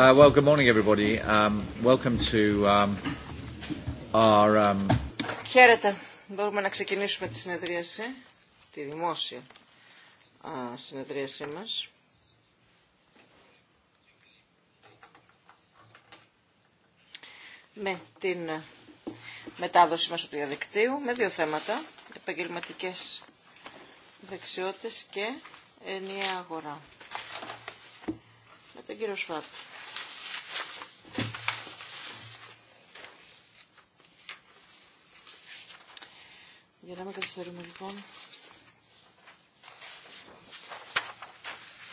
Uh, well, good morning everybody. Um, welcome to um, our... Um, Μπορούμε να ξεκινήσουμε τη συνεδρίαση, τη δημόσια συνεδρίασή μας. Με την ε, μετάδοση μας του διαδικτύου, με δύο θέματα, επαγγελματικές δεξιότητες και ενιαία αγορά. Με τον κύριο Για να μην καθυστερούμε λοιπόν.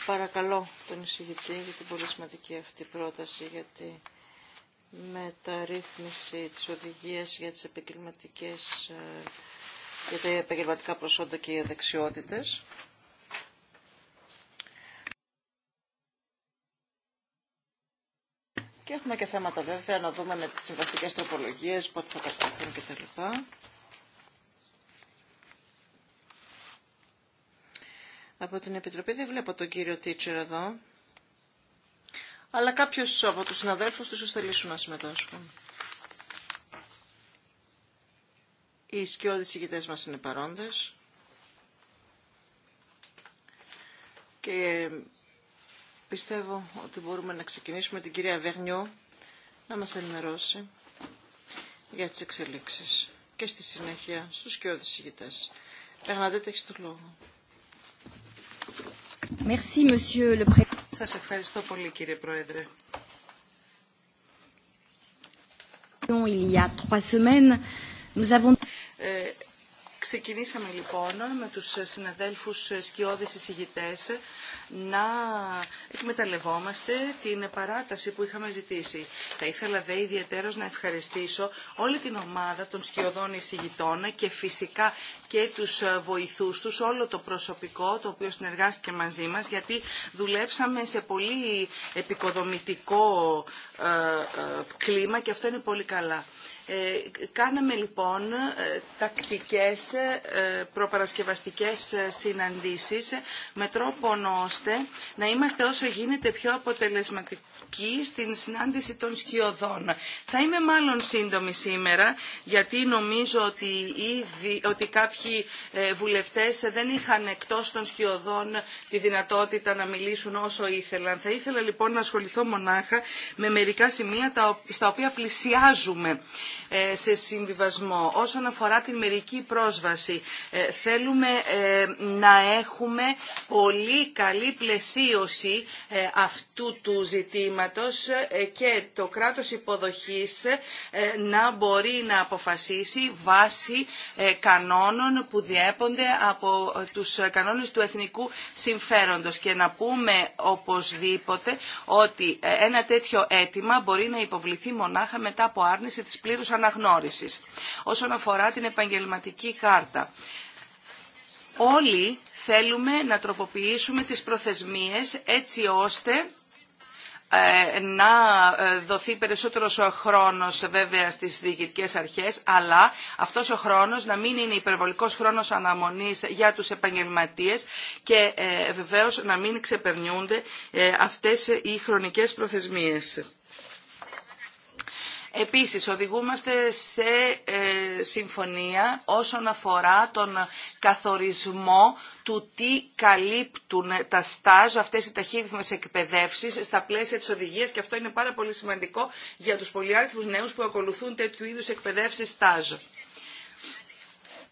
Παρακαλώ τον εισηγητή για την πολύ σημαντική αυτή πρόταση για τη μεταρρύθμιση της οδηγίας για τις επαγγελματικές ε, για τα επαγγελματικά προσόντα και οι δεξιότητες. Και έχουμε και θέματα βέβαια να δούμε με τις συμβαστικές τροπολογίες, πότε θα τα κτλ. από την Επιτροπή. Δεν βλέπω τον κύριο Τίτσερ εδώ. Αλλά κάποιος από τους συναδέλφους τους θέλησουν να συμμετάσχουν. Οι σκιώδεις ηγητές μας είναι παρόντες. Και πιστεύω ότι μπορούμε να ξεκινήσουμε την κυρία Βερνιό να μας ενημερώσει για τις εξελίξεις και στη συνέχεια στους σκιώδεις ηγητές. Περνάτε, έχεις το λόγο. Merci, Monsieur le Président. Σας ευχαριστώ πολύ, κύριε Πρόεδρε. Il y a trois semaines, nous avons... ε, ξεκινήσαμε λοιπόν με τους συναδέλφους σκιώδης εισηγητές να εκμεταλλευόμαστε την παράταση που είχαμε ζητήσει. Θα ήθελα δε ιδιαίτερω να ευχαριστήσω όλη την ομάδα των σκιωδών εισηγητών και φυσικά και τους ε, βοηθούς τους, όλο το προσωπικό το οποίο συνεργάστηκε μαζί μας, γιατί δουλέψαμε σε πολύ επικοδομητικό ε, ε, κλίμα και αυτό είναι πολύ καλά. Ε, κάναμε λοιπόν ε, τακτικές ε, προπαρασκευαστικές συναντήσεις με τρόπο ώστε να είμαστε όσο γίνεται πιο αποτελεσματικοί στην συνάντηση των σκιωδών. Θα είμαι μάλλον σύντομη σήμερα γιατί νομίζω ότι, ήδη, ότι κάποιοι βουλευτές δεν είχαν εκτός των σκιωδών τη δυνατότητα να μιλήσουν όσο ήθελαν. Θα ήθελα λοιπόν να ασχοληθώ μονάχα με μερικά σημεία στα οποία πλησιάζουμε. Ε, σε συμβιβασμό. Όσον αφορά την μερική πρόσβαση, ε, θέλουμε ε, να έχουμε πολύ καλή πλαισίωση αυτού του ζητήματος και το κράτος υποδοχής να μπορεί να αποφασίσει βάσει κανόνων που διέπονται από τους κανόνες του εθνικού συμφέροντος και να πούμε οπωσδήποτε ότι ένα τέτοιο αίτημα μπορεί να υποβληθεί μονάχα μετά από άρνηση της πλήρους αναγνώρισης. Όσον αφορά την επαγγελματική κάρτα, όλοι θέλουμε να τροποποιήσουμε τις προθεσμίες έτσι ώστε ε, να ε, δοθεί περισσότερος ο χρόνος βέβαια στις διοικητικές αρχές, αλλά αυτός ο χρόνος να μην είναι υπερβολικός χρόνος αναμονής για τους επαγγελματίες και ε, βεβαίως να μην ξεπερνιούνται αυτές οι χρονικές προθεσμίες. Επίσης, οδηγούμαστε σε ε, συμφωνία όσον αφορά τον καθορισμό του τι καλύπτουν τα στάζ, αυτές οι ταχύριθμες εκπαιδεύσεις στα πλαίσια της οδηγίας και αυτό είναι πάρα πολύ σημαντικό για τους πολυάριθμους νέους που ακολουθούν τέτοιου είδους εκπαιδεύσεις στάζ.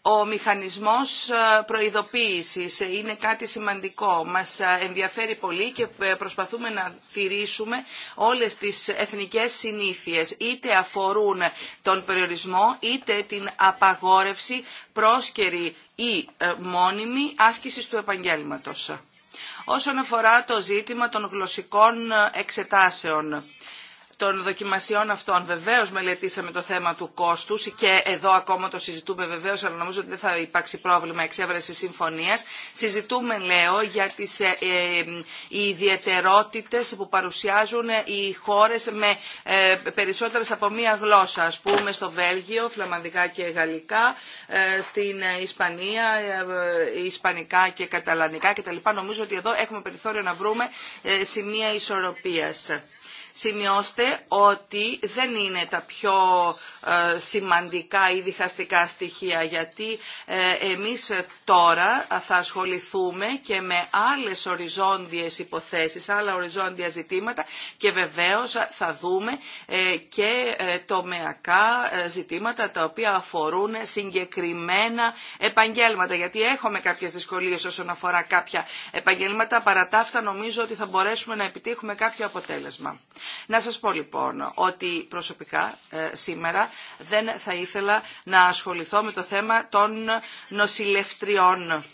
Ο μηχανισμός ε, προειδοποίησης ε, είναι κάτι σημαντικό. Μας ε, ενδιαφέρει πολύ και προσπαθούμε να τηρήσουμε όλες τις εθνικές συνήθειες. Είτε αφορούν τον περιορισμό, είτε την απαγόρευση πρόσκαιρη ή μόνιμη άσκησης του επαγγέλματος. Όσον αφορά το ζήτημα των γλωσσικών εξετάσεων, των δοκιμασιών αυτών. Βεβαίως μελετήσαμε το θέμα του κόστους και εδώ ακόμα το συζητούμε βεβαίως, αλλά νομίζω ότι δεν θα υπάρξει πρόβλημα εξέβρεση συμφωνίας. Συζητούμε, λέω, για τις ε, ε, που παρουσιάζουν οι χώρες με ε, περισσότερες από μία γλώσσα, ας πούμε στο Βέλγιο, φλαμανδικά και γαλλικά, ε, στην Ισπανία, ε, ε, ισπανικά και καταλανικά κτλ. Νομίζω ότι εδώ έχουμε περιθώριο να βρούμε σημεία ισορροπίας σημειώστε ότι δεν είναι τα πιο ε, σημαντικά ή διχαστικά στοιχεία γιατί ε, εμείς τώρα θα ασχοληθούμε και με άλλες οριζόντιες υποθέσεις, άλλα οριζόντια ζητήματα και βεβαίως θα δούμε ε, και τομεακά ζητήματα τα οποία αφορούν συγκεκριμένα επαγγέλματα γιατί έχουμε κάποιες δυσκολίες όσον αφορά κάποια επαγγέλματα παρά τα αυτά νομίζω ότι θα μπορέσουμε να επιτύχουμε κάποιο αποτέλεσμα. Να σας πω λοιπόν ότι προσωπικά ε, σήμερα δεν θα ήθελα να ασχοληθώ με το θέμα των νοσηλευτριών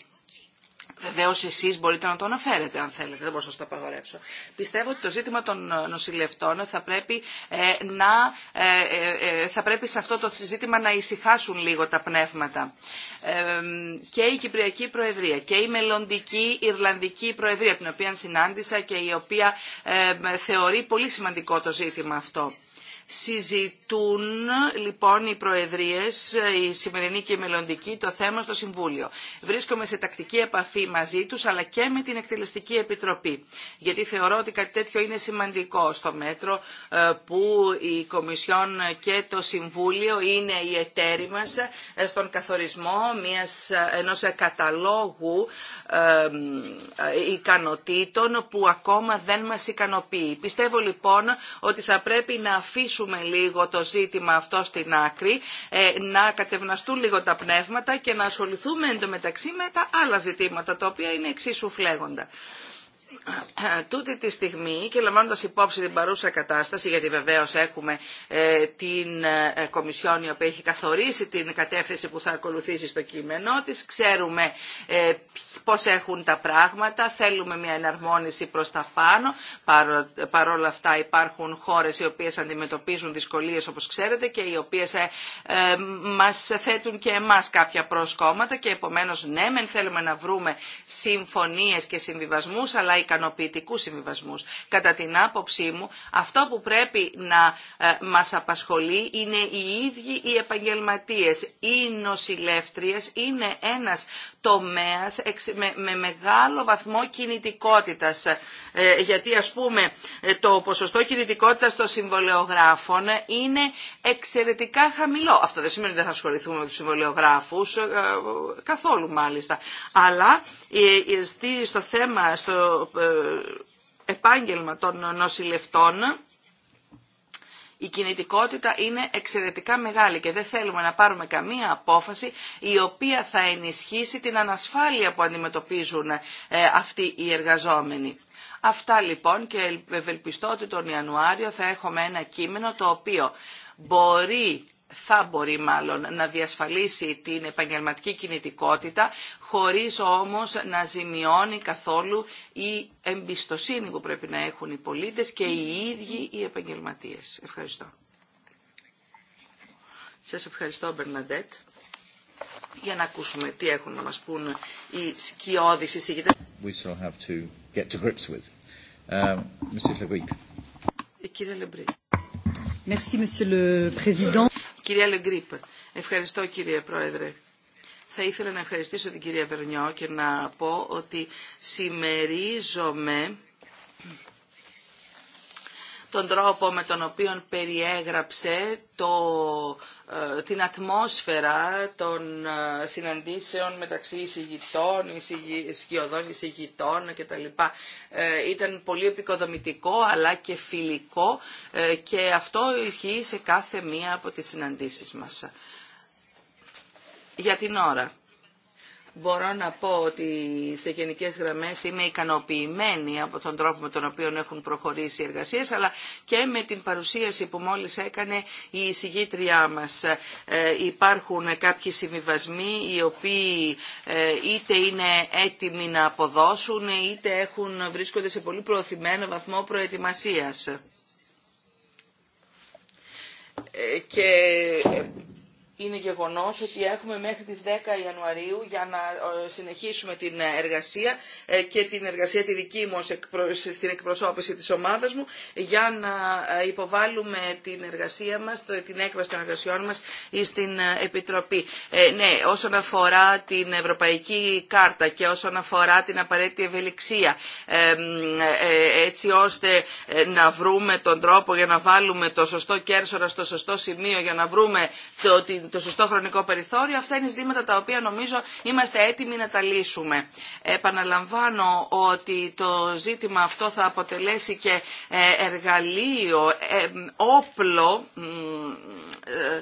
Βεβαίω εσεί μπορείτε να το αναφέρετε αν θέλετε, δεν μπορώ να σα το απαγορεύσω. Πιστεύω ότι το ζήτημα των ε, νοσηλευτών θα πρέπει, ε, να, ε, θα πρέπει σε αυτό το ζήτημα να ησυχάσουν λίγο τα πνεύματα. και η Κυπριακή Προεδρία και η μελλοντική Ιρλανδική Προεδρία, την οποία συνάντησα και η οποία θεωρεί πολύ σημαντικό το ζήτημα αυτό. Συζητούν λοιπόν οι Προεδρίες, η σημερινή και η μελλοντική, το θέμα στο Συμβούλιο. Βρίσκομαι σε τακτική επαφή μαζί τους αλλά και με την Εκτελεστική Επιτροπή. Γιατί θεωρώ ότι κάτι τέτοιο είναι σημαντικό στο μέτρο ε, που η Κομισιόν και το Συμβούλιο είναι οι εταίροι μας ε, στον καθορισμό μιας, ε, ενός καταλόγου ικανοτήτων που ακόμα δεν μας ικανοποιεί. Πιστεύω λοιπόν ότι θα πρέπει να αφήσουμε αφήσουμε λίγο το ζήτημα αυτό στην άκρη, ε, να κατευναστούν λίγο τα πνεύματα και να ασχοληθούμε εντωμεταξύ με τα άλλα ζητήματα, τα οποία είναι εξίσου φλέγοντα. Τούτη τη στιγμή και λαμβάνοντα υπόψη την παρούσα κατάσταση, γιατί βεβαίω έχουμε ε, την ε, Κομισιόν η οποία έχει καθορίσει την κατεύθυνση που θα ακολουθήσει στο κείμενό τη, ξέρουμε ε, πώ έχουν τα πράγματα, θέλουμε μια εναρμόνιση προ τα πάνω. Παρόλα αυτά υπάρχουν χώρε οι οποίε αντιμετωπίζουν δυσκολίε όπω ξέρετε και οι οποίε μα θέτουν και εμά κάποια προσκόμματα και επομένω ναι, μεν θέλουμε να βρούμε συμφωνίε και συμβιβασμού, αλλά ικανοποιητικού συμβιβασμού Κατά την άποψή μου, αυτό που πρέπει να ε, μας απασχολεί είναι οι ίδιοι οι επαγγελματίε, οι νοσηλεύτριε, είναι ένας τομέας με μεγάλο βαθμό κινητικότητας. Ε, γιατί ας πούμε ε, το ποσοστό κινητικότητας των συμβολεογράφων είναι εξαιρετικά χαμηλό. Αυτό δεν σημαίνει ότι δεν θα ασχοληθούμε με τους συμβολεογράφους, ε, καθόλου μάλιστα. Αλλά στο θέμα, στο επάγγελμα των νοσηλευτών, η κινητικότητα είναι εξαιρετικά μεγάλη και δεν θέλουμε να πάρουμε καμία απόφαση η οποία θα ενισχύσει την ανασφάλεια που αντιμετωπίζουν ε, αυτοί οι εργαζόμενοι. Αυτά λοιπόν και ευελπιστώ ότι τον Ιανουάριο θα έχουμε ένα κείμενο το οποίο μπορεί θα μπορεί μάλλον να διασφαλίσει την επαγγελματική κινητικότητα χωρίς όμως να ζημιώνει καθόλου η εμπιστοσύνη που πρέπει να έχουν οι πολίτες και οι ίδιοι οι επαγγελματίες. Ευχαριστώ. Σας ευχαριστώ Μπερναντέτ για να ακούσουμε τι έχουν να μας πούν οι σκιώδεις εισηγητές. We still have to get to grips with. Um, ε, Merci, Monsieur le Président. Κυρία Λεγκρίπ, ευχαριστώ κύριε Πρόεδρε. Θα ήθελα να ευχαριστήσω την κυρία Βερνιό και να πω ότι συμμερίζομαι τον τρόπο με τον οποίο περιέγραψε το, ε, την ατμόσφαιρα των ε, συναντήσεων μεταξύ εισηγητών, σκιωδών εισηγητών κτλ. Ε, ήταν πολύ επικοδομητικό αλλά και φιλικό και αυτό ισχύει σε κάθε μία από τις συναντήσεις μας. Για την ώρα. Μπορώ να πω ότι σε γενικές γραμμές είμαι ικανοποιημένη από τον τρόπο με τον οποίο έχουν προχωρήσει οι εργασίες, αλλά και με την παρουσίαση που μόλις έκανε η εισηγήτριά μας. Ε, υπάρχουν κάποιοι συμβιβασμοί οι οποίοι ε, είτε είναι έτοιμοι να αποδώσουν, είτε έχουν, βρίσκονται σε πολύ προωθημένο βαθμό προετοιμασίας. Ε, είναι γεγονός ότι έχουμε μέχρι τις 10 Ιανουαρίου για να ε, συνεχίσουμε την εργασία ε, και την εργασία τη δική μου στην εκπροσώπηση της ομάδας μου για να ε, υποβάλουμε την εργασία μας, την έκβαση των εργασιών μας στην Επιτροπή. ναι, όσον αφορά την Ευρωπαϊκή Κάρτα και όσον αφορά την απαραίτητη ευελιξία έτσι ώστε να βρούμε τον τρόπο για να βάλουμε το σωστό κέρσορα στο σωστό σημείο για να βρούμε το, την, το σωστό χρονικό περιθώριο. Αυτά είναι ζητήματα τα οποία νομίζω είμαστε έτοιμοι να τα λύσουμε. Επαναλαμβάνω ότι το ζήτημα αυτό θα αποτελέσει και ε, εργαλείο, ε, όπλο ε,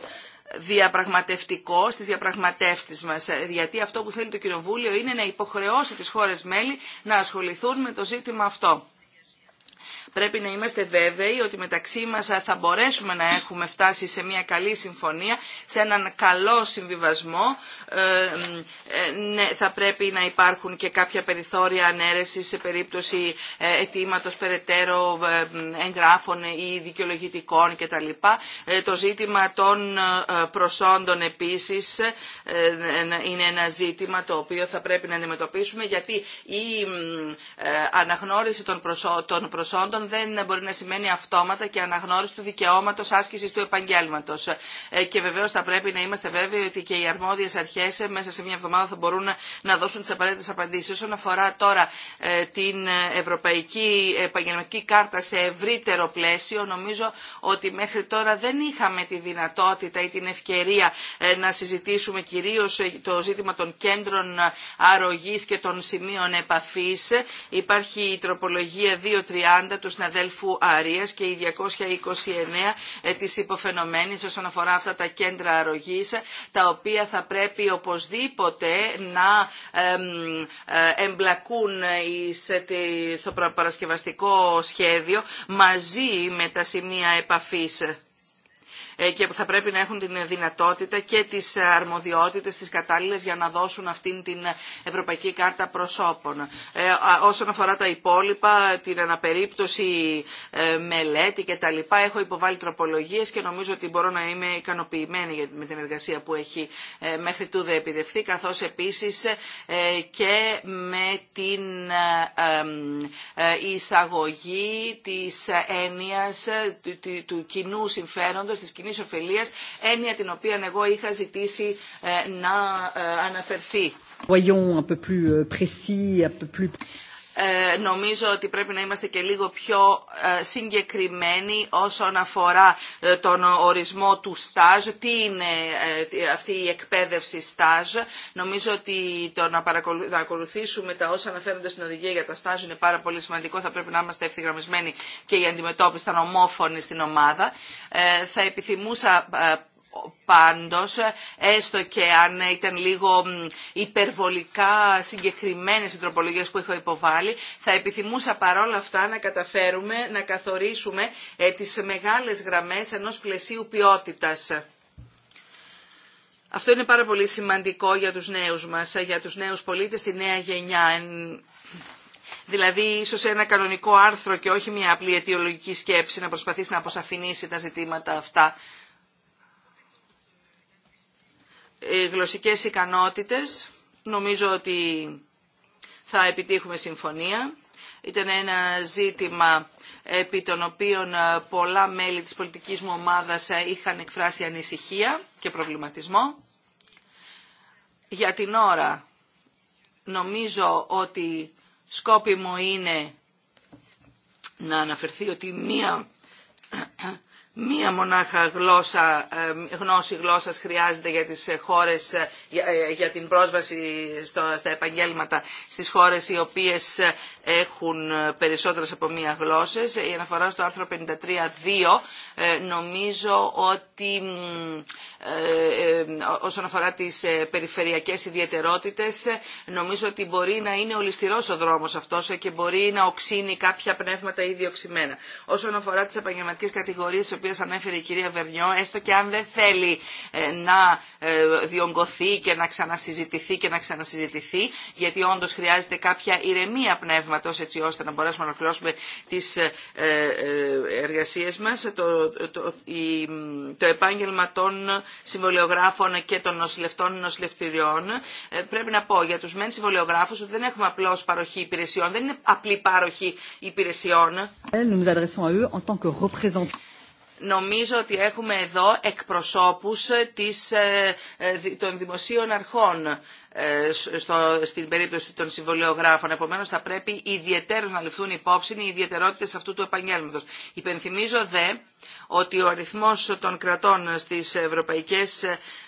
διαπραγματευτικό στις διαπραγματεύσεις μας. Γιατί αυτό που θέλει το Κοινοβούλιο είναι να υποχρεώσει τις χώρες μέλη να ασχοληθούν με το ζήτημα αυτό. Πρέπει να είμαστε βέβαιοι ότι μεταξύ μας θα μπορέσουμε να έχουμε φτάσει σε μια καλή συμφωνία, σε έναν καλό συμβιβασμό ε, ε, ναι, θα πρέπει να υπάρχουν και κάποια περιθώρια ανέρεσης σε περίπτωση ε, αιτήματος περαιτέρω εγγράφων ή δικαιολογητικών κτλ. Το ζήτημα των προσόντων επίσης είναι ένα ζήτημα το οποίο θα πρέπει να αντιμετωπίσουμε γιατί η αναγνώριση των προσόντων δεν μπορεί να σημαίνει αυτόματα και αναγνώριση του δικαιώματος άσκησης του επαγγέλματος. Και βεβαίως θα πρέπει να είμαστε βέβαιοι ότι και οι αρμόδιες αρχές ε, μέσα σε μια εβδομάδα θα μπορούν να δώσουν τις απαραίτητες απαντήσεις. Όσον αφορά τώρα ε, την Ευρωπαϊκή Επαγγελματική Κάρτα σε ευρύτερο πλαίσιο, νομίζω ότι μέχρι τώρα δεν είχαμε τη δυνατότητα ή την ευκαιρία ε, να συζητήσουμε κυρίως το ζήτημα των κέντρων αρρωγής και των σημείων επαφής. Υπάρχει η τροπολογία 230 του συναδέλφου Αρίας και η 229 της υποφαινομένης όσον αφορά αυτά τα κέντρα αρρωγής, τα οποία θα πρέπει οπωσδήποτε να ε, εμπλακούν ε, στο παρασκευαστικό σχέδιο μαζί με τα σημεία επαφής. Ε, και θα πρέπει να έχουν την δυνατότητα και τις αρμοδιότητες τις κατάλληλες για να δώσουν αυτήν την Ευρωπαϊκή Κάρτα Προσώπων. Ε, όσον αφορά τα υπόλοιπα, την αναπερίπτωση ε, μελέτη κτλ. Έχω υποβάλει τροπολογίες και νομίζω ότι μπορώ να είμαι ικανοποιημένη με την εργασία που έχει μέχρι τούδε επιδευθεί, καθώς επίσης και με την εισαγωγή της έννοιας του κοινού συμφέροντος, διεθνή ωφελία, έννοια την οποία εγώ είχα ζητήσει ε, να ε, αναφερθεί. Voyons un peu plus euh, précis, un peu plus... Ε, νομίζω ότι πρέπει να είμαστε και λίγο πιο ε, συγκεκριμένοι όσον αφορά ε, τον ορισμό του στάζ, τι είναι αυτή η εκπαίδευση στάζ. Νομίζω ότι το να, ακολουθήσουμε τα όσα αναφέρονται στην οδηγία για τα στάζ είναι πάρα πολύ σημαντικό. Θα πρέπει να είμαστε ευθυγραμμισμένοι και η αντιμετώπιση ήταν ομόφωνη στην ομάδα. Θα επιθυμούσα Πάντως, έστω και αν ήταν λίγο υπερβολικά συγκεκριμένες οι τροπολογίες που έχω υποβάλει, θα επιθυμούσα παρόλα αυτά να καταφέρουμε να καθορίσουμε ε, τις μεγάλες γραμμές ενός πλαισίου ποιότητας. Αυτό είναι πάρα πολύ σημαντικό για τους νέους μας, ε, για τους νέους πολίτες, τη νέα γενιά. Δηλαδή, ίσως ένα κανονικό άρθρο και όχι μια απλή αιτιολογική σκέψη να προσπαθήσει να αποσαφηνίσει τα ζητήματα αυτά. Ε, γλωσσικές ικανότητες. Νομίζω ότι θα επιτύχουμε συμφωνία. Ήταν ένα ζήτημα επί των οποίων ε, πολλά μέλη της πολιτικής μου ομάδας ε, είχαν εκφράσει ανησυχία και προβληματισμό. Για την ώρα νομίζω ότι σκόπιμο είναι να αναφερθεί ότι μία Μία μονάχα γλώσσα, ε, γνώση γλώσσας χρειάζεται για τις χώρες, ε, ε, για, την πρόσβαση στα επαγγέλματα στις χώρες οι οποίες έχουν ε, περισσότερες από μία γλώσσες. Η αναφορά στο άρθρο 53.2 ε, νομίζω ότι ε, όσον αφορά τις περιφερειακές ιδιαιτερότητες νομίζω ότι μπορεί να είναι ολιστηρός ο δρόμος αυτός και μπορεί να οξύνει κάποια πνεύματα ήδη οξυμένα. Όσον αφορά τις επαγγελματικές κατηγορίες τις οποίες ανέφερε η κυρία Βερνιό, έστω και αν δεν θέλει να διονγκωθεί και να ξανασυζητηθεί και να ξανασυζητηθεί γιατί όντως χρειάζεται κάποια ηρεμία πνεύματα τόσο έτσι ώστε να μπορέσουμε να ολοκληρώσουμε τις ε, ε, εργασίες μας. Το, το, επάγγελμα των συμβολιογράφων και των νοσηλευτών νοσηλευτηριών. Ε, πρέπει να πω για τους μεν συμβολιογράφους ότι δεν έχουμε απλώς παροχή υπηρεσιών, δεν είναι απλή παροχή υπηρεσιών. Νομίζω ότι έχουμε εδώ εκπροσώπους της, των δημοσίων αρχών ε, στο, στην περίπτωση των συμβολιογράφων. Επομένω, θα πρέπει ιδιαίτερω να ληφθούν υπόψη οι ιδιαιτερότητε αυτού του επαγγέλματο. Υπενθυμίζω δε ότι ο αριθμό των κρατών στι ευρωπαϊκέ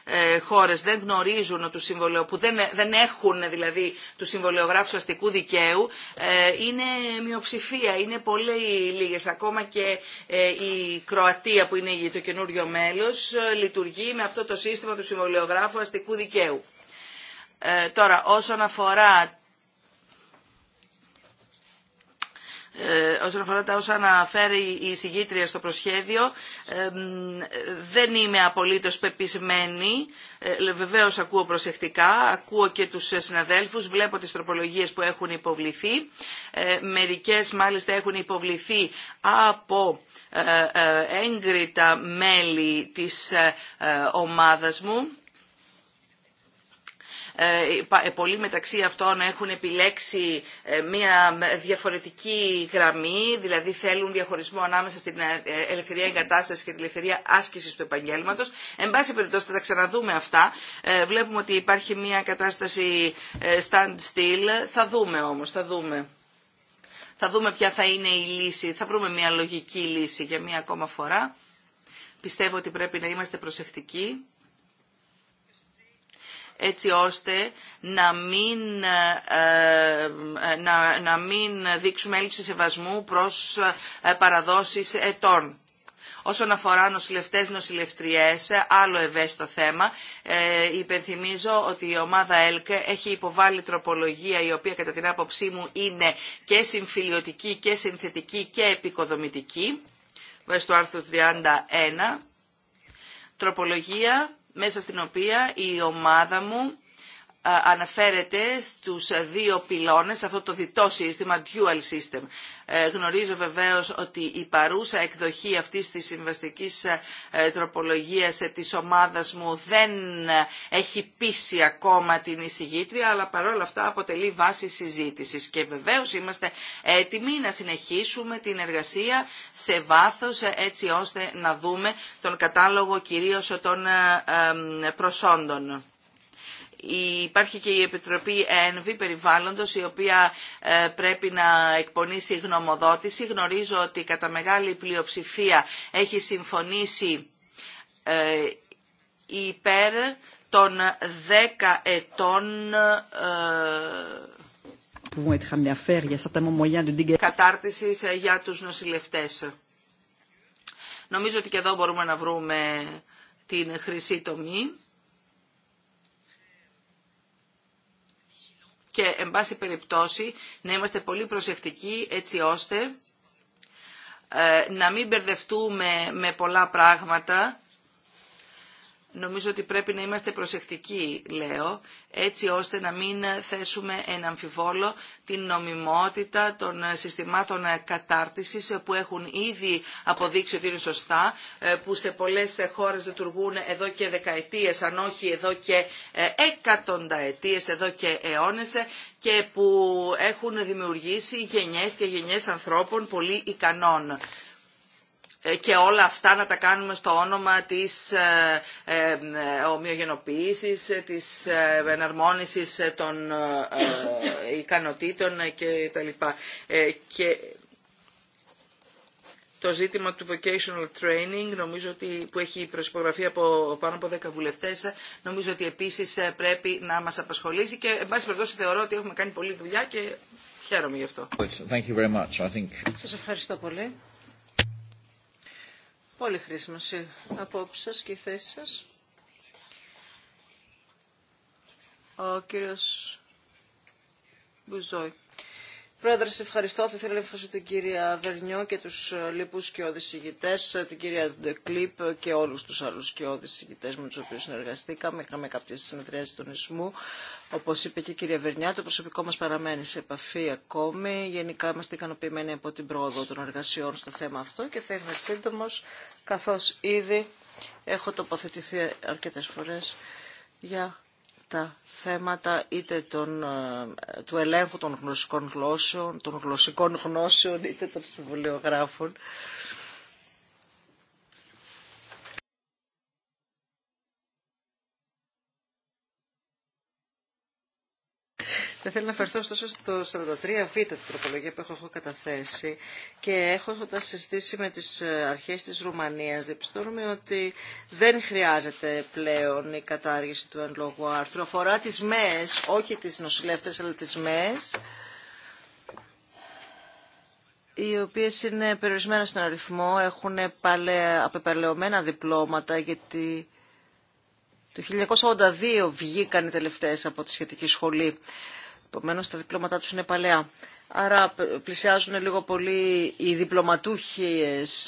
ε, χώρε δεν γνωρίζουν του που δεν, δεν έχουν δηλαδή του συμβολιογράφου αστικού δικαίου ε, είναι μειοψηφία. Είναι πολύ λίγε. Ακόμα και η Κροατία που είναι το καινούριο μέλο λειτουργεί με αυτό το σύστημα του συμβολιογράφου αστικού δικαίου. Ε, τώρα, όσον αφορά ε, όσον αφορά τα όσα αναφέρει η συγγήτρια στο προσχέδιο, ε, δεν είμαι απολύτως πεπισμένη. Βεβαίως ακούω προσεκτικά, ακούω και τους συναδέλφους, βλέπω τις τροπολογίες που έχουν υποβληθεί. Μερικές μάλιστα έχουν υποβληθεί από έγκριτα μέλη της ομάδας μου ε, ε, πολλοί μεταξύ αυτών έχουν επιλέξει ε, μια διαφορετική γραμμή, δηλαδή θέλουν διαχωρισμό ανάμεσα στην ελευθερία εγκατάστασης και την ελευθερία άσκησης του επαγγέλματος. Εν πάση περιπτώσει θα τα ξαναδούμε αυτά. Βλέπουμε ότι υπάρχει μια κατάσταση stand still. Θα δούμε όμως, θα δούμε. Θα δούμε ποια θα είναι η λύση. Θα βρούμε μια λογική λύση για μια ακόμα φορά. Πιστεύω ότι πρέπει να είμαστε προσεκτικοί έτσι ώστε να μην, ε, ε, να, μην δείξουμε έλλειψη σεβασμού προς ε, παραδόσεις ετών. Όσον αφορά νοσηλευτές, νοσηλευτριές, άλλο ευαίσθητο θέμα, υπενθυμίζω ότι η ομάδα ΕΛΚΕ έχει υποβάλει τροπολογία η οποία κατά την άποψή μου είναι και συμφιλιωτική και συνθετική και επικοδομητική, βάσει του άρθρου 31, τροπολογία μέσα στην οποία η ομάδα μου ε, αναφέρεται στους ε, δύο πυλώνες, αυτό το διτό σύστημα, dual system. Ε, γνωρίζω βεβαίως ότι η παρούσα εκδοχή αυτής της συμβαστικής τροπολογίας της ομάδας μου δεν έχει πείσει ακόμα την εισηγήτρια, αλλά παρόλα αυτά αποτελεί βάση συζήτησης. Και βεβαίως είμαστε έτοιμοι να συνεχίσουμε την εργασία σε βάθος έτσι ώστε να δούμε τον κατάλογο κυρίως των προσόντων. Υπάρχει και η Επιτροπή ΕΝΒΗ Περιβάλλοντος η οποία ε, πρέπει να εκπονήσει γνωμοδότηση. Γνωρίζω ότι κατά μεγάλη πλειοψηφία έχει συμφωνήσει ε, υπέρ των 10 ετών κατάρτισης για τους νοσηλευτές. Νομίζω ότι και εδώ μπορούμε να βρούμε την χρυσή τομή. και, εν πάση περιπτώσει, να είμαστε πολύ προσεκτικοί έτσι ώστε ε, να μην μπερδευτούμε με πολλά πράγματα Νομίζω ότι πρέπει να είμαστε προσεκτικοί, λέω, έτσι ώστε να μην θέσουμε εν αμφιβόλο την νομιμότητα των συστημάτων κατάρτισης που έχουν ήδη αποδείξει ότι είναι σωστά, ε, που σε πολλές χώρες λειτουργούν εδώ και δεκαετίες, αν όχι εδώ και ε, εκατονταετίες, εδώ και αιώνες και που έχουν δημιουργήσει γενιές και γενιές ανθρώπων πολύ ικανών. Ε, και όλα αυτά να τα κάνουμε στο όνομα της ε, ε, ομοιογενοποίησης, της εναρμόνισης των ικανοτήτων και τα λοιπά. Και το ζήτημα του vocational training, νομίζω ότι, που έχει προσυπογραφεί από πάνω από 10 βουλευτές, νομίζω ότι επίσης πρέπει να μας απασχολήσει και, εν πάση περιπτώσει, θεωρώ ότι έχουμε κάνει πολλή δουλειά και χαίρομαι γι' αυτό. Σας ευχαριστώ πολύ. Πολύ χρήσιμο η απόψεις σας και η θέση σας. Ο κύριος Μπουζόη. Πρόεδρε, σε ευχαριστώ. Θα ήθελα να ευχαριστώ την κυρία Βερνιό και του ε, λοιπού και ηγητές, ε, την κυρία Ντεκλίπ ε, και όλου του άλλου και ηγητές με του οποίου συνεργαστήκαμε. Είχαμε κάποιε συνεδριάσει των νησμού. Όπως είπε και η κυρία Βερνιά, το προσωπικό μα παραμένει σε επαφή ακόμη. Γενικά είμαστε ικανοποιημένοι από την πρόοδο των εργασιών στο θέμα αυτό και θα είμαι σύντομο, καθώ ήδη έχω τοποθετηθεί αρκετέ φορέ. για τα θέματα είτε των, ε, του ελέγχου των γλωσσικών γλώσσεων, των γλωσσικών γνώσεων, είτε των συμβολιογράφων. Θα ήθελα να αφαιρθώ ωστόσο στο 43β την τροπολογία που έχω, καταθέσει και τα συζητήσει με τις ε, αρχές της Ρουμανίας διαπιστώνουμε ότι δεν χρειάζεται πλέον η κατάργηση του εν λόγω άρθρου. Αφορά τις ΜΕΕΣ, όχι τις νοσηλεύτερες αλλά τις ΜΕΕΣ οι οποίες είναι περιορισμένα στον αριθμό, έχουν παλαι... απεπαλαιωμένα διπλώματα γιατί το 1982 βγήκαν οι τελευταίες από τη σχετική σχολή. Επομένω, τα διπλώματά του είναι παλαιά. Άρα πλησιάζουν λίγο πολύ οι διπλωματούχοι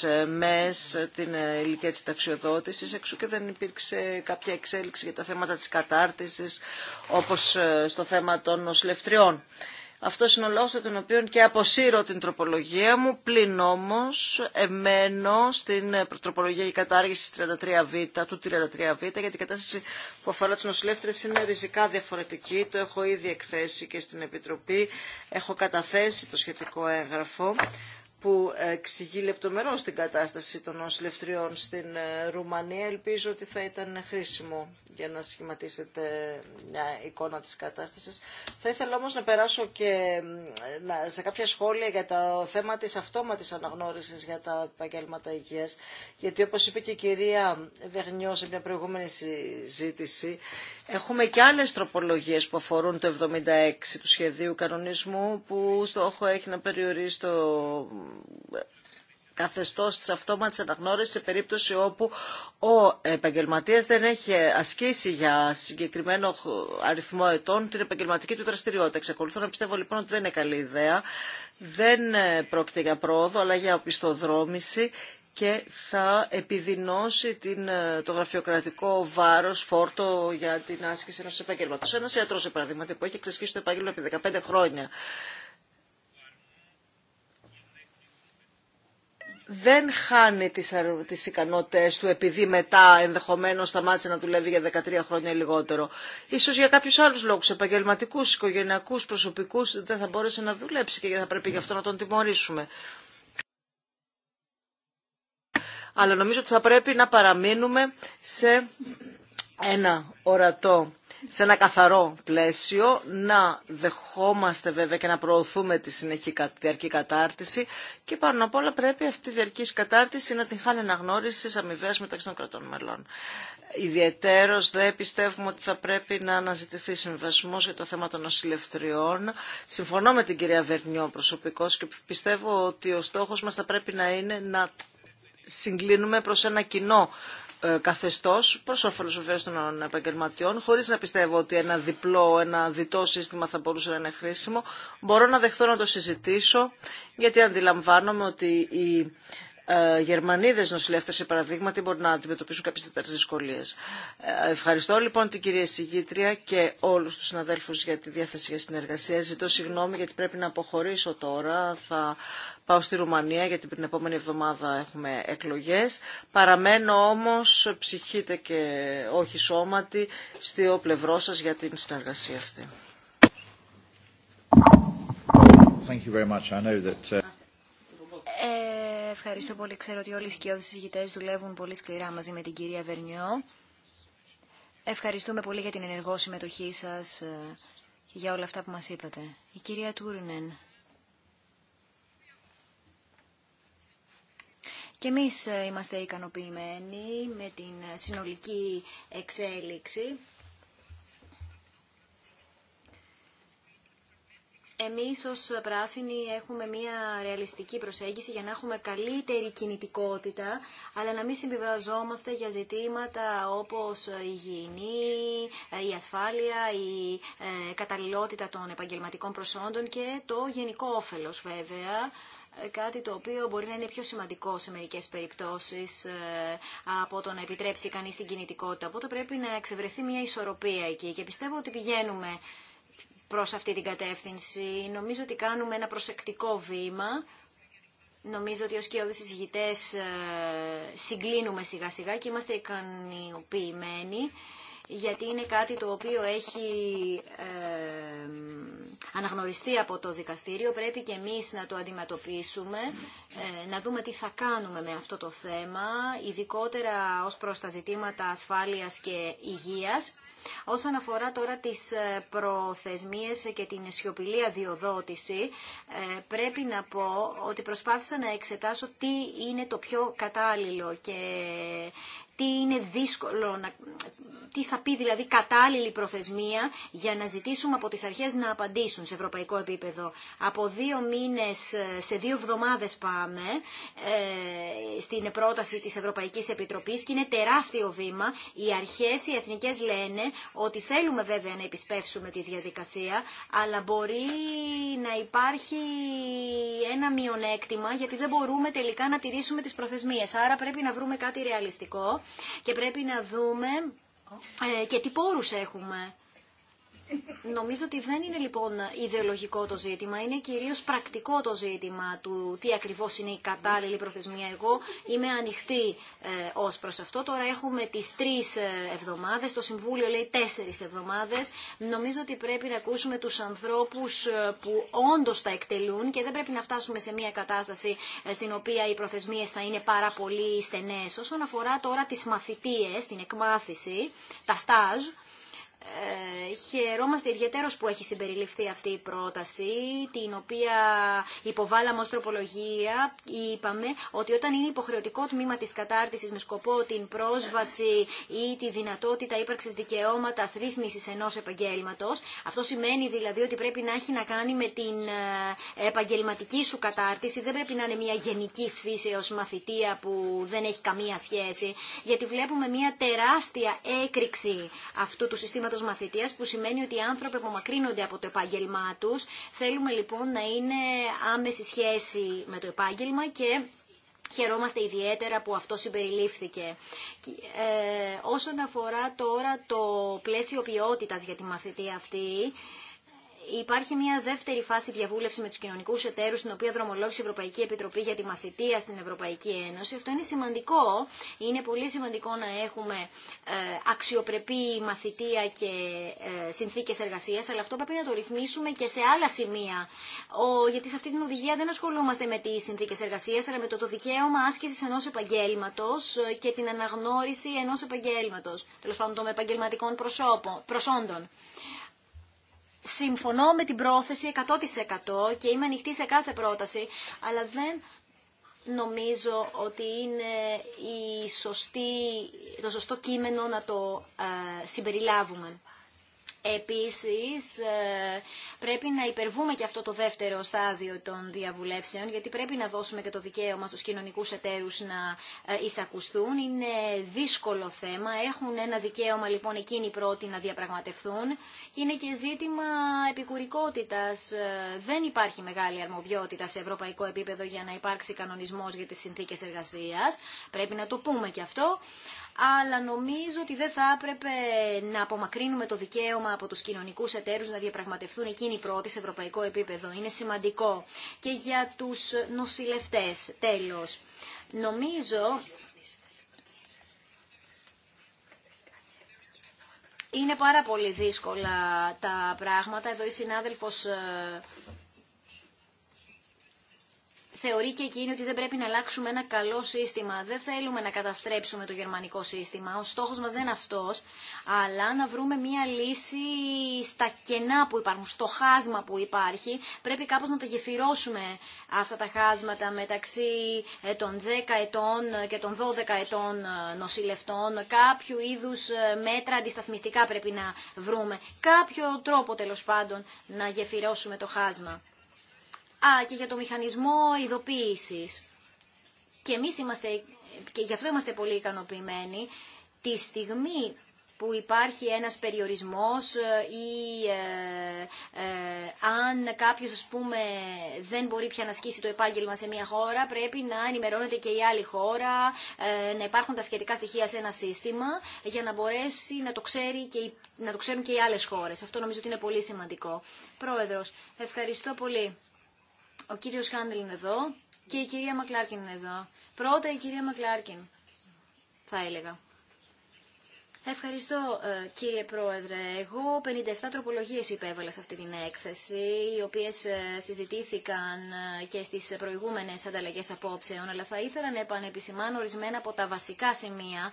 ε, με ε, την ε, ηλικία της ταξιοδότησης, εξού και δεν υπήρξε κάποια εξέλιξη για τα θέματα της κατάρτισης, όπως στο θέμα των νοσηλευτριών. Αυτό είναι ο λόγος για τον οποίο και αποσύρω την τροπολογία μου, πλην όμω εμένω στην ε, τροπολογία για κατάργηση 33β, του 33β, γιατί η κατάσταση που αφορά τις νοσηλεύτρες είναι ριζικά διαφορετική. Το έχω ήδη εκθέσει και στην Επιτροπή. Έχω καταθέσει το σχετικό έγγραφο που εξηγεί λεπτομερώς την κατάσταση των νοσηλευτριών στην ε, Ρουμανία. Ελπίζω ότι θα ήταν χρήσιμο για να σχηματίσετε μια εικόνα της κατάστασης. Θα ήθελα όμως να περάσω και σε κάποια σχόλια για το θέμα της αυτόματης αναγνώρισης για τα επαγγέλματα υγείας. Γιατί όπως είπε και η κυρία Βεγνιώ σε μια προηγούμενη συζήτηση, Έχουμε και άλλες τροπολογίες που αφορούν το 76 του σχεδίου κανονισμού που στόχο έχει να περιορίσει το καθεστώς της αυτόματης αναγνώρισης σε περίπτωση όπου ο επαγγελματίας δεν έχει ασκήσει για συγκεκριμένο αριθμό ετών την επαγγελματική του δραστηριότητα. Εξακολουθώ να πιστεύω λοιπόν ότι δεν είναι καλή ιδέα. Δεν πρόκειται για πρόοδο αλλά για οπισθοδρόμηση και θα επιδεινώσει την, ε, το γραφειοκρατικό βάρο φόρτο για την άσκηση ενό επαγγέλματο. Ένα ιατρό, για παράδειγμα, που έχει εξασκήσει το επάγγελμα επί 15 χρόνια, δεν χάνει τις, τις ικανότητες του επειδή μετά ενδεχομένως σταμάτησε να δουλεύει για 13 χρόνια ή λιγότερο. Ίσως για κάποιους άλλους λόγους, επαγγελματικούς, οικογενειακούς, προσωπικούς, δεν θα μπόρεσε να δουλέψει και θα πρέπει γι' αυτό να τον τιμωρήσουμε αλλά νομίζω ότι θα πρέπει να παραμείνουμε σε ένα ορατό σε ένα καθαρό πλαίσιο, να δεχόμαστε βέβαια και να προωθούμε τη συνεχή διαρκή κατάρτιση και πάνω απ' όλα πρέπει αυτή η διαρκή κατάρτιση να την χάνει αναγνώριση αμοιβέ μεταξύ των κρατών μελών. Ιδιαιτέρω δεν πιστεύουμε ότι θα πρέπει να αναζητηθεί συμβασμό για το θέμα των νοσηλευτριών. Συμφωνώ με την κυρία Βερνιό προσωπικώ και πιστεύω ότι ο στόχο μα θα πρέπει να είναι να συγκλίνουμε προς ένα κοινό ε, καθεστώς προς όφελος βεβαίως των επαγγελματιών χωρίς να πιστεύω ότι ένα διπλό, ένα διτό σύστημα θα μπορούσε να είναι χρήσιμο μπορώ να δεχθώ να το συζητήσω γιατί αντιλαμβάνομαι ότι η ε, Γερμανίδες νοσηλεύτες, σε παραδείγματι, μπορούν να αντιμετωπίσουν κάποιες τέτοιες δυσκολίες. Ε, ευχαριστώ λοιπόν την κυρία Συγήτρια και όλους τους συναδέλφους για τη διάθεση για συνεργασία. Ζητώ συγγνώμη γιατί πρέπει να αποχωρήσω τώρα. Θα πάω στη Ρουμανία γιατί την επόμενη εβδομάδα έχουμε εκλογές. Παραμένω όμως ψυχείτε και όχι σώματι στο πλευρό σας για την συνεργασία αυτή. Thank you very much. I know that... Uh, ε, ευχαριστώ πολύ. Ξέρω ότι όλοι οι σκιώδεις συζητητές δουλεύουν πολύ σκληρά μαζί με την κυρία Βερνιό. Ευχαριστούμε πολύ για την ενεργό συμμετοχή σας ε, για όλα αυτά που μας είπατε. Η κυρία Τούρνεν. Και εμείς ε, είμαστε ικανοποιημένοι με την συνολική εξέλιξη Εμείς ως πράσινοι έχουμε μια ρεαλιστική προσέγγιση για να έχουμε καλύτερη κινητικότητα, αλλά να μην συμβιβαζόμαστε για ζητήματα όπως η υγιεινή, η ασφάλεια, η ε, καταλληλότητα των επαγγελματικών προσόντων και το γενικό όφελος βέβαια ε, κάτι το οποίο μπορεί να είναι πιο σημαντικό σε μερικές περιπτώσεις ε, από το να επιτρέψει κανείς την κινητικότητα. Οπότε πρέπει να εξευρεθεί μια ισορροπία εκεί και πιστεύω ότι πηγαίνουμε προς αυτή την κατεύθυνση. Νομίζω ότι κάνουμε ένα προσεκτικό βήμα. Νομίζω ότι ως κοιόδες εισηγητές ε, συγκλίνουμε σιγά σιγά και είμαστε ικανοποιημένοι γιατί είναι κάτι το οποίο έχει ε, αναγνωριστεί από το δικαστήριο. Πρέπει και εμείς να το αντιμετωπίσουμε, ε, να δούμε τι θα κάνουμε με αυτό το θέμα, ειδικότερα ως προς τα ζητήματα ασφάλειας και υγείας. Όσον αφορά τώρα τις ε, προθεσμίες και την σιωπηλή αδειοδότηση, ε, πρέπει να πω ότι προσπάθησα να εξετάσω τι είναι το πιο κατάλληλο και τι είναι δύσκολο να τι θα πει δηλαδή κατάλληλη προθεσμία για να ζητήσουμε από τις αρχές να απαντήσουν σε ευρωπαϊκό επίπεδο. Από δύο μήνες ε, σε δύο εβδομάδες πάμε ε, στην πρόταση της Ευρωπαϊκής Επιτροπής και είναι τεράστιο βήμα. Οι αρχές, οι εθνικές λένε ότι θέλουμε βέβαια να επισπεύσουμε τη διαδικασία, αλλά μπορεί να υπάρχει ένα μειονέκτημα γιατί δεν μπορούμε τελικά να τηρήσουμε τις προθεσμίες. Άρα πρέπει να βρούμε κάτι ρεαλιστικό και πρέπει να δούμε ε, και τι πόρους έχουμε. Νομίζω ότι δεν είναι λοιπόν ιδεολογικό το ζήτημα, είναι κυρίως πρακτικό το ζήτημα του τι ακριβώς είναι η κατάλληλη προθεσμία. Εγώ είμαι ανοιχτή ε, ως προς αυτό. Τώρα έχουμε τις τρεις ε, εβδομάδες, το Συμβούλιο λέει τέσσερις εβδομάδες. Νομίζω ότι πρέπει να ακούσουμε τους ανθρώπους ε, που όντως τα εκτελούν και δεν πρέπει να φτάσουμε σε μια κατάσταση ε, στην οποία οι προθεσμίες θα είναι πάρα πολύ στενές. Όσον αφορά τώρα τις μαθητείες, την εκμάθηση, τα στάζ, ε, χαιρόμαστε ιδιαίτερως που έχει συμπεριληφθεί αυτή η πρόταση, την οποία υποβάλαμε ως τροπολογία. Είπαμε ότι όταν είναι υποχρεωτικό τμήμα της κατάρτισης με σκοπό την πρόσβαση ή τη δυνατότητα ύπαρξης δικαιώματα ρύθμισης ενός επαγγέλματος, αυτό σημαίνει δηλαδή ότι πρέπει να έχει να κάνει με την ε, επαγγελματική σου κατάρτιση, δεν πρέπει να είναι μια γενική φύσεως μαθητεία που δεν έχει καμία σχέση, γιατί βλέπουμε μια τεράστια έκρηξη αυτού του συστήματος που σημαίνει ότι οι άνθρωποι απομακρύνονται από το επάγγελμά τους. Θέλουμε λοιπόν να είναι άμεση σχέση με το επάγγελμα και Χαιρόμαστε ιδιαίτερα που αυτό συμπεριλήφθηκε. Ε, όσον αφορά τώρα το πλαίσιο ποιότητας για τη μαθητή αυτή, Υπάρχει μια δεύτερη φάση διαβούλευση με του κοινωνικού εταίρου, την οποία δρομολόγησε η Ευρωπαϊκή Επιτροπή για τη Μαθητεία στην Ευρωπαϊκή Ένωση. Αυτό είναι σημαντικό. Είναι πολύ σημαντικό να έχουμε ε, αξιοπρεπή μαθητεία και ε, συνθήκε εργασία, αλλά αυτό πρέπει να το ρυθμίσουμε και σε άλλα σημεία. γιατί σε αυτή την οδηγία δεν ασχολούμαστε με τι συνθήκε εργασία, αλλά με το, το δικαίωμα άσκηση ενό επαγγέλματο ε, και την αναγνώριση ενό επαγγέλματο, τέλο πάντων των επαγγελματικών προσώπων, προσόντων συμφωνώ με την πρόθεση 100% και είμαι ανοιχτή σε κάθε πρόταση, αλλά δεν νομίζω ότι είναι η σωστή, το σωστό κείμενο να το ε, συμπεριλάβουμε. Επίσης ε, πρέπει να υπερβούμε και αυτό το δεύτερο στάδιο των διαβουλεύσεων γιατί πρέπει να δώσουμε και το δικαίωμα στους κοινωνικούς εταίρους να ε, εισακουστούν. Είναι δύσκολο θέμα, έχουν ένα δικαίωμα λοιπόν εκείνοι πρώτοι να διαπραγματευθούν, και είναι και ζήτημα επικουρικότητας. Ε, δεν υπάρχει μεγάλη αρμοδιότητα σε ευρωπαϊκό επίπεδο για να υπάρξει κανονισμός για τις συνθήκες εργασίας. Πρέπει να το πούμε και αυτό αλλά νομίζω ότι δεν θα έπρεπε να απομακρύνουμε το δικαίωμα από τους κοινωνικούς εταίρους να διαπραγματευτούν εκείνοι πρώτοι σε ευρωπαϊκό επίπεδο. Είναι σημαντικό και για τους νοσηλευτές. Τέλος, νομίζω Είναι πάρα πολύ δύσκολα τα πράγματα. Εδώ η συνάδελφος ε, θεωρεί και εκείνη ότι δεν πρέπει να αλλάξουμε ένα καλό σύστημα. Δεν θέλουμε να καταστρέψουμε το γερμανικό σύστημα. Ο στόχος μας δεν είναι αυτός, αλλά να βρούμε μία λύση στα κενά που υπάρχουν, στο χάσμα που υπάρχει. Πρέπει κάπως να τα γεφυρώσουμε αυτά τα χάσματα μεταξύ ε, των 10 ετών και των 12 ετών ε, νοσηλευτών. Κάποιου είδους ε, μέτρα αντισταθμιστικά πρέπει να βρούμε. Κάποιο τρόπο τέλος πάντων να γεφυρώσουμε το χάσμα. Α, και για το μηχανισμό ειδοποίηση. Και εμείς είμαστε, και γι' αυτό είμαστε πολύ ικανοποιημένοι, τη στιγμή που υπάρχει ένας περιορισμός ε, ή ε, ε, αν κάποιος ας πούμε δεν μπορεί πια να ασκήσει το επάγγελμα σε μια χώρα πρέπει να ενημερώνεται και η άλλη χώρα, ε, να υπάρχουν τα σχετικά στοιχεία σε ένα σύστημα για να μπορέσει να το, ξέρει και, να το ξέρουν και οι άλλες χώρες. Αυτό νομίζω ότι είναι πολύ σημαντικό. Πρόεδρος, ευχαριστώ πολύ. Ο κύριος Χάντελ είναι εδώ και η κυρία Μακλάρκιν είναι εδώ. Πρώτα η κυρία Μακλάρκιν, θα έλεγα. Ευχαριστώ ε, κύριε Πρόεδρε. Εγώ 57 τροπολογίες υπέβαλα σε αυτή την έκθεση, οι οποίες ε, συζητήθηκαν ε, και στις προηγούμενες ανταλλαγές απόψεων, αλλά θα ήθελα να επανεπισημάνω ορισμένα από τα βασικά σημεία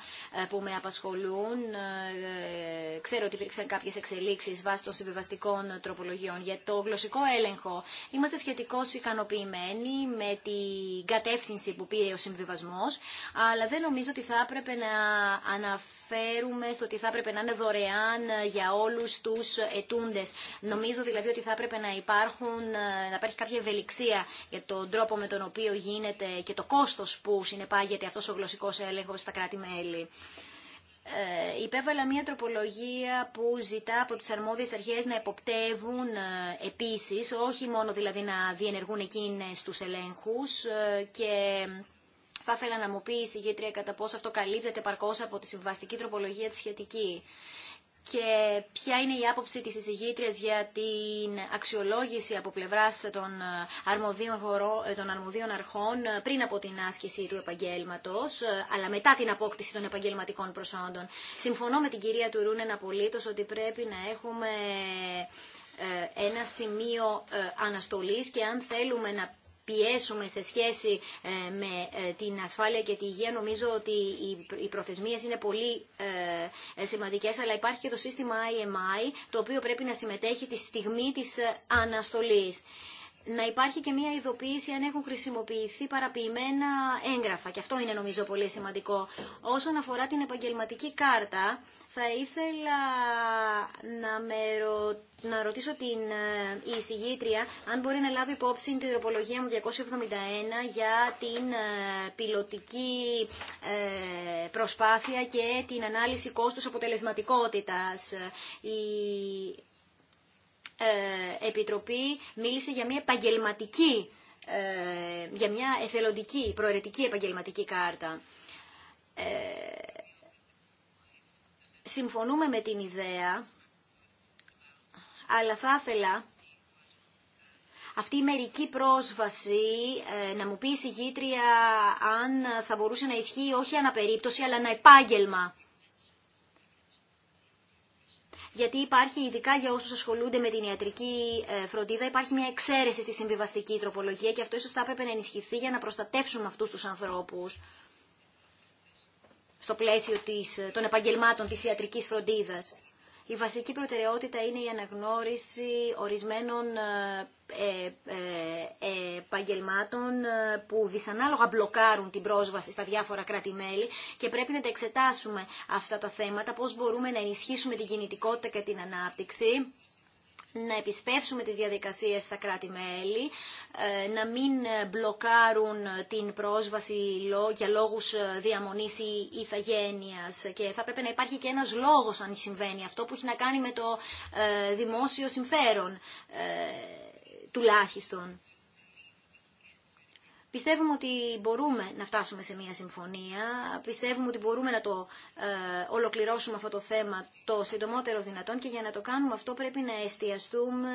που με απασχολούν. Ξέρω ότι υπήρξαν κάποιες εξελίξεις βάσει των συμβιβαστικών τροπολογιών για το γλωσσικό έλεγχο. Είμαστε σχετικώς ικανοποιημένοι με την κατεύθυνση που πήρε ο συμβιβασμός, αλλά δεν νομίζω ότι θα έπρεπε να αναφέρουμε στο ότι θα έπρεπε να είναι δωρεάν ε, για όλους τους ετούντες. Νομίζω δηλαδή ότι θα έπρεπε να, υπάρχουν, ε, να υπάρχει κάποια ευελιξία για τον τρόπο με τον οποίο γίνεται και το κόστος που συνεπάγεται αυτός ο γλωσσικός έλεγχος στα κράτη-μέλη. Ε, υπέβαλα μια τροπολογία που ζητά από τις αρμόδιες αρχές να εποπτεύουν ε, επίσης, όχι μόνο δηλαδή να διενεργούν εκείνες τους ελέγχους ε, και θα ήθελα να μου πει η συγγήτρια κατά πόσο αυτό καλύπτεται παρκώς από τη συμβαστική τροπολογία τη σχετική και ποια είναι η άποψη της εισηγήτριας για την αξιολόγηση από πλευράς των αρμοδίων, ε, των αρμοδίων αρχών ε, πριν από την άσκηση του επαγγέλματος, ε, αλλά μετά την απόκτηση των επαγγελματικών προσόντων. Συμφωνώ με την κυρία Τουρούνεν απολύτως ότι πρέπει να έχουμε ένα σημείο αναστολής και αν θέλουμε να πιέσουμε σε σχέση ε, με ε, την ασφάλεια και τη υγεία. Νομίζω ότι οι προθεσμίες είναι πολύ ε, σημαντικές, αλλά υπάρχει και το σύστημα IMI, το οποίο πρέπει να συμμετέχει τη στιγμή της αναστολής να υπάρχει και μια ειδοποίηση αν έχουν χρησιμοποιηθεί παραποιημένα έγγραφα. Και αυτό είναι νομίζω πολύ σημαντικό. Όσον αφορά την επαγγελματική κάρτα, θα ήθελα να, με να ρωτήσω την ε, εισηγήτρια αν μπορεί να λάβει υπόψη την τροπολογία μου 271 για την ε, πιλωτική ε, προσπάθεια και την ανάλυση κόστους αποτελεσματικότητας. Η... Ε, Επιτροπή μίλησε για μια επαγγελματική, για μια εθελοντική, προαιρετική επαγγελματική κάρτα συμφωνούμε με την ιδέα, αλλά θα ήθελα αυτή η μερική πρόσβαση, ε, να μου πει η συγγήτρια αν θα μπορούσε να ισχύει όχι αναπερίπτωση, αλλά ένα επάγγελμα. Γιατί υπάρχει, ειδικά για όσους ασχολούνται με την ιατρική ε, φροντίδα, υπάρχει μια εξαίρεση στη συμβιβαστική τροπολογία και αυτό ίσως θα έπρεπε να ενισχυθεί για να προστατεύσουμε αυτούς τους ανθρώπους στο πλαίσιο της, ε, των επαγγελμάτων της ιατρικής φροντίδας. Η βασική προτεραιότητα είναι η αναγνώριση ορισμένων ε, ε, επαγγελμάτων που δυσανάλογα μπλοκάρουν την πρόσβαση στα διάφορα κράτη-μέλη και πρέπει να τα εξετάσουμε αυτά τα θέματα, πώς μπορούμε να ενισχύσουμε την κινητικότητα και την ανάπτυξη να επισπεύσουμε τις διαδικασίες στα κράτη-μέλη, ε, να μην μπλοκάρουν την πρόσβαση για λόγους ε, διαμονής ή ηθαγένειας και θα πρέπει να υπάρχει και ένας λόγος αν συμβαίνει αυτό που έχει να κάνει με το ε, δημόσιο συμφέρον τουλάχιστον. Πιστεύουμε ότι μπορούμε να φτάσουμε σε μια συμφωνία, πιστεύουμε ότι μπορούμε να το ε, ολοκληρώσουμε αυτό το θέμα το συντομότερο δυνατόν και για να το κάνουμε αυτό πρέπει να εστιαστούμε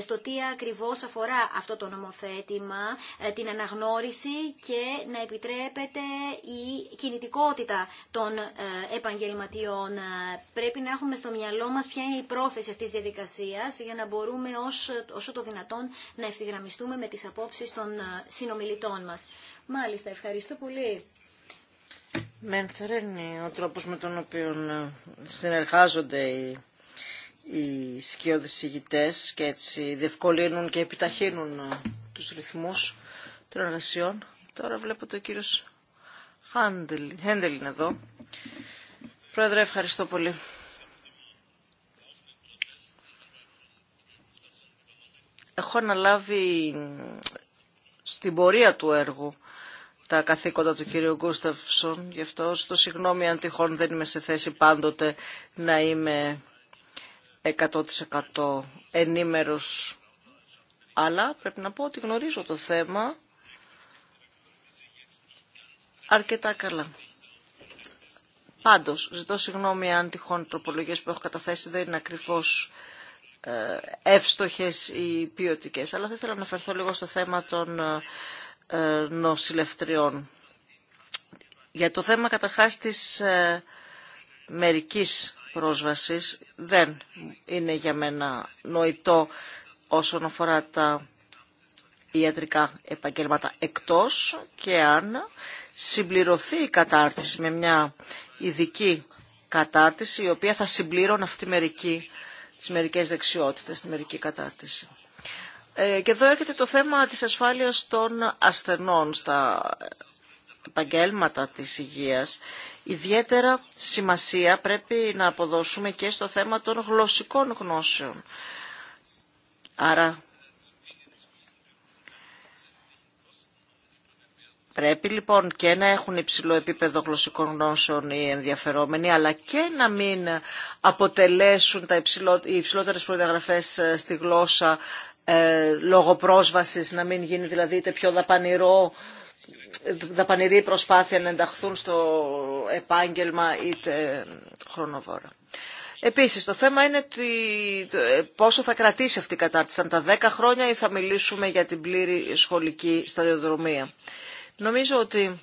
στο τι ακριβώς αφορά αυτό το νομοθέτημα, ε, την αναγνώριση και να επιτρέπεται η κινητικότητα των ε, επαγγελματιών. Πρέπει να έχουμε στο μυαλό μας ποια είναι η πρόθεση αυτής της διαδικασίας για να μπορούμε ως, όσο το δυνατόν να ευθυγραμμιστούμε με τις απόψεις των ε, συνομιλητών. Μάλιστα, ευχαριστώ πολύ. Με ενθαρρύνει ο τρόπος με τον οποίο ε, συνεργάζονται οι, οι σκιώδεις και έτσι διευκολύνουν και επιταχύνουν ε, τους ρυθμούς των εργασιών. Τώρα βλέπω το κύριο Χέντελ είναι εδώ. Πρόεδρε, ευχαριστώ πολύ. Έχω αναλάβει στην πορεία του έργου τα καθήκοντα του κύριου Γκούστευσον. Γι' αυτό στο συγγνώμη αν τυχόν δεν είμαι σε θέση πάντοτε να είμαι 100% ενήμερος. Αλλά πρέπει να πω ότι γνωρίζω το θέμα αρκετά καλά. Πάντως, ζητώ συγγνώμη αν τυχόν τροπολογίες που έχω καταθέσει δεν είναι ακριβώς ε, εύστοχες ή ποιοτικέ. Αλλά θα ήθελα να αναφερθώ λίγο στο θέμα των ε, ε, νοσηλευτριών. Για το θέμα καταρχάς της μερικής πρόσβασης δεν είναι για μένα νοητό όσον αφορά τα ιατρικά επαγγέλματα εκτός και αν συμπληρωθεί η κατάρτιση με μια ειδική κατάρτιση η οποία θα συμπλήρωνε αυτή μερική τις μερικές δεξιότητες, τη μερική κατάρτιση. Ε, και εδώ έρχεται το θέμα της ασφάλειας των ασθενών στα επαγγέλματα της υγείας. Ιδιαίτερα σημασία πρέπει να αποδώσουμε και στο θέμα των γλωσσικών γνώσεων. Άρα Πρέπει λοιπόν και να έχουν υψηλό επίπεδο γλωσσικών γνώσεων οι ενδιαφερόμενοι, αλλά και να μην αποτελέσουν τα υψηλό, οι υψηλότερες προδιαγραφές ε, στη γλώσσα ε, λόγω πρόσβασης, να μην γίνει δηλαδή είτε πιο δαπανηρό, δαπανηρή προσπάθεια να ενταχθούν στο επάγγελμα είτε χρονοβόρα. Επίσης, το θέμα είναι ε, πόσο θα κρατήσει αυτή η κατάρτιση, αν τα 10 χρόνια ή θα μιλήσουμε για την πλήρη σχολική σταδιοδρομία. Νομίζω ότι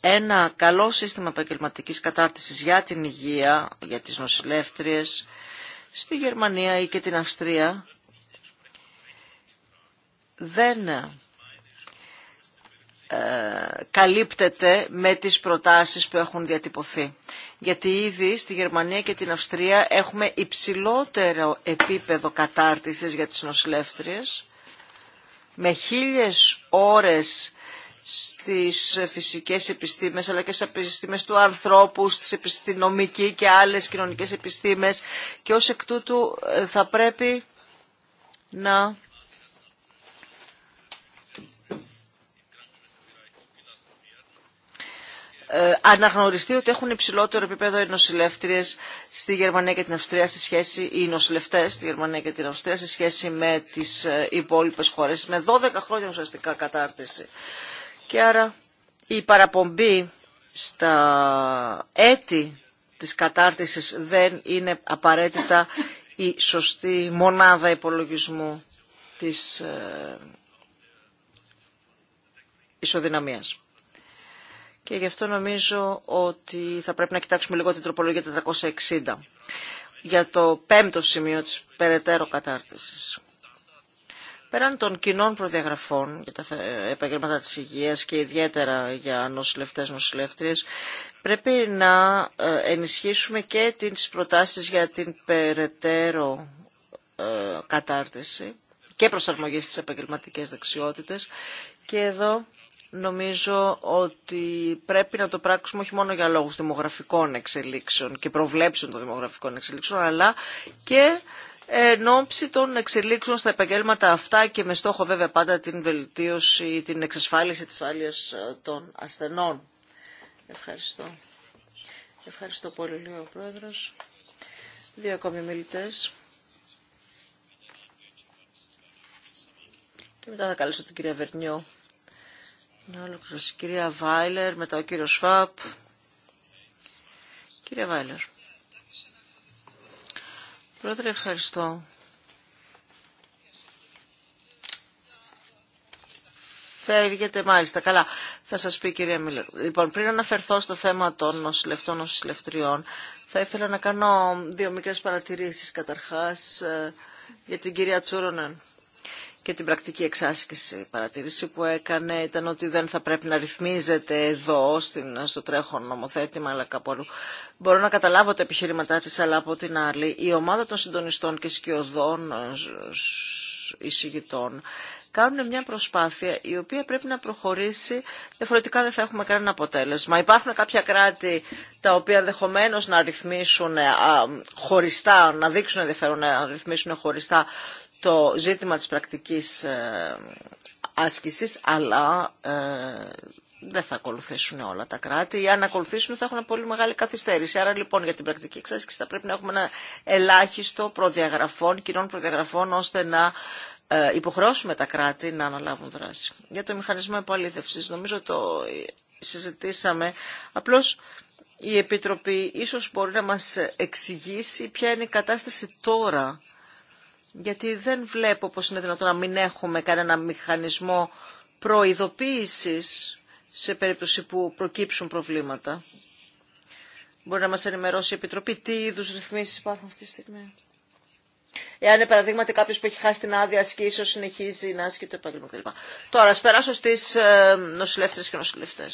ένα καλό σύστημα επαγγελματική κατάρτισης για την υγεία, για τις νοσηλεύτριες, στη Γερμανία ή και την Αυστρία, δεν ε, καλύπτεται με τις προτάσεις που έχουν διατυπωθεί. Γιατί ήδη στη Γερμανία και την Αυστρία έχουμε υψηλότερο επίπεδο κατάρτισης για τις νοσηλεύτριες, με χίλιες ώρες στις φυσικές επιστήμες αλλά και στις επιστήμες του ανθρώπου, στις επιστημονική και άλλες κοινωνικές επιστήμες και ως εκ τούτου ε, θα πρέπει να ε, αναγνωριστεί ότι έχουν υψηλότερο επίπεδο οι νοσηλεύτριε στη Γερμανία και την Αυστρία σε σχέση, οι νοσηλευτέ στη Γερμανία και την Αυστρία σε σχέση με τι ε, υπόλοιπε χώρε, με 12 χρόνια ουσιαστικά κατάρτιση. Και άρα η παραπομπή στα έτη της κατάρτισης δεν είναι απαραίτητα η σωστή μονάδα υπολογισμού της ε, ισοδυναμίας. Και γι' αυτό νομίζω ότι θα πρέπει να κοιτάξουμε λίγο την τροπολογία 460 για το πέμπτο σημείο της περαιτέρω κατάρτισης. Πέραν των κοινών προδιαγραφών για τα επαγγέλματα της υγείας και ιδιαίτερα για νοσηλευτές νοσηλεύτριες, πρέπει να ε, ενισχύσουμε και τις προτάσεις για την περαιτέρω ε, κατάρτιση και προσαρμογή στις επαγγελματικές δεξιότητες. Και εδώ νομίζω ότι πρέπει να το πράξουμε όχι μόνο για λόγους δημογραφικών εξελίξεων και προβλέψεων των δημογραφικών εξελίξεων, αλλά και εν ώψη των εξελίξεων στα επαγγέλματα αυτά και με στόχο βέβαια πάντα την βελτίωση ή την εξασφάλιση της ασφάλειας ε, των ασθενών. Ευχαριστώ. Ευχαριστώ πολύ, λέει ο Πρόεδρος. Δύο ακόμη μιλητές. Και μετά θα καλέσω την κυρία Βερνιό. Να ολοκληρώσει κυρία Βάιλερ, ευχαριστω πολυ Λίγο ο κύριος Σφάπ. Κυρία ο κυριος Φάπ. Κύριε βαιλερ Πρόεδρε, ευχαριστώ. Φεύγετε, μάλιστα. Καλά. Θα σας πει η κυρία Μίλερ. Λοιπόν, πριν αναφερθώ στο θέμα των νοσηλευτών νοσηλευτριών, θα ήθελα να κάνω δύο μικρές παρατηρήσεις καταρχάς ε, για την κυρία Τσούρονεν και την πρακτική εξάσκηση παρατήρηση που έκανε ήταν ότι δεν θα πρέπει να ρυθμίζεται εδώ στην, στο τρέχον νομοθέτημα αλλά κάπου αλλού. Μπορώ να καταλάβω τα επιχειρηματά της αλλά από την άλλη η ομάδα των συντονιστών και σκιωδών ε, εισηγητών κάνουν μια προσπάθεια η οποία πρέπει να προχωρήσει, διαφορετικά δεν θα έχουμε κανένα αποτέλεσμα. Υπάρχουν κάποια κράτη τα οποία ενδεχομένω να ρυθμίσουν ε, χωριστά, να δείξουν ενδιαφέρον να ρυθμίσουν χωριστά το ζήτημα της πρακτικής ε, άσκησης, αλλά ε, δεν θα ακολουθήσουν όλα τα κράτη. Αν ακολουθήσουν θα έχουν πολύ μεγάλη καθυστέρηση. Άρα λοιπόν για την πρακτική εξάσκηση θα πρέπει να έχουμε ένα ελάχιστο προδιαγραφών, κοινών προδιαγραφών, ώστε να ε, υποχρεώσουμε τα κράτη να αναλάβουν δράση. Για το μηχανισμό επαλήθευσης νομίζω το συζητήσαμε. Απλώς η Επιτροπή ίσως μπορεί να μας εξηγήσει ποια είναι η κατάσταση τώρα γιατί δεν βλέπω πως είναι δυνατόν να μην έχουμε κανένα μηχανισμό προειδοποίησης σε περίπτωση που προκύψουν προβλήματα. Μπορεί να μας ενημερώσει η Επιτροπή τι είδους ρυθμίσεις υπάρχουν αυτή τη στιγμή. Εάν, παραδείγματι, κάποιο που έχει χάσει την άδεια ασκήσεω συνεχίζει να ασκεί το επάγγελμα κλπ. Τώρα, α περάσω στι ε, νοσηλεύτρε και νοσηλευτέ.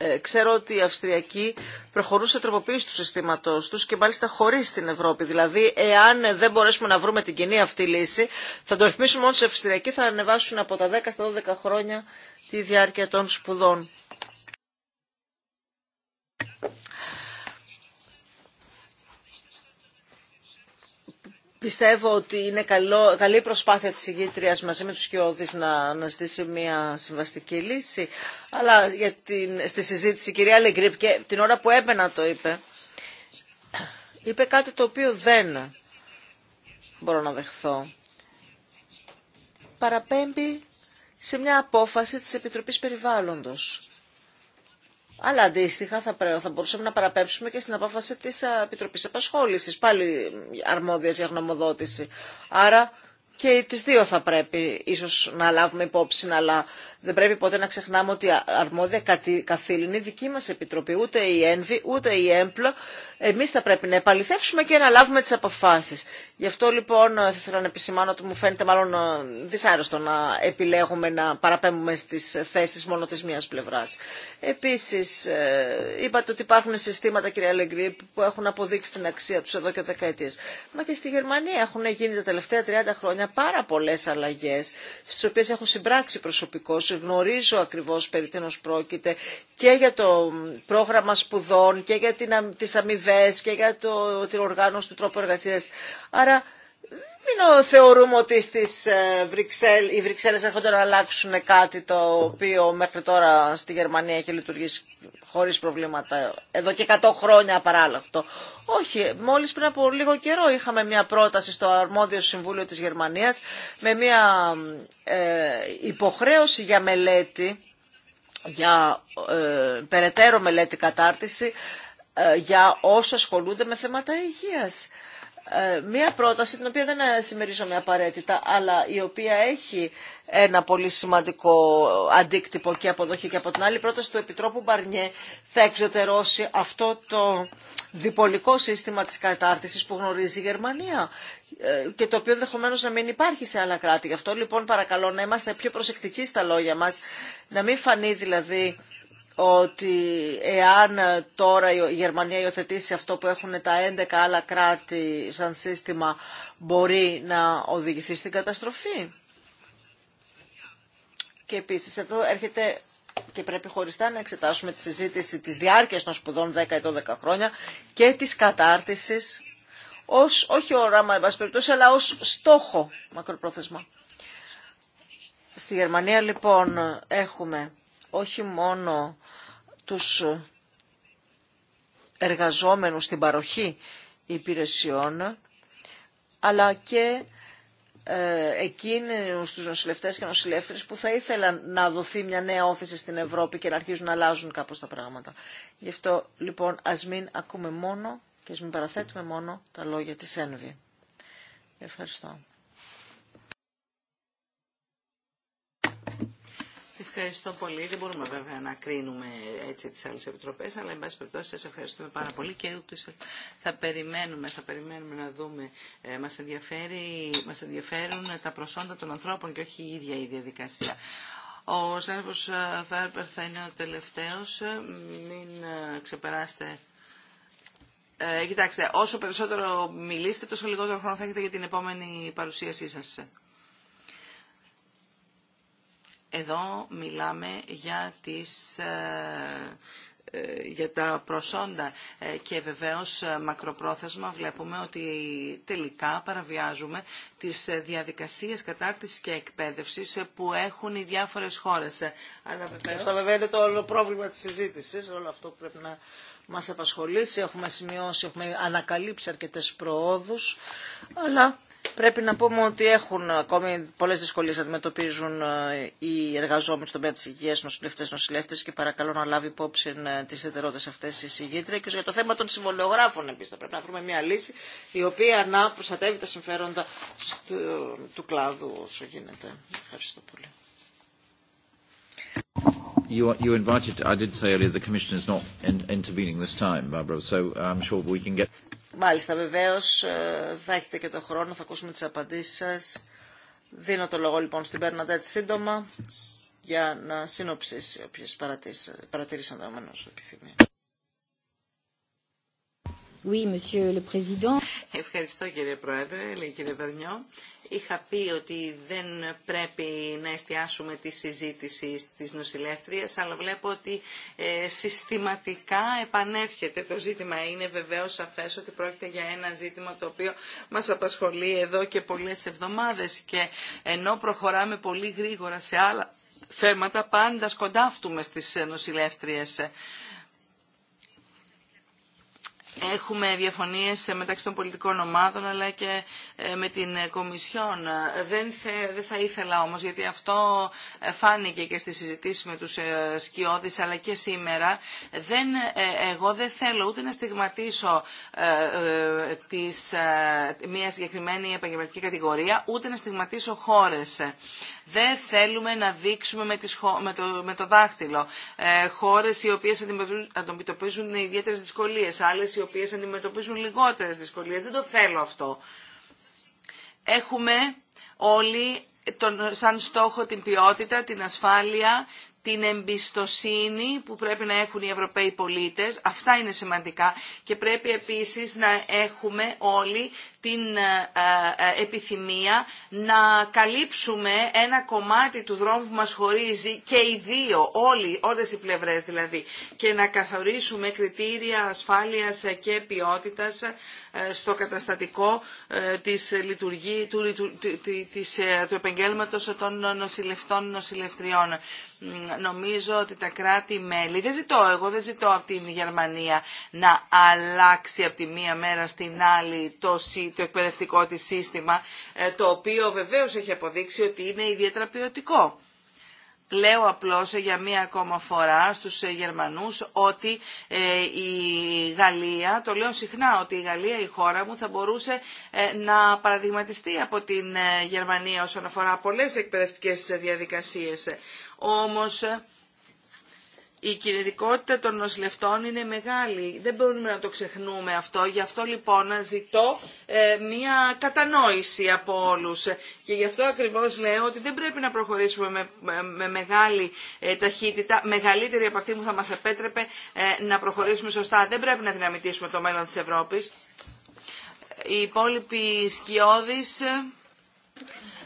Ε, ξέρω ότι η Αυστριακή προχωρούσε τροποποίηση του συστήματός τους και μάλιστα χωρί την Ευρώπη. Δηλαδή, εάν δεν μπορέσουμε να βρούμε την κοινή αυτή λύση, θα το ρυθμίσουμε μόνο σε Αυστριακή, θα ανεβάσουν από τα 10 στα 12 χρόνια τη διάρκεια των σπουδών. Πιστεύω ότι είναι καλό, καλή προσπάθεια της ηγήτριας μαζί με τους Κιώδης να, να μια συμβαστική λύση. Αλλά για την, στη συζήτηση η κυρία Λεγκρίπ και την ώρα που έμπαινα το είπε, είπε κάτι το οποίο δεν μπορώ να δεχθώ. Παραπέμπει σε μια απόφαση της Επιτροπής Περιβάλλοντος αλλά αντίστοιχα θα, θα μπορούσαμε να παραπέμψουμε και στην απόφαση της Επιτροπής Επασχόλησης, πάλι αρμόδιας για γνωμοδότηση. Άρα και τις δύο θα πρέπει ίσως να λάβουμε υπόψη, αλλά δεν πρέπει ποτέ να ξεχνάμε ότι αρμόδια καθήλυνη δική μας επιτροπή, ούτε η ΕΝΒΗ, ούτε η ΕΜΠΛΟ εμείς θα πρέπει να επαληθεύσουμε και να λάβουμε τις αποφάσεις. Γι' αυτό λοιπόν θα ήθελα να επισημάνω ότι μου φαίνεται μάλλον ε, δυσάρεστο να επιλέγουμε να παραπέμπουμε στις θέσεις μόνο της μίας πλευράς. Επίσης ε, είπατε ότι υπάρχουν συστήματα κυρία Λεγκρή που έχουν αποδείξει την αξία τους εδώ και δεκαετίες. Μα και στη Γερμανία έχουν γίνει τα τελευταία 30 χρόνια πάρα πολλές αλλαγές στις οποίες έχω συμπράξει προσωπικώς, γνωρίζω ακριβώ περί πρόκειται και για το πρόγραμμα σπουδών και για τι αμοιβές αμοιβέ και για το, την οργάνωση του τρόπου εργασία. Άρα μην θεωρούμε ότι στις ε, Βρυξέλ, οι Βρυξέλλε έρχονται να αλλάξουν κάτι το οποίο μέχρι τώρα στη Γερμανία έχει λειτουργήσει χωρί προβλήματα εδώ και 100 χρόνια απαράλλαχτο. Όχι, Μόλι πριν από λίγο καιρό είχαμε μια πρόταση στο αρμόδιο συμβούλιο τη Γερμανία με μια ε, υποχρέωση για μελέτη, για ε, περαιτέρω μελέτη κατάρτιση ε, για όσους ασχολούνται με θέματα υγείας. Ε, μία πρόταση την οποία δεν συμμερίζομαι απαραίτητα, αλλά η οποία έχει ένα πολύ σημαντικό αντίκτυπο και αποδοχή. και από την άλλη πρόταση του Επιτρόπου Μπαρνιέ θα εξωτερώσει αυτό το διπολικό σύστημα της κατάρτισης που γνωρίζει η Γερμανία ε, και το οποίο ενδεχομένω να μην υπάρχει σε άλλα κράτη. Γι' αυτό λοιπόν παρακαλώ να είμαστε πιο προσεκτικοί στα λόγια μας, να μην φανεί δηλαδή ότι εάν τώρα η Γερμανία υιοθετήσει αυτό που έχουν τα 11 άλλα κράτη σαν σύστημα μπορεί να οδηγηθεί στην καταστροφή. Και επίσης εδώ έρχεται και πρέπει χωριστά να εξετάσουμε τη συζήτηση της διάρκειας των σπουδών 10 ή 12 χρόνια και της κατάρτισης ως, όχι όραμα εν πάση περιπτώσει, αλλά ως στόχο μακροπρόθεσμα. Στη Γερμανία λοιπόν έχουμε όχι μόνο τους εργαζόμενους στην παροχή υπηρεσιών, αλλά και ε, εκείνους τους νοσηλευτές και νοσηλεύτρες που θα ήθελαν να δοθεί μια νέα όθηση στην Ευρώπη και να αρχίζουν να αλλάζουν κάπως τα πράγματα. Γι' αυτό λοιπόν ας μην ακούμε μόνο και ας μην παραθέτουμε μόνο τα λόγια της Ένβη. Ευχαριστώ. Ευχαριστώ πολύ. Δεν μπορούμε βέβαια να κρίνουμε έτσι τις άλλες επιτροπές, αλλά εν πάση περιπτώσει σας ευχαριστούμε πάρα πολύ και ούτως θα περιμένουμε, θα περιμένουμε να δούμε. Ε, μας, ενδιαφέρει, μας ενδιαφέρουν τα προσόντα των ανθρώπων και όχι η ίδια η διαδικασία. Ο Σάρβος Βέρπερ ε, θα είναι ο τελευταίος. Ε, μην ε, ξεπεράσετε ε, κοιτάξτε, όσο περισσότερο μιλήσετε, τόσο λιγότερο χρόνο θα έχετε για την επόμενη παρουσίασή σας. Εδώ μιλάμε για τις ε, ε, για τα προσόντα ε, και βεβαίως μακροπρόθεσμα βλέπουμε ότι τελικά παραβιάζουμε τις διαδικασίες κατάρτισης και εκπαίδευσης που έχουν οι διάφορες χώρες. Αλλά βεβαίως... Αυτό βέβαια είναι το όλο πρόβλημα της συζήτησης, όλο αυτό που πρέπει να μας απασχολήσει. Έχουμε σημειώσει, έχουμε ανακαλύψει αρκετές προόδους, αλλά Πρέπει να πούμε ότι έχουν ακόμη πολλέ δυσκολίε να αντιμετωπίζουν ε, οι εργαζόμενοι στον τομέα τη υγεία, νοσηλευτέ, νοσηλεύτε και παρακαλώ να λάβει υπόψη ε, τι ιδιαιτερότητε αυτέ η συγγήτρια. Και για το θέμα των συμβολιογράφων επίση θα πρέπει να βρούμε μια λύση η οποία να προστατεύει τα συμφέροντα του κλάδου όσο γίνεται. Ευχαριστώ πολύ. You, you invited, I did say earlier, the Commission is not intervening this time, Barbara, so I'm sure we can get... Μάλιστα, βεβαίω ε, θα έχετε και το χρόνο, θα ακούσουμε τι απαντήσει σα. Δίνω το λόγο λοιπόν στην Περνατέτ σύντομα για να συνοψίσει όποιε παρατηρήσει ενδεχομένω επιθυμεί. Oui, Ευχαριστώ κύριε Πρόεδρε, λέει κύριε Βερνιό. Είχα πει ότι δεν πρέπει να εστιάσουμε τη συζήτηση της νοσηλεύτριας, αλλά βλέπω ότι ε, συστηματικά επανέρχεται το ζήτημα. Είναι βεβαίως σαφές ότι πρόκειται για ένα ζήτημα το οποίο μας απασχολεί εδώ και πολλές εβδομάδες και ενώ προχωράμε πολύ γρήγορα σε άλλα θέματα, πάντα σκοντάφτουμε στις νοσηλεύτριες. Έχουμε διαφωνίες ε, μεταξύ των πολιτικών ομάδων αλλά και ε, με την ε, Κομισιόν. Δεν, δεν θα ήθελα όμως, γιατί αυτό φάνηκε και στη συζητήση με τους σκιώδεις αλλά και σήμερα, δεν, εγώ δεν θέλω ούτε να στιγματίσω της, ε, μια συγκεκριμένη επαγγελματική κατηγορία, ούτε να στιγματίσω χώρες. Δεν θέλουμε να δείξουμε με, το, με το δάχτυλο ε, χώρες οι οποίες αντιμετωπίζουν ιδιαίτερες δυσκολίες, άλλες οι οποίες αντιμετωπίζουν λιγότερες δυσκολίες. Δεν το θέλω αυτό. Έχουμε όλοι τον, σαν στόχο την ποιότητα, την ασφάλεια την εμπιστοσύνη που πρέπει να έχουν οι Ευρωπαίοι πολίτες. Αυτά είναι σημαντικά και πρέπει επίσης να έχουμε όλοι την ε, ε, επιθυμία να καλύψουμε ένα κομμάτι του δρόμου που μας χωρίζει και οι δύο, όλοι, όλες οι πλευρές δηλαδή, και να καθορίσουμε κριτήρια ασφάλειας και ποιότητας ε, στο καταστατικό της λειτουργίας του, του, του, του επεγγέλματος των νοσηλευτών νοσηλευτριών νομίζω ότι τα κράτη-μέλη, δεν ζητώ, εγώ δεν ζητώ από την Γερμανία να αλλάξει από τη μία μέρα στην άλλη το, το εκπαιδευτικό της σύστημα, ε, το οποίο βεβαίως έχει αποδείξει ότι είναι ιδιαίτερα ποιοτικό. Λέω απλώς για μία ακόμα φορά στους ε, Γερμανούς ότι ε, η Γαλλία, το λέω συχνά ότι η Γαλλία, η χώρα μου, θα μπορούσε ε, να παραδειγματιστεί από την Γερμανία όσον αφορά πολλές εκπαιδευτικές διαδικασίες. Όμως η κινητικότητα των νοσηλευτών είναι μεγάλη. Δεν μπορούμε να το ξεχνούμε αυτό. Γι' αυτό λοιπόν ζητώ ε, μια κατανόηση από όλους. Και γι' αυτό ακριβώς λέω ότι δεν πρέπει να προχωρήσουμε με, με, μεγάλη ε, ταχύτητα, μεγαλύτερη από αυτή που θα μας επέτρεπε ε, να προχωρήσουμε σωστά. Δεν πρέπει να δυναμητήσουμε το μέλλον της Ευρώπης. Οι υπόλοιποι σκιώδεις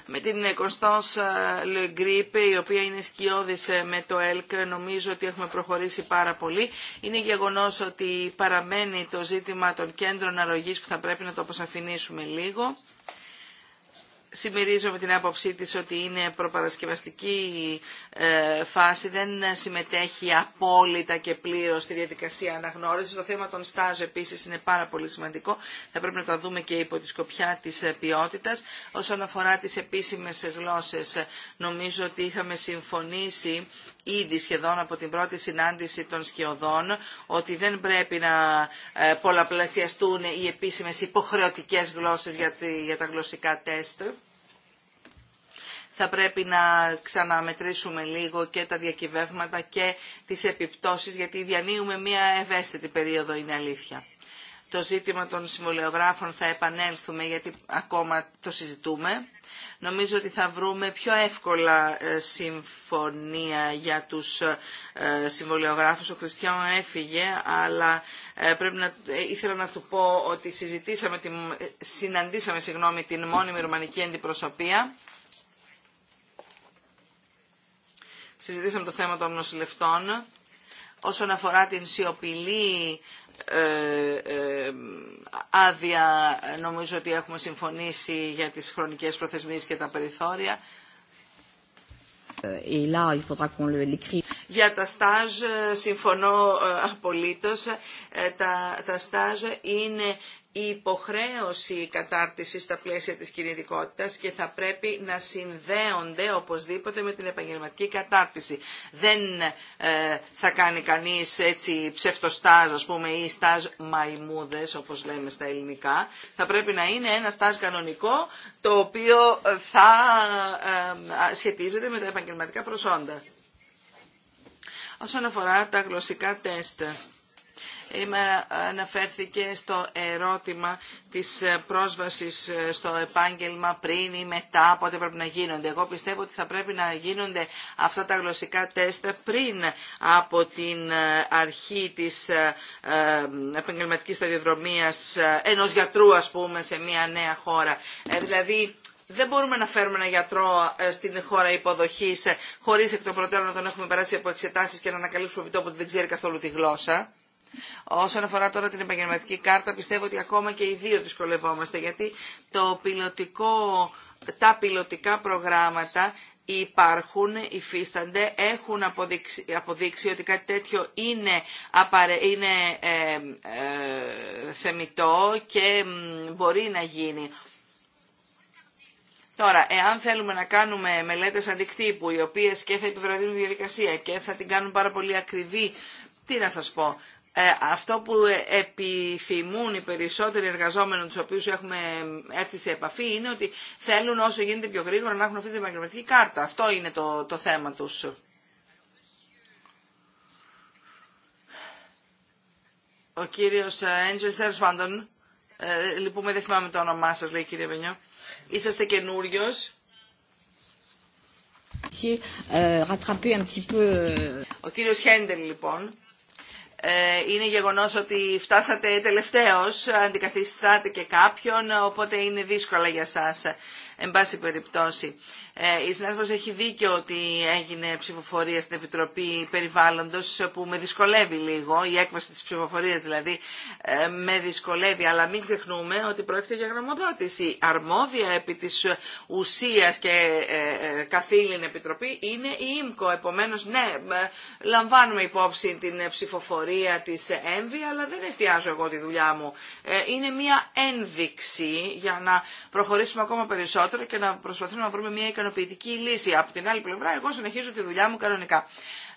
με την ε, Le Λεγκρίπε, η οποία είναι σκιώδης ε, με το ΕΛΚ, νομίζω ότι έχουμε προχωρήσει πάρα πολύ. Είναι γεγονός ότι παραμένει το ζήτημα των κέντρων αρρωγής που θα πρέπει να το αποσαφηνίσουμε λίγο. Συμμερίζομαι την άποψή της ότι είναι προπαρασκευαστική ε, φάση, δεν συμμετέχει απόλυτα και πλήρως στη διαδικασία αναγνώρισης. Το θέμα των στάζ επίσης είναι πάρα πολύ σημαντικό, θα πρέπει να το δούμε και υπό τη σκοπιά της ε, ποιότητας. Όσον αφορά τις επίσημες γλώσσες, ε, νομίζω ότι είχαμε συμφωνήσει ήδη σχεδόν από την πρώτη συνάντηση των σκιωδών ότι δεν πρέπει να ε, πολλαπλασιαστούν οι επίσημες υποχρεωτικές γλώσσες για τα γλωσσικά τεστ. Θα πρέπει να ξαναμετρήσουμε λίγο και τα διακυβεύματα και τις επιπτώσεις γιατί διανύουμε μια ευαίσθητη περίοδο είναι αλήθεια. Το ζήτημα των συμβολιογράφων θα επανέλθουμε γιατί ακόμα το συζητούμε νομίζω ότι θα βρούμε πιο εύκολα ε, συμφωνία για τους ε, συμβολιογράφους. Ο Χριστιανό έφυγε, αλλά ε, πρέπει να, ήθελα να του πω ότι συζητήσαμε, συναντήσαμε συγγνώμη, την μόνιμη ρουμανική αντιπροσωπεία. Συζητήσαμε το θέμα των νοσηλευτών. Όσον αφορά την σιωπηλή ε, ε, άδεια νομίζω ότι έχουμε συμφωνήσει για τις χρονικές προθεσμίες και τα περιθώρια. Ε, για τα στάζ συμφωνώ απολύτως. Τα, τα στάζ είναι η υποχρέωση κατάρτισης στα πλαίσια της κινητικότητας και θα πρέπει να συνδέονται οπωσδήποτε με την επαγγελματική κατάρτιση. Δεν ε, θα κάνει κανείς έτσι ψευτοστάζ, ας πούμε, ή στάζ μαϊμούδες, όπως λέμε στα ελληνικά. Θα πρέπει να είναι ένα στάζ κανονικό, το οποίο θα ε, ε, σχετίζεται με τα επαγγελματικά προσόντα. Όσον αφορά τα γλωσσικά τεστ, Είμαι αναφέρθηκε στο ερώτημα της ε, πρόσβασης ε, στο επάγγελμα πριν ή μετά, πότε πρέπει να γίνονται. Εγώ πιστεύω ότι θα πρέπει να γίνονται αυτά τα γλωσσικά τεστ πριν από την ε, αρχή της επαγγελματικής σταδιοδρομίας ενός γιατρού, ας πούμε, σε μια νέα χώρα. Δηλαδή, δεν μπορούμε να φέρουμε ένα γιατρό στην χώρα υποδοχή χωρί εκ των προτέρων να τον έχουμε περάσει από εξετάσει και να ανακαλύψουμε επιτόπου ότι δεν ξέρει καθόλου τη γλώσσα. Όσον αφορά τώρα την επαγγελματική κάρτα, πιστεύω ότι ακόμα και οι δύο δυσκολευόμαστε, γιατί το τα πιλωτικά προγράμματα υπάρχουν, υφίστανται, έχουν αποδείξει, ότι κάτι τέτοιο είναι, είναι ε, ε, θεμητό και μπορεί να γίνει. Τώρα, εάν θέλουμε να κάνουμε μελέτες αντικτύπου, οι οποίες και θα επιβραδύνουν τη διαδικασία και θα την κάνουν πάρα πολύ ακριβή, τι να σας πω, ε, αυτό που ε, επιθυμούν οι περισσότεροι εργαζόμενοι του οποίου έχουμε έρθει σε επαφή είναι ότι θέλουν όσο γίνεται πιο γρήγορα να έχουν αυτή τη επαγγελματική κάρτα. Αυτό είναι το, θέμα τους. Ο κύριος ε, Έντζελ τέλο πάντων, λυπούμε δεν θυμάμαι το όνομά σας λέει κυρία Βενιό, είσαστε καινούριο. Euh, euh. Ο κύριος Χέντελ λοιπόν ε, είναι γεγονός ότι φτάσατε τελευταίος, αντικαθιστάτε και κάποιον, οπότε είναι δύσκολα για σας, εν πάση περιπτώσει. Ε, η συνάδελφος έχει δίκιο ότι έγινε ψηφοφορία στην Επιτροπή Περιβάλλοντος που με δυσκολεύει λίγο, η έκβαση της ψηφοφορίας δηλαδή ε, με δυσκολεύει, αλλά μην ξεχνούμε ότι πρόκειται για γνωμοδότηση. Αρμόδια επί της ουσίας και ε, καθήλυν Επιτροπή είναι η ΙΜΚΟ. Επομένως, ναι, λαμβάνουμε υπόψη την ψηφοφορία της ΕΜΒΗ, αλλά δεν εστιάζω εγώ τη δουλειά μου. Είναι μια ένδειξη για να προχωρήσουμε ακόμα περισσότερο και να να βρούμε μια ικανοποιητική λύση. Από την άλλη πλευρά, εγώ συνεχίζω τη δουλειά μου κανονικά.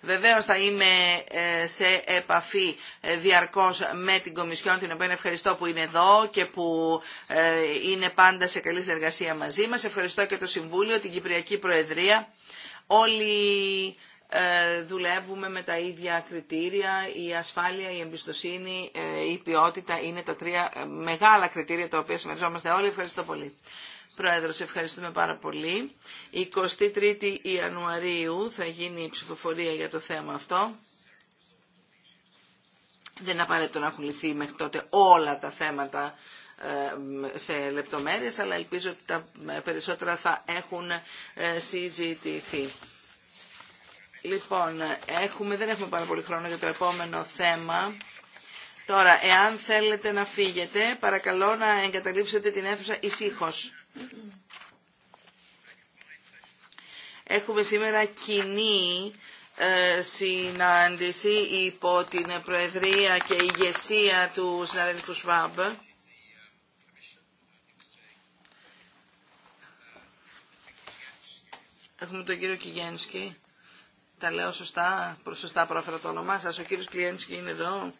Βεβαίω θα είμαι ε, σε επαφή ε, διαρκώ με την Κομισιόν, την οποία ευχαριστώ που είναι εδώ και που ε, είναι πάντα σε καλή συνεργασία μαζί μα. Ευχαριστώ και το Συμβούλιο, την Κυπριακή Προεδρία. Όλοι δουλεύουμε με τα ίδια κριτήρια. Η ασφάλεια, η εμπιστοσύνη, η ποιότητα είναι τα τρία μεγάλα κριτήρια τα οποία συμμεριζόμαστε όλοι. Ευχαριστώ πολύ. Πρόεδρος, ευχαριστούμε πάρα πολύ. 23η Ιανουαρίου θα γίνει η ψηφοφορία για το θέμα αυτό. Δεν είναι απαραίτητο να έχουν λυθεί μέχρι τότε όλα τα θέματα ε, σε λεπτομέρειες, αλλά ελπίζω ότι τα ε, περισσότερα θα έχουν ε, συζητηθεί. Λοιπόν, έχουμε, δεν έχουμε πάρα πολύ χρόνο για το επόμενο θέμα. Τώρα, εάν θέλετε να φύγετε, παρακαλώ να εγκαταλείψετε την αίθουσα ησύχως. Έχουμε σήμερα κοινή ε, συνάντηση υπό την Προεδρία και ηγεσία του συναδέλφου Σβάμπ. Έχουμε τον κύριο Κιγένσκι. Τα λέω σωστά, σωστά πρόφερα το όνομά σας. Ο κύριος Κιγένσκι είναι εδώ.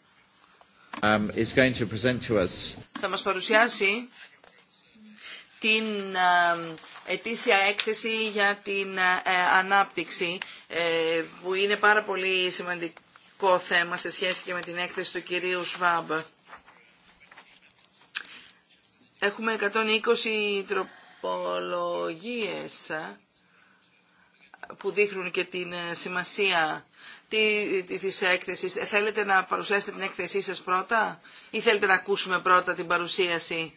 Um, going to to us. Θα μας παρουσιάσει την ετήσια έκθεση για την ε, ανάπτυξη ε, που είναι πάρα πολύ σημαντικό θέμα σε σχέση και με την έκθεση του κυρίου Σβάμπ. Έχουμε 120 τροπολογίες ε, που δείχνουν και την σημασία της έκθεσης. Θέλετε να παρουσιάσετε την έκθεσή σας πρώτα ή θέλετε να ακούσουμε πρώτα την παρουσίαση.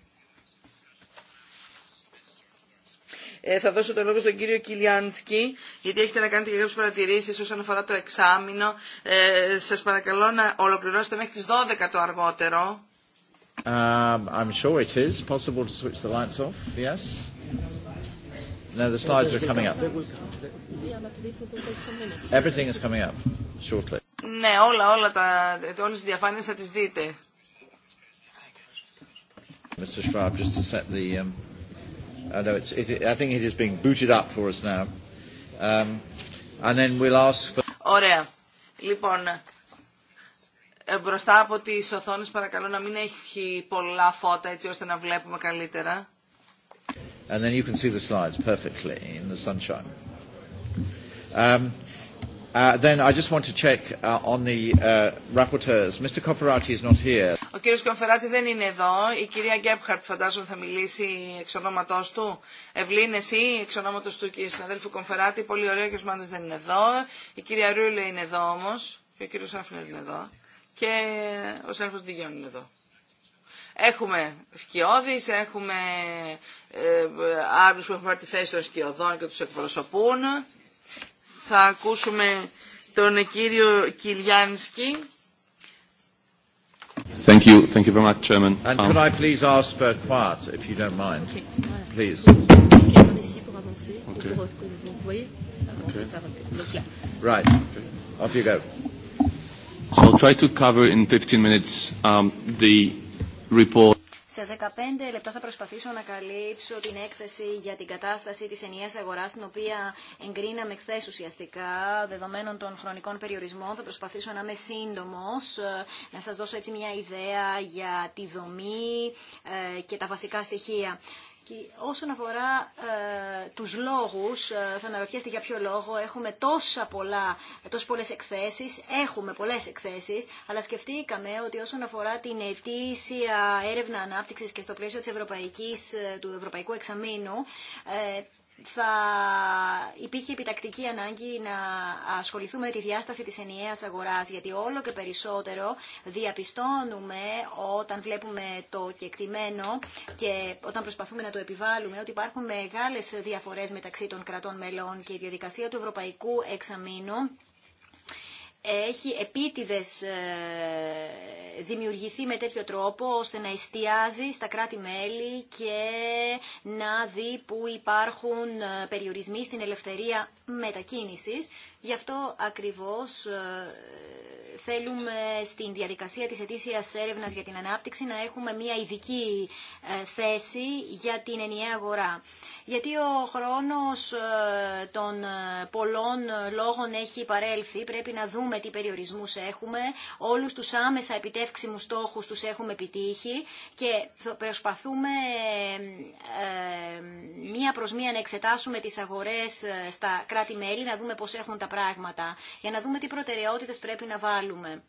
Ε, θα δώσω το λόγο στον κύριο Κιλιάνσκι, γιατί έχετε να κάνετε και κάποιε παρατηρήσει όσον αφορά το εξάμεινο. Ε, Σα παρακαλώ να ολοκληρώσετε μέχρι τι 12 το αργότερο. Um, I'm sure it is possible to switch the lights off, yes. No, the slides are coming up. Everything is coming up shortly. Ναι, όλα, όλα τα, όλες τις διαφάνειες θα τις δείτε. Mr. Schwab, just to set the um, I know it's, it, I think it is being booted up for us now. Um, and then we'll ask for... Ωραία. Λοιπόν, μπροστά από τις οθόνες παρακαλώ να μην έχει πολλά φώτα έτσι ώστε να βλέπουμε καλύτερα. And then you can see the slides perfectly in the sunshine. Um, Uh, then I just want to check uh, on the uh, rapporteurs. Mr. is not here. Ο κύριος Κομφεράτη δεν είναι εδώ. Η κυρία Γκέμπχαρτ φαντάζομαι θα μιλήσει εξ ονόματός του. Ευλήν, εσύ εξ ονόματος του και συναδέλφου Κομφεράτη. Πολύ ωραίο ο ο Μάντες δεν είναι εδώ. Η κυρία Ρούλε είναι εδώ όμως. Και ο κύριος Άφνερ είναι εδώ. Και ο Σέλφος Ντιγιόν είναι εδώ. Έχουμε σκιώδεις, έχουμε ε, ε, άλλους που έχουν πάρει τη θέση των σκιωδών και τους εκπροσωπούν θα ακούσουμε τον κύριο Κιλιάνσκι. Thank you. Thank you very much, Chairman. And could I please ask for quiet, if you don't mind? Please. Right. Off you go. So I'll try to cover in 15 minutes um, the report. Σε 15 λεπτά θα προσπαθήσω να καλύψω την έκθεση για την κατάσταση της ενιαίας αγοράς, την οποία εγκρίναμε χθε ουσιαστικά, δεδομένων των χρονικών περιορισμών. Θα προσπαθήσω να είμαι σύντομο, ε, να σας δώσω έτσι μια ιδέα για τη δομή ε, και τα βασικά στοιχεία όσον αφορά ε, τους λόγους, ε, θα αναρωτιέστε για ποιο λόγο έχουμε τόσα πολλά, τόσες πολλές εκθέσεις, έχουμε πολλές εκθέσεις, αλλά σκεφτήκαμε ότι όσον αφορά την ετήσια έρευνα ανάπτυξης και στο πλαίσιο της Ευρωπαϊκής, ε, του Ευρωπαϊκού Εξαμήνου, ε, θα υπήρχε επιτακτική ανάγκη να ασχοληθούμε με τη διάσταση της ενιαίας αγοράς, γιατί όλο και περισσότερο διαπιστώνουμε όταν βλέπουμε το κεκτημένο και όταν προσπαθούμε να το επιβάλλουμε ότι υπάρχουν μεγάλες διαφορές μεταξύ των κρατών μελών και η διαδικασία του Ευρωπαϊκού Εξαμήνου έχει επίτηδες ε, δημιουργηθεί με τέτοιο τρόπο ώστε να εστιάζει στα κράτη-μέλη και να δει που υπάρχουν ε, περιορισμοί στην ελευθερία μετακίνησης Γι' αυτό ακριβώς ε, θέλουμε στην διαδικασία της ετήσιας έρευνας για την ανάπτυξη να έχουμε μια ειδική ε, θέση για την ενιαία αγορά. Γιατί ο χρόνος ε, των πολλών λόγων έχει παρέλθει, πρέπει να δούμε τι περιορισμούς έχουμε, όλους τους άμεσα επιτεύξιμους στόχους τους έχουμε επιτύχει και προσπαθούμε μία προς μία να εξετάσουμε τις αγορές στα κράτη-μέλη, να δούμε πώς έχουν τα πράγματα για να δούμε τι προτεραιότητες πρέπει να βάλουμε.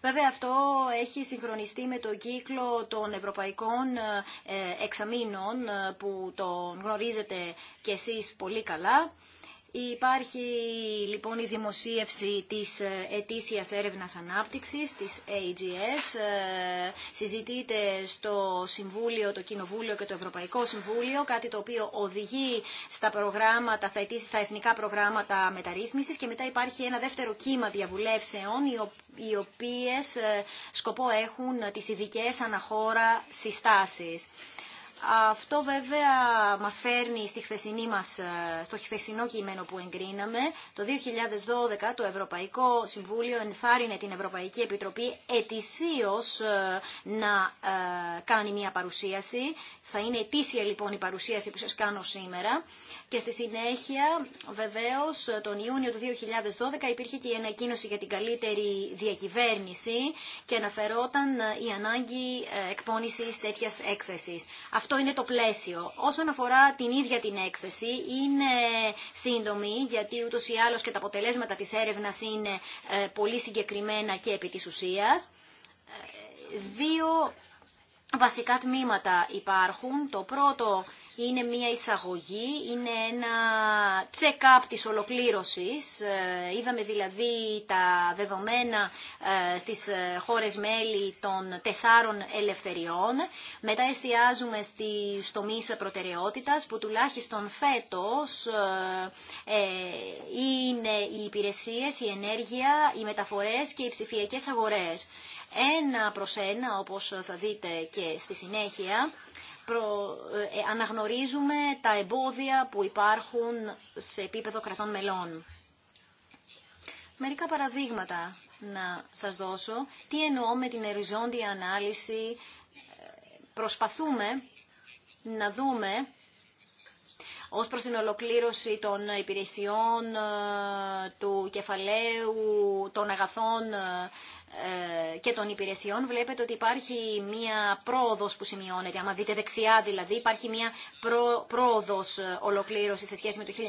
Βέβαια αυτό έχει συγχρονιστεί με το κύκλο των ευρωπαϊκών ε, εξαμήνων ε, που τον γνωρίζετε κι εσείς πολύ καλά. Υπάρχει λοιπόν η δημοσίευση της ε, ετήσιας έρευνας ανάπτυξης, της AGS. Ε, συζητείται στο Συμβούλιο, το Κοινοβούλιο και το Ευρωπαϊκό Συμβούλιο, κάτι το οποίο οδηγεί στα, προγράμματα, στα, στα εθνικά προγράμματα μεταρρύθμισης και μετά υπάρχει ένα δεύτερο κύμα διαβουλεύσεων, οι οποίες ε, σκοπό έχουν τις ειδικέ αναχώρα συστάσεις. Αυτό βέβαια μας φέρνει στη χθεσινή μας, ε, στο χθεσινό κείμενο που εγκρίναμε. Το 2012 το Ευρωπαϊκό Συμβούλιο ενθάρρυνε την Ευρωπαϊκή Επιτροπή ετησίως ε, να ε, κάνει μια παρουσίαση. Θα είναι ετήσια λοιπόν η παρουσίαση που σας κάνω σήμερα. Και στη συνέχεια βεβαίως τον Ιούνιο του 2012 υπήρχε και η ανακοίνωση για την καλύτερη διακυβέρνηση και αναφερόταν η ανάγκη εκπόνησης τέτοιας έκθεσης. Αυτό αυτό είναι το πλαίσιο. Όσον αφορά την ίδια την έκθεση, είναι σύντομη, γιατί ούτω ή άλλως και τα αποτελέσματα της έρευνας είναι ε, πολύ συγκεκριμένα και επί της ουσίας. Ε, δύο βασικά τμήματα υπάρχουν. Το πρώτο είναι μια εισαγωγή, είναι ένα check-up της ολοκλήρωσης. Ε, είδαμε δηλαδή τα δεδομένα ε, στις ε, χώρες μέλη των τεσσάρων ελευθεριών. Μετά εστιάζουμε στη τομείς προτεραιότητας που τουλάχιστον φέτος είναι οι υπηρεσίες, η ενέργεια, οι μεταφορές και οι ψηφιακές αγορές. Ένα προς ένα, όπως θα δείτε και στη συνέχεια, προ... Ε, ε, αναγνωρίζουμε τα εμπόδια που υπάρχουν σε επίπεδο κρατών μελών. Μερικά παραδείγματα να σας δώσω. Τι εννοώ με την οριζόντια ανάλυση. Ε, προσπαθούμε να δούμε ως προς την ολοκλήρωση των υπηρεσιών, του κεφαλαίου, των αγαθών ε, και των υπηρεσιών βλέπετε ότι υπάρχει μία πρόοδος που σημειώνεται. Άμα δείτε δεξιά δηλαδή υπάρχει μία πρό, πρόοδος ε, ολοκλήρωση σε σχέση με το 1999.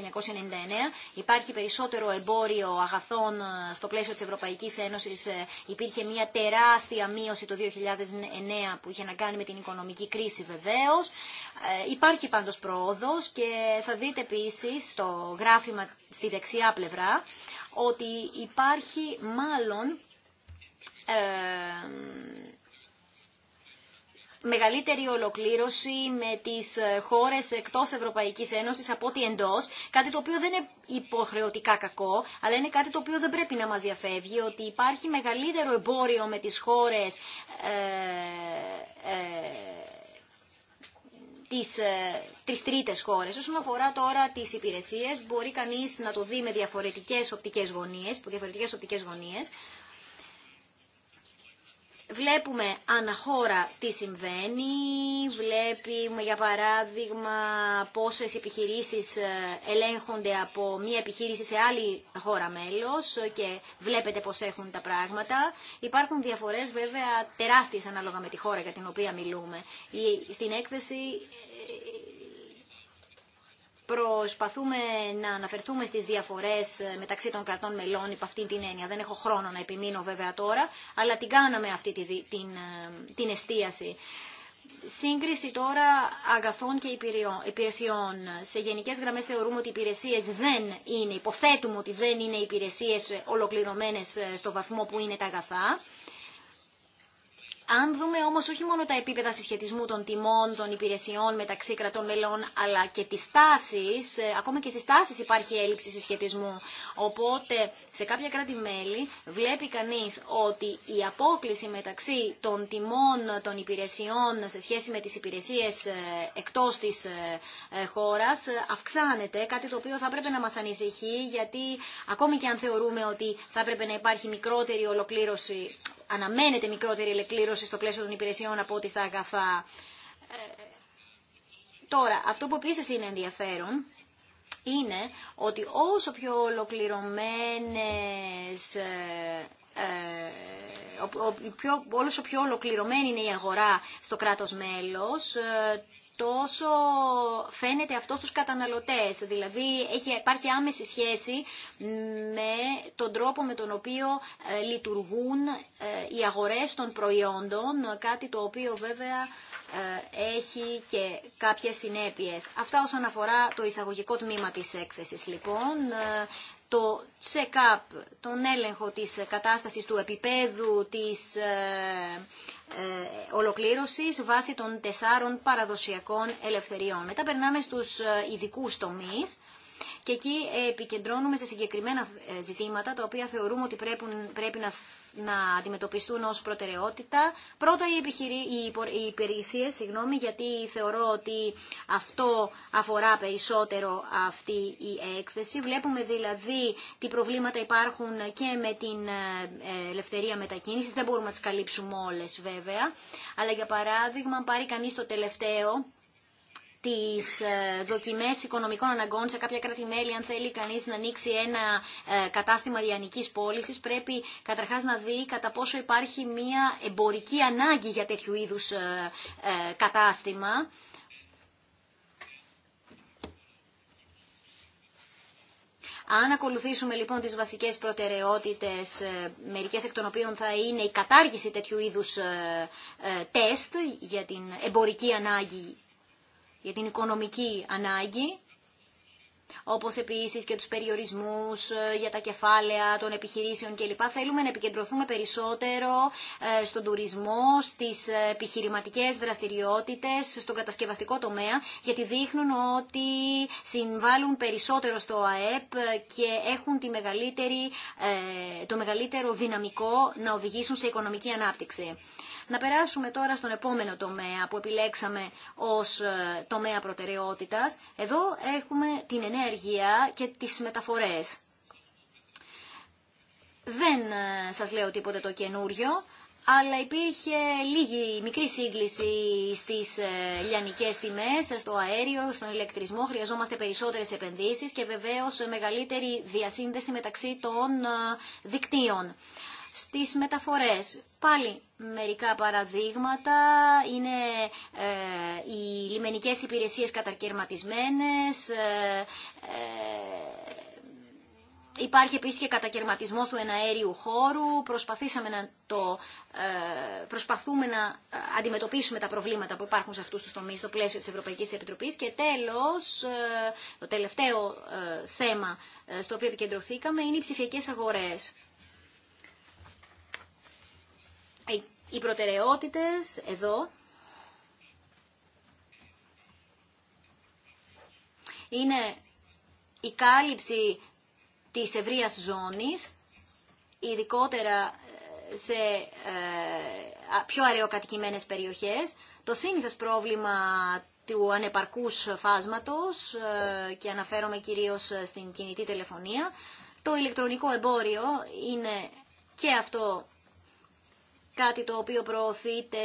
Υπάρχει περισσότερο εμπόριο αγαθών ε, στο πλαίσιο της Ευρωπαϊκής Ένωσης. Υπήρχε μία τεράστια μείωση το 2009 που είχε να κάνει με την οικονομική κρίση βεβαίως. Υπάρχει πάντως πρόοδος και θα δείτε επίσης στο γράφημα στη δεξιά πλευρά ότι υπάρχει μάλλον ε, μεγαλύτερη ολοκλήρωση με τις ε, χώρες εκτός Ευρωπαϊκής Ένωσης από ό,τι εντός, κάτι το οποίο δεν είναι υποχρεωτικά κακό, αλλά είναι κάτι το οποίο δεν πρέπει να μας διαφεύγει, ότι υπάρχει μεγαλύτερο εμπόριο με τις χώρες ε, ε, τις ε, τρίτες χώρες. Όσον αφορά τώρα τις υπηρεσίες, μπορεί κανείς να το δει με διαφορετικές οπτικές γωνίες, διαφορετικές οπτικές γωνίες Βλέπουμε αναχώρα τι συμβαίνει, βλέπουμε για παράδειγμα πόσες επιχειρήσεις ε, ελέγχονται από μία επιχείρηση σε άλλη χώρα μέλος και βλέπετε πώς έχουν τα πράγματα. Υπάρχουν διαφορές βέβαια τεράστιες ανάλογα με τη χώρα για την οποία μιλούμε. Στην έκθεση ε, Προσπαθούμε να αναφερθούμε στις διαφορές ε, μεταξύ των κρατών μελών υπ' αυτήν την έννοια. Δεν έχω χρόνο να επιμείνω βέβαια τώρα, αλλά την κάναμε αυτή την, ε, την εστίαση. Σύγκριση τώρα αγαθών και υπηρεσιών. Σε γενικέ γραμμέ θεωρούμε ότι οι υπηρεσίε δεν είναι, υποθέτουμε ότι δεν είναι υπηρεσίες ολοκληρωμένε ε, στο βαθμό που είναι τα αγαθά. Αν δούμε όμως όχι μόνο τα επίπεδα συσχετισμού των τιμών των υπηρεσιών μεταξύ κρατών μελών, αλλά και τις τάσει, ε, ακόμα και στις τάσει υπάρχει έλλειψη συσχετισμού. Οπότε σε κάποια κράτη-μέλη βλέπει κανείς ότι η απόκληση μεταξύ των τιμών των υπηρεσιών σε σχέση με τις υπηρεσίες ε, εκτός της ε, χώρα, αυξάνεται, κάτι το οποίο θα πρέπει να μα ανησυχεί, γιατί ακόμη και αν θεωρούμε ότι θα πρέπει να υπάρχει μικρότερη ολοκλήρωση αναμένεται μικρότερη ελεκλήρωση στο πλαίσιο των υπηρεσιών από ό,τι στα αγαθά. Ε, τώρα, αυτό που επίση είναι ενδιαφέρον είναι ότι όσο πιο ολοκληρωμένες ε, ε πιο, όσο πιο ολοκληρωμένη είναι η αγορά στο κράτος μέλος, ε, τόσο φαίνεται αυτό στους καταναλωτές. Δηλαδή έχει, υπάρχει άμεση σχέση με τον τρόπο με τον οποίο ε, λειτουργούν ε, οι αγορές των προϊόντων, κάτι το οποίο βέβαια ε, έχει και κάποιες συνέπειες. Αυτά όσον αφορά το εισαγωγικό τμήμα της έκθεσης λοιπόν το check-up, τον έλεγχο της κατάστασης του επίπεδου της ε, ε, ολοκλήρωσης βάσει των τεσσάρων παραδοσιακών ελευθεριών. Μετά περνάμε στους ε, ειδικού τομείς και εκεί επικεντρώνουμε σε συγκεκριμένα ζητήματα τα οποία θεωρούμε ότι πρέπει, πρέπει να να αντιμετωπιστούν ως προτεραιότητα. Πρώτα οι, επιχειρή, οι υπηρεσίες, συγγνώμη, γιατί θεωρώ ότι αυτό αφορά περισσότερο αυτή η έκθεση. Βλέπουμε δηλαδή τι προβλήματα υπάρχουν και με την ε, ελευθερία μετακίνησης. Δεν μπορούμε να τις καλύψουμε όλες βέβαια. Αλλά για παράδειγμα, αν πάρει κανείς το τελευταίο, τις ε, δοκιμές οικονομικών αναγκών σε κάποια κράτη-μέλη, αν θέλει κανείς να ανοίξει ένα ε, κατάστημα λιανικής πώληση, πρέπει καταρχάς να δει κατά πόσο υπάρχει μια εμπορική ανάγκη για τέτοιου είδους ε, κατάστημα. Αν ακολουθήσουμε λοιπόν τις βασικές προτεραιότητες, μερικές εκ των οποίων θα είναι η κατάργηση τέτοιου είδους τεστ για την εμπορική ανάγκη για την οικονομική ανάγκη, όπως επίσης και τους περιορισμούς ε, για τα κεφάλαια των επιχειρήσεων κλπ. Θέλουμε να επικεντρωθούμε περισσότερο ε, στον τουρισμό, στις ε, επιχειρηματικές δραστηριότητες, στον κατασκευαστικό τομέα, γιατί δείχνουν ότι συμβάλλουν περισσότερο στο ΑΕΠ και έχουν τη μεγαλύτερη, το μεγαλύτερο δυναμικό να οδηγήσουν σε οικονομική ανάπτυξη. Να περάσουμε τώρα στον επόμενο τομέα που επιλέξαμε ως ε, τομέα προτεραιότητας. Εδώ έχουμε την ενέργεια και τις μεταφορές. Δεν ε, σας λέω τίποτε το καινούριο, αλλά υπήρχε λίγη μικρή σύγκληση στις ε, λιανικές τιμές, στο αέριο, στον ηλεκτρισμό. Χρειαζόμαστε περισσότερες επενδύσεις και βεβαίως μεγαλύτερη διασύνδεση μεταξύ των δικτύων στις μεταφορές. Πάλι μερικά παραδείγματα είναι ε, οι λιμενικές υπηρεσίες κατακαιρματισμένες, ε, ε Υπάρχει επίσης και κατακαιρματισμός του εναέριου χώρου. Προσπαθήσαμε να το, ε, προσπαθούμε να ε, αντιμετωπίσουμε τα προβλήματα που υπάρχουν σε αυτούς τους τομείς στο πλαίσιο της Ευρωπαϊκής Επιτροπής. Και τέλος, το τελευταίο θέμα στο οποίο επικεντρωθήκαμε είναι οι ψηφιακές αγορές. Ε, οι προτεραιότητες εδώ είναι η κάλυψη της ευρείας ζώνης, ειδικότερα ε, σε ε, πιο αραιοκατοικημένες περιοχές, το σύνηθες πρόβλημα του ανεπαρκούς φάσματος και αναφέρομαι κυρίως στην κινητή τηλεφωνία. Το ηλεκτρονικό εμπόριο είναι και αυτό κάτι το οποίο προωθείται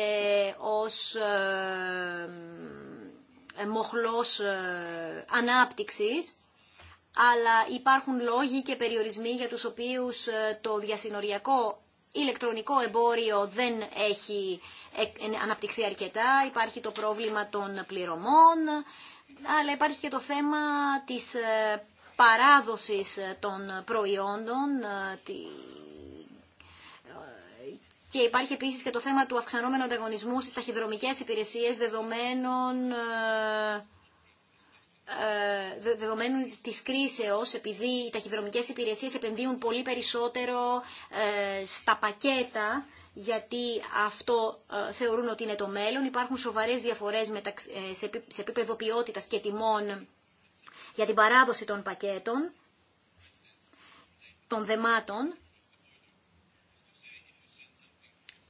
ως ε, μοχλός ε, ανάπτυξης, αλλά υπάρχουν λόγοι και περιορισμοί για τους οποίους ε, το διασυνοριακό ηλεκτρονικό εμπόριο δεν έχει αναπτυχθεί αρκετά. Υπάρχει το πρόβλημα των πληρωμών, αλλά υπάρχει και το θέμα της παράδοσης των προϊόντων, και υπάρχει επίση και το θέμα του αυξανόμενου ανταγωνισμού στι ταχυδρομικές υπηρεσίες δεδομένων ε, ε, δεδομένου της κρίσεως, επειδή οι ταχυδρομικές υπηρεσίες επενδύουν πολύ περισσότερο ε, στα πακέτα, γιατί αυτό θεωρούν ότι είναι το μέλλον. Υπάρχουν σοβαρές διαφορές σε επίπεδο ποιότητας και τιμών για την παράδοση των πακέτων, των δεμάτων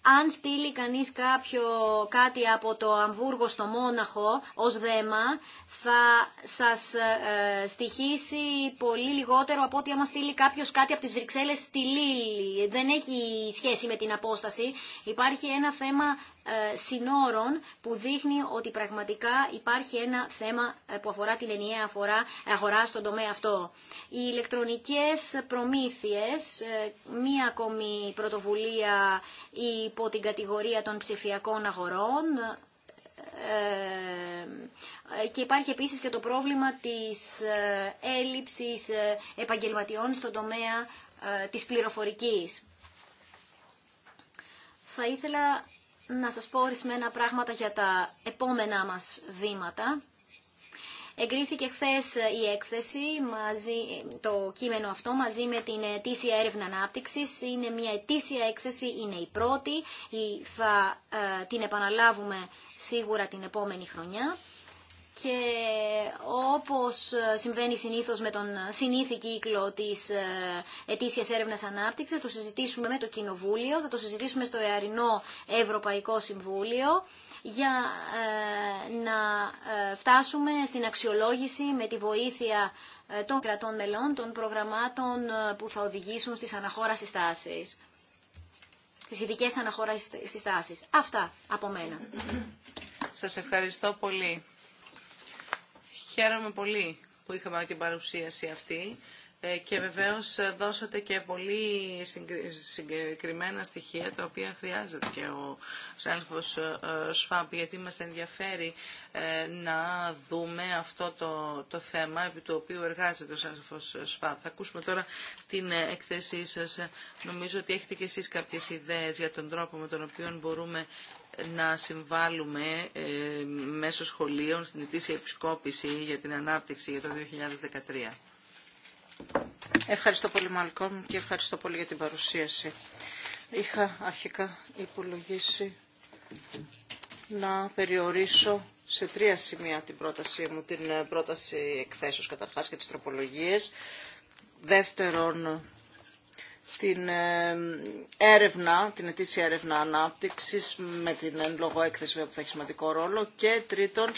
αν στείλει κανείς κάποιο, κάτι από το Αμβούργο στο Μόναχο ως δέμα, θα σας ε, στοιχήσει πολύ λιγότερο από ότι άμα στείλει κάποιος κάτι από τις Βρυξέλλες στη Λίλη. Δεν έχει σχέση με την απόσταση. Υπάρχει ένα θέμα ε, συνόρων που δείχνει ότι πραγματικά υπάρχει ένα θέμα ε, που αφορά την ενιαία αφορά, αγορά στον τομέα αυτό. Οι ηλεκτρονικές προμήθειες, ε, μία ακόμη πρωτοβουλία η υπό την κατηγορία των ψηφιακών αγορών ε, και υπάρχει επίσης και το πρόβλημα της ε, έλλειψης ε, επαγγελματιών στον τομέα της πληροφορικής. Θα ήθελα να σας πω ορισμένα πράγματα για τα επόμενά μας βήματα. Εγκρίθηκε χθε ε, η έκθεση, μαζί, ε, το κείμενο αυτό μαζί με την ετήσια έρευνα ανάπτυξη. Είναι μια ετήσια έκθεση, είναι η πρώτη, θα ε, την επαναλάβουμε σίγουρα την επόμενη χρονιά και όπως συμβαίνει συνήθως με τον συνήθη κύκλο της ετήσιας έρευνας ανάπτυξης, θα το συζητήσουμε με το Κοινοβούλιο, θα το συζητήσουμε στο Εαρινό Ευρωπαϊκό Συμβούλιο για ε, να ε, φτάσουμε στην αξιολόγηση με τη βοήθεια ε, των κρατών μελών των προγραμμάτων που θα οδηγήσουν στις αναχώρα στάσεις, Τις ειδικές αναχώρα στάσεις. Αυτά από μένα. Σας ευχαριστώ πολύ. Χαίρομαι πολύ που είχαμε την παρουσίαση αυτή. Ε, και βεβαίως ε, δώσατε και πολύ συγκεκριμένα στοιχεία τα οποία χρειάζεται και ο Σάλφος ε, Σφάμπ γιατί μας ενδιαφέρει να δούμε αυτό το, το θέμα επί του οποίου εργάζεται ο Σάλφος Σφάμπ. Θα ακούσουμε τώρα την έκθεσή σας. Νομίζω ότι έχετε και εσείς κάποιες ιδέες για τον τρόπο με τον οποίο μπορούμε να συμβάλλουμε μέσω σχολείων στην ετήσια επισκόπηση για την ανάπτυξη για το 2013. Ευχαριστώ πολύ Μαλκόμ και ευχαριστώ πολύ για την παρουσίαση. Είχα αρχικά υπολογίσει να περιορίσω σε τρία σημεία την πρότασή μου, την ε, πρόταση εκθέσεως καταρχάς και τις τροπολογίες. Δεύτερον, την ε, έρευνα, την ετήσια έρευνα ανάπτυξης με την εν λόγω έκθεση που θα έχει σημαντικό ρόλο και τρίτον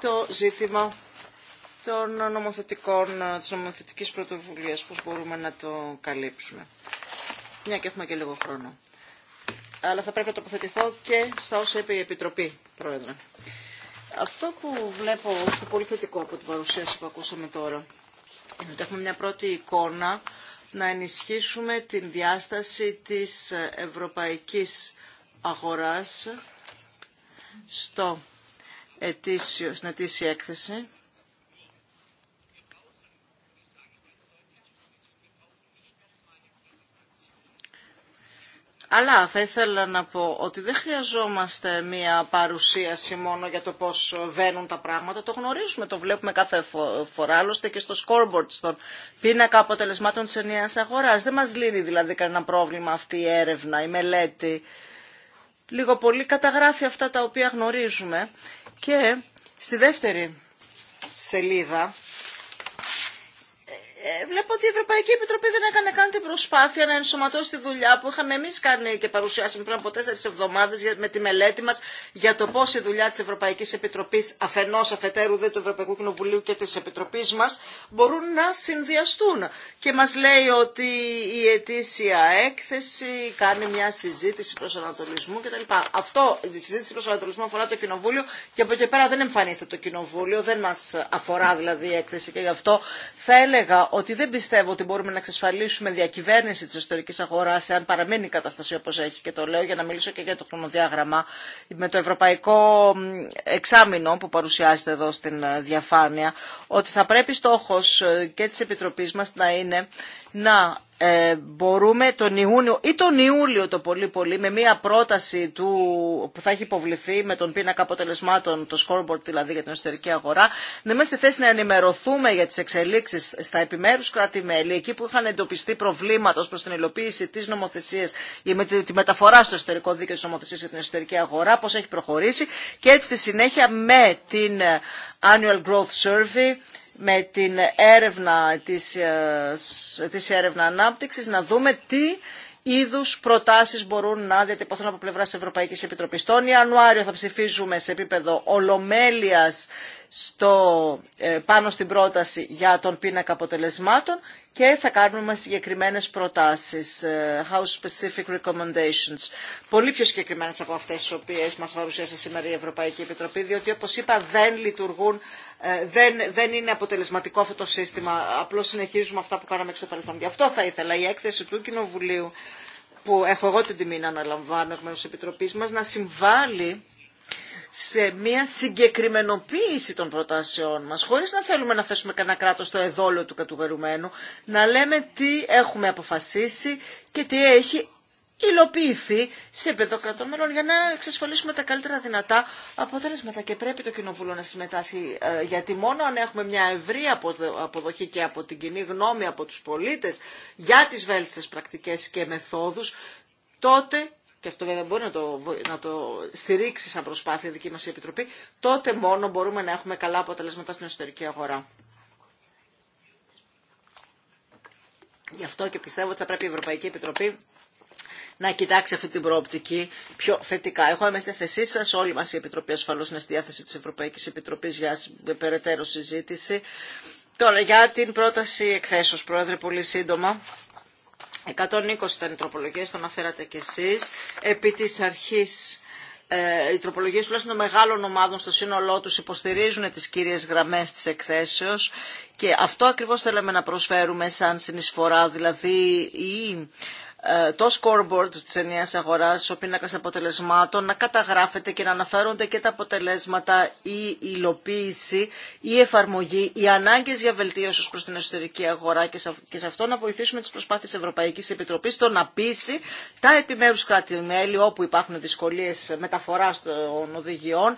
το ζήτημα των νομοθετικών, ε, της νομοθετικής πρωτοβουλίας, πώς μπορούμε να το καλύψουμε. Μια και έχουμε και λίγο χρόνο. Αλλά θα πρέπει να τοποθετηθώ και στα όσα είπε η Επιτροπή, Πρόεδρε. Αυτό που βλέπω το πολύ θετικό από την παρουσίαση που ακούσαμε τώρα, είναι ότι έχουμε μια πρώτη εικόνα να ενισχύσουμε την διάσταση της ευρωπαϊκής αγοράς στο ετήσιο, στην έκθεση Αλλά θα ήθελα να πω ότι δεν χρειαζόμαστε μία παρουσίαση μόνο για το πώς βαίνουν τα πράγματα. Το γνωρίζουμε, το βλέπουμε κάθε φορά, άλλωστε και στο scoreboard, στον πίνακα αποτελεσμάτων της ενιαίας αγοράς. Δεν μας λύνει δηλαδή κανένα πρόβλημα αυτή η έρευνα, η μελέτη. Λίγο πολύ καταγράφει αυτά τα οποία γνωρίζουμε. Και στη δεύτερη σελίδα ε, βλέπω ότι η Ευρωπαϊκή Επιτροπή δεν έκανε καν την προσπάθεια να ενσωματώσει τη δουλειά που είχαμε εμεί κάνει και παρουσιάσαμε πριν από τέσσερι εβδομάδε με τη μελέτη μα για το πώ η δουλειά τη Ευρωπαϊκή Επιτροπή αφενό, αφετέρου δε του Ευρωπαϊκού Κοινοβουλίου και τη Επιτροπή μα μπορούν να συνδυαστούν. Και μα λέει ότι η ετήσια έκθεση κάνει μια συζήτηση προσανατολισμού κτλ. Αυτό, η συζήτηση προσανατολισμού αφορά το Κοινοβούλιο και από εκεί πέρα δεν εμφανίζεται το Κοινοβούλιο, δεν μα αφορά δηλαδή η έκθεση και γι' αυτό θα έλεγα ότι δεν πιστεύω ότι μπορούμε να εξασφαλίσουμε διακυβέρνηση της ιστορικής αγοράς εάν παραμείνει η κατάσταση όπως έχει και το λέω για να μιλήσω και για το χρονοδιάγραμμα με το ευρωπαϊκό εξάμεινο που παρουσιάζεται εδώ στην ε, διαφάνεια ότι θα πρέπει στόχος ε, και τη Επιτροπής μας να είναι να ε, μπορούμε τον Ιούνιο ή τον Ιούλιο το πολύ πολύ με μια πρόταση του, που θα έχει υποβληθεί με τον πίνακα αποτελεσμάτων, το scoreboard δηλαδή για την εσωτερική αγορά, να είμαστε θέσει να ενημερωθούμε για τις εξελίξεις στα επιμέρους κράτη-μέλη, εκεί που είχαν εντοπιστεί προβλήματα προς την υλοποίηση της νομοθεσίας ή με τη, τη μεταφορά στο εσωτερικό δίκαιο της νομοθεσίας για την εσωτερική αγορά, πώς έχει προχωρήσει και έτσι στη συνέχεια με την ε, Annual Growth Survey με την έρευνα της, ε, της έρευνα ανάπτυξης να δούμε τι είδου προτάσει μπορούν να διατυπωθούν από πλευρά τη Ευρωπαϊκή Επιτροπή. Τον Ιανουάριο θα ψηφίζουμε σε επίπεδο ολομέλεια στο, ε, πάνω στην πρόταση για τον πίνακα αποτελεσμάτων και θα κάνουμε συγκεκριμένες προτάσεις, ε, house specific recommendations, πολύ πιο συγκεκριμένες από αυτές τις οποίες μας παρουσίασε σήμερα η Ευρωπαϊκή Επιτροπή, διότι όπως είπα δεν λειτουργούν, ε, δεν, δεν είναι αποτελεσματικό αυτό το σύστημα, απλώς συνεχίζουμε αυτά που κάναμε το παρελθόν. Γι' αυτό θα ήθελα η έκθεση του Κοινοβουλίου, που έχω εγώ την τιμή να αναλαμβάνω εκ μέρους Επιτροπής μας, να συμβάλλει σε μια συγκεκριμενοποίηση των προτάσεών μας, χωρίς να θέλουμε να θέσουμε κανένα κράτος στο εδόλιο του κατουγερουμένου, να λέμε τι έχουμε αποφασίσει και τι έχει υλοποιηθεί σε επίπεδο κρατών μελών για να εξασφαλίσουμε τα καλύτερα δυνατά αποτέλεσματα. Και πρέπει το Κοινοβούλιο να συμμετάσχει, ε, γιατί μόνο αν έχουμε μια ευρή αποδοχή και από την κοινή γνώμη, από τους πολίτες, για τις βέλτιστες πρακτικές και μεθόδους, τότε και αυτό δεν μπορεί να το, στηρίξει σαν προσπάθεια η δική μας η Επιτροπή, τότε μόνο μπορούμε να έχουμε καλά αποτελέσματα στην εσωτερική αγορά. Γι' αυτό και πιστεύω ότι θα πρέπει η Ευρωπαϊκή Επιτροπή να κοιτάξει αυτή την προοπτική πιο θετικά. Εγώ είμαι στη θέσή σα. Όλη μα η Επιτροπή ασφαλώ είναι στη διάθεση τη Ευρωπαϊκή Επιτροπή για περαιτέρω συζήτηση. Τώρα για την πρόταση εκθέσεω, Πρόεδρε, πολύ σύντομα. 120 ήταν οι τροπολογίες, το αναφέρατε κι εσείς. Επί της αρχής ε, οι τροπολογίες τουλάχιστον των μεγάλων ομάδων στο σύνολό τους υποστηρίζουν τις κύριες γραμμές της εκθέσεως και αυτό ακριβώς θέλαμε να προσφέρουμε σαν συνεισφορά, δηλαδή η ε, το scoreboard της ενιαίας αγοράς, ο πίνακας αποτελεσμάτων, να καταγράφεται και να αναφέρονται και τα αποτελέσματα, η υλοποίηση, η εφαρμογή, οι ανάγκες για βελτίωση προς την εσωτερική αγορά και σε αυτό να βοηθήσουμε τις προσπάθειες Ευρωπαϊκής Επιτροπής στο να πείσει τα επιμέρους κράτη-μέλη όπου υπάρχουν δυσκολίες μεταφοράς των οδηγιών,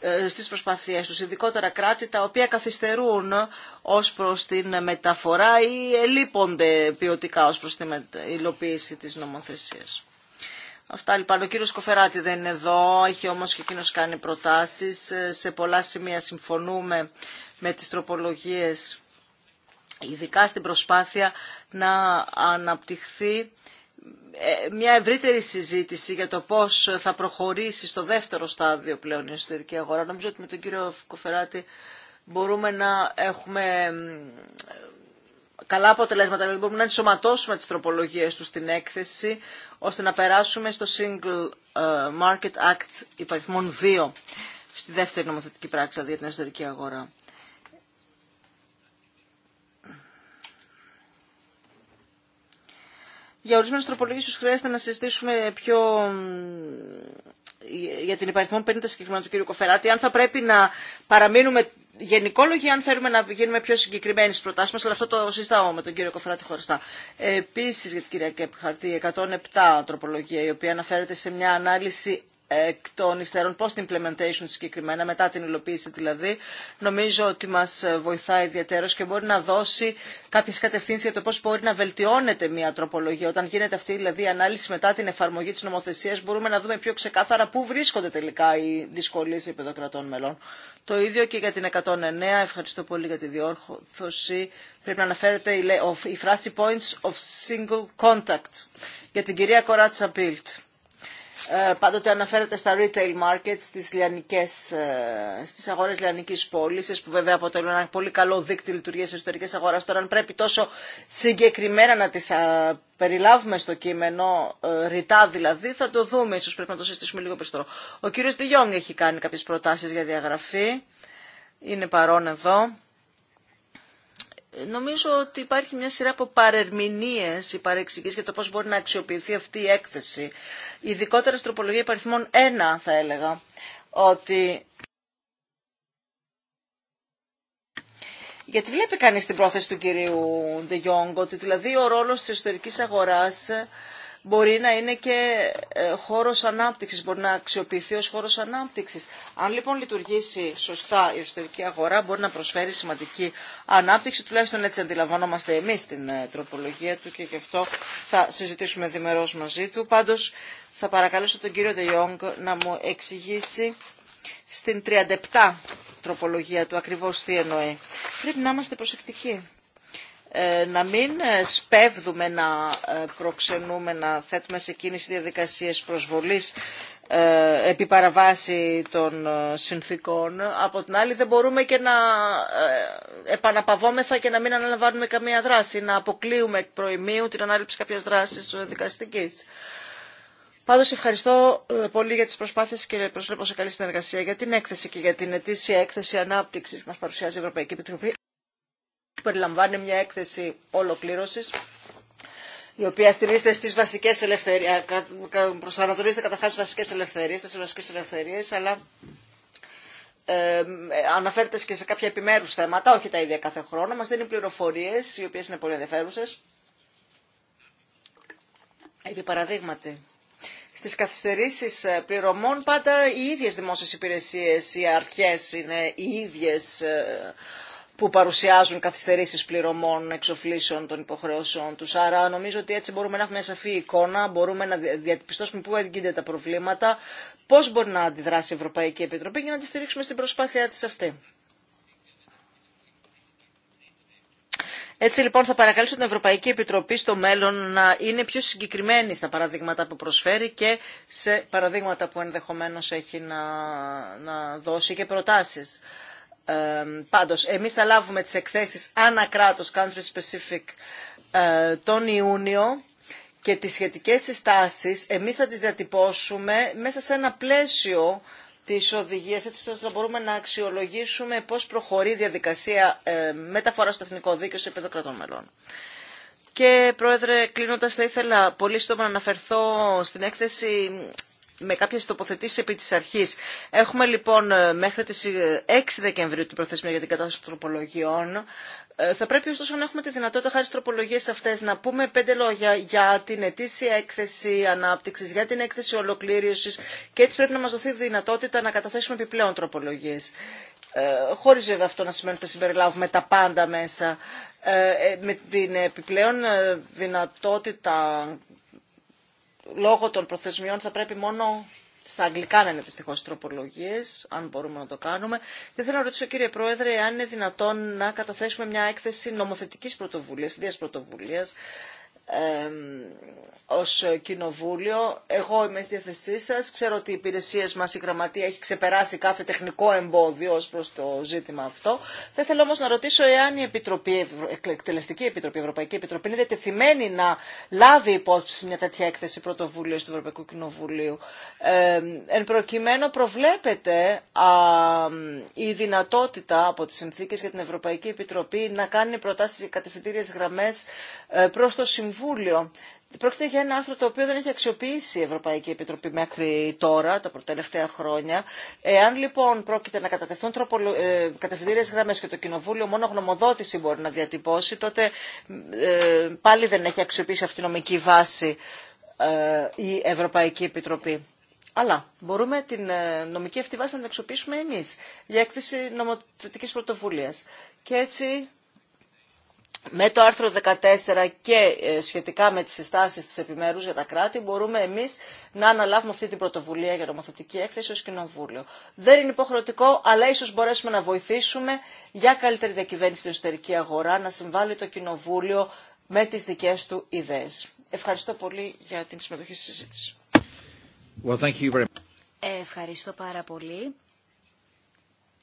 ε, στις προσπάθειές τους, ειδικότερα κράτη τα οποία καθυστερούν ως προς την μεταφορά ή ελείπονται ποιοτικά ως προς την υλοποίηση της νομοθεσίας. Αυτά λοιπόν. Ο κύριος Κοφεράτη δεν είναι εδώ, έχει όμως και εκείνος κάνει προτάσεις. Ε, σε πολλά σημεία συμφωνούμε με τις τροπολογίες, ειδικά στην προσπάθεια να αναπτυχθεί ε, μια ευρύτερη συζήτηση για το πώς θα προχωρήσει στο δεύτερο στάδιο πλέον η εσωτερική αγορά. Νομίζω ότι με τον κύριο Κοφεράτη μπορούμε να έχουμε καλά αποτελέσματα, δηλαδή μπορούμε να ενσωματώσουμε τις τροπολογίες του στην έκθεση, ώστε να περάσουμε στο Single ε, Market Act υπαριθμών 2, στη δεύτερη νομοθετική πράξη, δηλαδή για την εσωτερική αγορά. Για ορισμένες τροπολογίες χρειάζεται να συζητήσουμε πιο για την υπαριθμό 50 συγκεκριμένα του κ. Κοφεράτη, αν θα πρέπει να παραμείνουμε γενικόλογοι, αν θέλουμε να γίνουμε πιο συγκεκριμένοι στι προτάσεις μα, αλλά αυτό το συζητάω με τον κύριο Κοφεράτη χωριστά. Επίση, για την κυρία Κέπχαρτη, 107 τροπολογία, η οποία αναφέρεται σε μια ανάλυση εκ των υστέρων post implementation συγκεκριμένα, μετά την υλοποίηση δηλαδή, νομίζω ότι μα βοηθάει ιδιαίτερω και μπορεί να δώσει κάποιε κατευθύνσει για το πώ μπορεί να βελτιώνεται μια τροπολογία. Όταν γίνεται αυτή δηλαδή η ανάλυση μετά την εφαρμογή τη νομοθεσία, μπορούμε να δούμε πιο ξεκάθαρα πού βρίσκονται τελικά οι δυσκολίες επίπεδο κρατών μελών. Το ίδιο και για την 109. Ευχαριστώ πολύ για τη διόρθωση. Πρέπει να αναφέρεται η φράση points of single contact για την κυρία Κοράτσα Πίλτ. Ε, πάντοτε αναφέρεται στα retail markets στις, λιανικές, ε, στις αγορές λιανικής πώλησης που βέβαια αποτελούν ένα πολύ καλό δίκτυο λειτουργίας της εσωτερικής αγοράς. Τώρα αν πρέπει τόσο συγκεκριμένα να τις περιλάβουμε στο κείμενο, ε, ρητά δηλαδή, θα το δούμε. Ίσως πρέπει να το συστήσουμε λίγο περισσότερο. Ο κύριος Διόγκ έχει κάνει κάποιες προτάσεις για διαγραφή. Είναι παρόν εδώ. Νομίζω ότι υπάρχει μια σειρά από παρερμηνίε ή παρεξηγήσει για το πώς μπορεί να αξιοποιηθεί αυτή η έκθεση. Ειδικότερα στην τροπολογία υπαριθμών 1 θα έλεγα ότι... Γιατί βλέπει κανείς την πρόθεση του κυρίου De ότι δηλαδή ο ρόλος της ιστορικής αγοράς μπορεί να είναι και ε, χώρος ανάπτυξης, μπορεί να αξιοποιηθεί ως χώρος ανάπτυξης. Αν λοιπόν λειτουργήσει σωστά η εσωτερική αγορά μπορεί να προσφέρει σημαντική ανάπτυξη, τουλάχιστον έτσι αντιλαμβανόμαστε εμείς την ε, τροπολογία του και γι' αυτό θα συζητήσουμε διμερώς μαζί του. Πάντως θα παρακαλέσω τον κύριο Ντεγιόγκ να μου εξηγήσει στην 37 τροπολογία του ακριβώς τι εννοεί. Πρέπει να είμαστε προσεκτικοί. Ε, να μην ε, σπέβδουμε, να ε, προξενούμε, να θέτουμε σε κίνηση διαδικασίες προσβολής επί παραβάση των συνθήκων. Από την άλλη δεν μπορούμε και να επαναπαυόμεθα και να μην αναλαμβάνουμε καμία δράση, να αποκλείουμε εκ προημίου την ανάληψη κάποιας δράσης δικαστικής. Πάντως ευχαριστώ πολύ για τις προσπάθειες και προσβλέπω σε καλή συνεργασία για την έκθεση και για την ετήσια έκθεση ανάπτυξης που μας παρουσιάζει η Ευρωπαϊκή Επιτροπή περιλαμβάνει μια έκθεση ολοκλήρωσης η οποία στηρίζεται στι βασικέ ελευθερίε, προσανατολίζεται καταρχά στι βασικέ ελευθερίε, βασικέ ελευθερίε, αλλά ε, αναφέρεται και σε κάποια επιμέρου θέματα, όχι τα ίδια κάθε χρόνο. Μα δίνει πληροφορίε, οι οποίε είναι πολύ ενδιαφέρουσε. Επί παραδείγματι, στι καθυστερήσει ε, πληρωμών πάντα οι ίδιε δημόσιε υπηρεσίε, οι αρχέ είναι οι ίδιε ε, που παρουσιάζουν καθυστερήσεις πληρωμών, εξοφλήσεων των υποχρεώσεων του. Άρα νομίζω ότι έτσι μπορούμε να έχουμε μια σαφή εικόνα, μπορούμε να διαπιστώσουμε πού εγγύνται τα προβλήματα, πώς μπορεί να αντιδράσει η Ευρωπαϊκή Επιτροπή για να τη στηρίξουμε στην προσπάθειά της αυτή. Έτσι λοιπόν θα παρακαλέσω την Ευρωπαϊκή Επιτροπή στο μέλλον να είναι πιο συγκεκριμένη στα παραδείγματα που προσφέρει και σε παραδείγματα που ενδεχομένως έχει να, να δώσει και προτάσεις πάντως, εμείς θα λάβουμε τις εκθέσεις ανακράτος country specific ε, τον Ιούνιο και τις σχετικές συστάσεις εμείς θα τις διατυπώσουμε μέσα σε ένα πλαίσιο της οδηγίας έτσι ώστε να μπορούμε να αξιολογήσουμε πώς προχωρεί η διαδικασία ε, μεταφορά στο εθνικό δίκαιο σε επίπεδο κρατών μελών. Και Πρόεδρε, κλείνοντα, θα ήθελα πολύ σύντομα να αναφερθώ στην έκθεση με κάποιε τοποθετήσει επί τη αρχή. Έχουμε λοιπόν ε, μέχρι τι 6 ε, Δεκεμβρίου την προθεσμία για την κατάσταση των τροπολογιών. Ε, θα πρέπει ωστόσο να έχουμε τη δυνατότητα χάρη τροπολογίε αυτέ να πούμε πέντε λόγια για την ετήσια έκθεση ανάπτυξη, για την έκθεση ολοκλήρωση και έτσι πρέπει να μα δοθεί δυνατότητα να καταθέσουμε επιπλέον τροπολογίε. Χωρί βέβαια αυτό να σημαίνει ότι θα συμπεριλάβουμε τα πάντα μέσα. με την επιπλέον δυνατότητα λόγω των προθεσμιών θα πρέπει μόνο στα αγγλικά να είναι δυστυχώ τροπολογίε, αν μπορούμε να το κάνουμε. Δεν θέλω να ρωτήσω, κύριε Πρόεδρε, αν είναι δυνατόν να καταθέσουμε μια έκθεση νομοθετική πρωτοβουλία, ιδέα πρωτοβουλία, ως ε, κοινοβούλιο. Εγώ είμαι στη διάθεσή σας. Ξέρω ότι οι υπηρεσίες μας, η γραμματεία έχει ξεπεράσει κάθε τεχνικό εμπόδιο ως προς το ζήτημα αυτό. Θα ήθελα όμως να ρωτήσω εάν η Επιτροπή, Εκτελεστική Επιτροπή, Ευρωπαϊκή Επιτροπή είναι διατεθειμένη να λάβει υπόψη μια τέτοια έκθεση πρωτοβουλίου του Ευρωπαϊκού Κοινοβουλίου. Ε, εν προκειμένου προβλέπεται α, η δυνατότητα από τις συνθήκες για την Ευρωπαϊκή Επιτροπή να κάνει προτάσει για κατευθυντήριες γραμμέ ε, προ το Συμβούλιο. Πρόκειται για ένα άρθρο το οποίο δεν έχει αξιοποιήσει η Ευρωπαϊκή Επιτροπή μέχρι τώρα, τα προτελευταία χρόνια. Εάν λοιπόν πρόκειται να κατατεθούν τροπολο... ε, γραμμές και το Κοινοβούλιο μόνο γνωμοδότηση μπορεί να διατυπώσει, τότε ε, πάλι δεν έχει αξιοποιήσει αυτή νομική βάση ε, η Ευρωπαϊκή Επιτροπή. Αλλά μπορούμε την ε, νομική αυτή βάση να την αξιοποιήσουμε εμείς για έκθεση νομοθετικής πρωτοβουλίας. Και έτσι με το άρθρο 14 και ε, σχετικά με τις συστάσεις της επιμέρους για τα κράτη μπορούμε εμείς να αναλάβουμε αυτή την πρωτοβουλία για νομοθετική έκθεση ως κοινοβούλιο. Δεν είναι υποχρεωτικό, αλλά ίσως μπορέσουμε να βοηθήσουμε για καλύτερη διακυβέρνηση στην εσωτερική αγορά, να συμβάλλει το κοινοβούλιο με τις δικές του ιδέες. Ευχαριστώ πολύ για την συμμετοχή στη συζήτηση. Ε, ευχαριστώ πάρα πολύ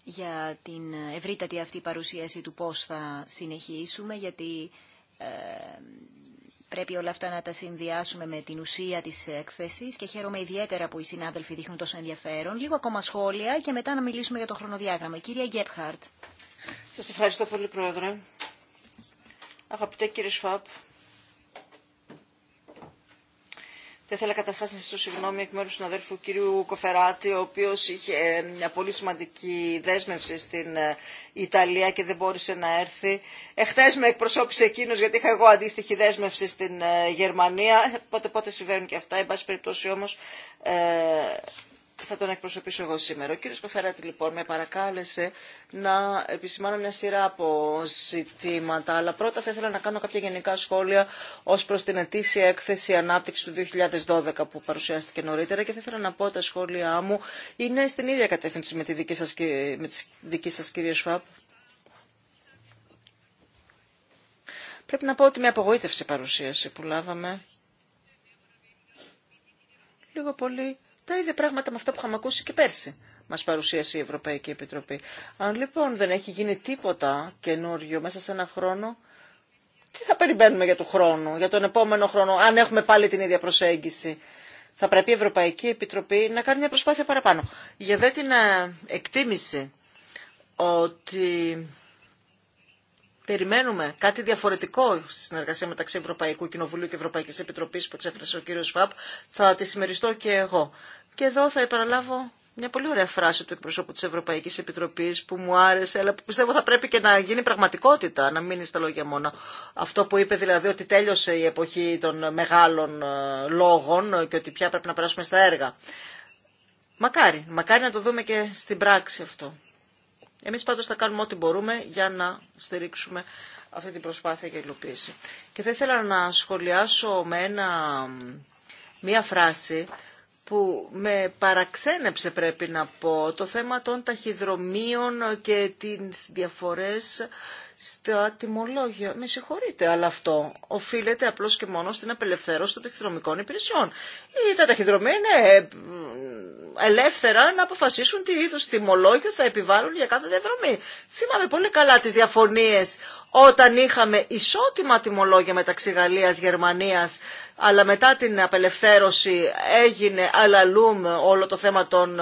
για την ευρύτατη αυτή παρουσίαση του πώς θα συνεχίσουμε, γιατί ε, πρέπει όλα αυτά να τα συνδυάσουμε με την ουσία της έκθεσης και χαίρομαι ιδιαίτερα που οι συνάδελφοι δείχνουν τόσο ενδιαφέρον. Λίγο ακόμα σχόλια και μετά να μιλήσουμε για το χρονοδιάγραμμα. Κυρία Γκέπχαρτ. Σας ευχαριστώ πολύ, Πρόεδρε. Αγαπητέ κύριε Σφάπ, Θα ήθελα καταρχά να ζητήσω συγγνώμη εκ μέρου του συναδέλφου κ. Κοφεράτη, ο οποίο είχε μια πολύ σημαντική δέσμευση στην ε, Ιταλία και δεν μπόρεσε να έρθει. Εχθέ με εκπροσώπησε εκείνο γιατί είχα εγώ αντίστοιχη δέσμευση στην ε, Γερμανία. Ε, πότε πότε συμβαίνουν και αυτά. Εν πάση περιπτώσει όμω, που θα τον εκπροσωπήσω εγώ σήμερα. Ο κύριος Κοφεράτη λοιπόν με παρακάλεσε να επισημάνω μια σειρά από ζητήματα, αλλά πρώτα θα ήθελα να κάνω κάποια γενικά σχόλια ως προς την ετήσια έκθεση ανάπτυξη του 2012 που παρουσιάστηκε νωρίτερα και θα ήθελα να πω τα σχόλιά μου είναι στην ίδια κατεύθυνση με τη δική σας, με σας κύριε Σφάπ. Πρέπει να πω ότι με απογοήτευσε παρουσίαση που λάβαμε. Λίγο πολύ τα ίδια πράγματα με αυτά που είχαμε ακούσει και πέρσι μας παρουσίασε η Ευρωπαϊκή Επιτροπή. Αν λοιπόν δεν έχει γίνει τίποτα καινούριο μέσα σε ένα χρόνο, τι θα περιμένουμε για τον χρόνο; για τον επόμενο χρόνο, αν έχουμε πάλι την ίδια προσέγγιση. Θα πρέπει η Ευρωπαϊκή Επιτροπή να κάνει μια προσπάθεια παραπάνω. Για δε την ε, εκτίμηση ότι περιμένουμε κάτι διαφορετικό στη συνεργασία μεταξύ Ευρωπαϊκού Κοινοβουλίου και Ευρωπαϊκής Επιτροπής που εξέφρασε ο κύριος Σφάπ, θα τη συμμεριστώ και εγώ. Και εδώ θα επαναλάβω μια πολύ ωραία φράση του εκπροσώπου της Ευρωπαϊκής Επιτροπής που μου άρεσε, αλλά που πιστεύω θα πρέπει και να γίνει πραγματικότητα, να μείνει στα λόγια μόνο. Αυτό που είπε δηλαδή ότι τέλειωσε η εποχή των μεγάλων ε, λόγων και ότι πια πρέπει να περάσουμε στα έργα. Μακάρι, μακάρι να το δούμε και στην πράξη αυτό. Εμείς πάντως θα κάνουμε ό,τι μπορούμε για να στηρίξουμε αυτή την προσπάθεια και υλοποίηση. Και θα ήθελα να σχολιάσω με ένα, μία φράση που με παραξένεψε πρέπει να πω το θέμα των ταχυδρομείων και τις διαφορές στο τιμολόγιο. Με συγχωρείτε, αλλά αυτό οφείλεται απλώς και μόνο στην απελευθέρωση των ταχυδρομικών υπηρεσιών. Ή τα ταχυδρομεία είναι ε, ελεύθερα να αποφασίσουν τι είδου τιμολόγιο θα επιβάλλουν για κάθε διαδρομή. Θυμάμαι πολύ καλά τις διαφωνίε όταν είχαμε ισότιμα τιμολόγια μεταξύ και Γερμανίας, αλλά μετά την απελευθέρωση έγινε αλαλούμ όλο το θέμα των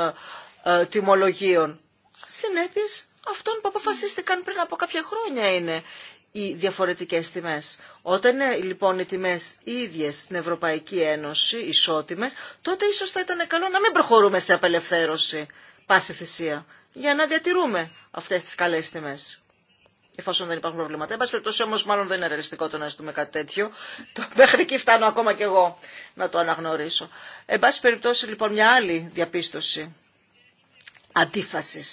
ε, τιμολογίων. Συνέπειε αυτών που αποφασίστηκαν πριν από κάποια χρόνια είναι οι διαφορετικές τιμές. Όταν είναι λοιπόν οι τιμές ίδιες στην Ευρωπαϊκή Ένωση, ισότιμες, τότε ίσως θα ήταν καλό να μην προχωρούμε σε απελευθέρωση πάση θυσία, για να διατηρούμε αυτές τις καλές τιμές. Εφόσον δεν υπάρχουν προβλήματα. Εν πάση περιπτώσει όμω, μάλλον δεν είναι ρεαλιστικό το να ζητούμε κάτι τέτοιο. Το μέχρι εκεί φτάνω ακόμα κι εγώ να το αναγνωρίσω. Εν πάση περιπτώσει, λοιπόν, μια άλλη διαπίστωση αντίφαση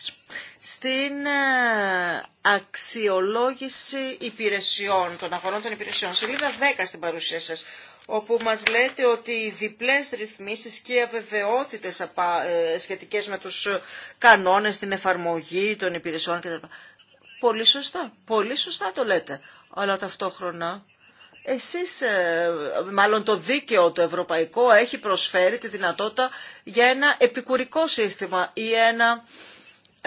στην ε, αξιολόγηση υπηρεσιών, των αγορών των υπηρεσιών. Σελίδα 10 στην παρουσία σας, όπου μας λέτε ότι οι διπλές ρυθμίσεις και οι αβεβαιότητες ε, σχετικές με τους ε, κανόνες, την εφαρμογή των υπηρεσιών κτλ. Πολύ σωστά, πολύ σωστά το λέτε. Αλλά ταυτόχρονα εσείς, μάλλον το δίκαιο το ευρωπαϊκό έχει προσφέρει τη δυνατότητα για ένα επικουρικό σύστημα ή ένα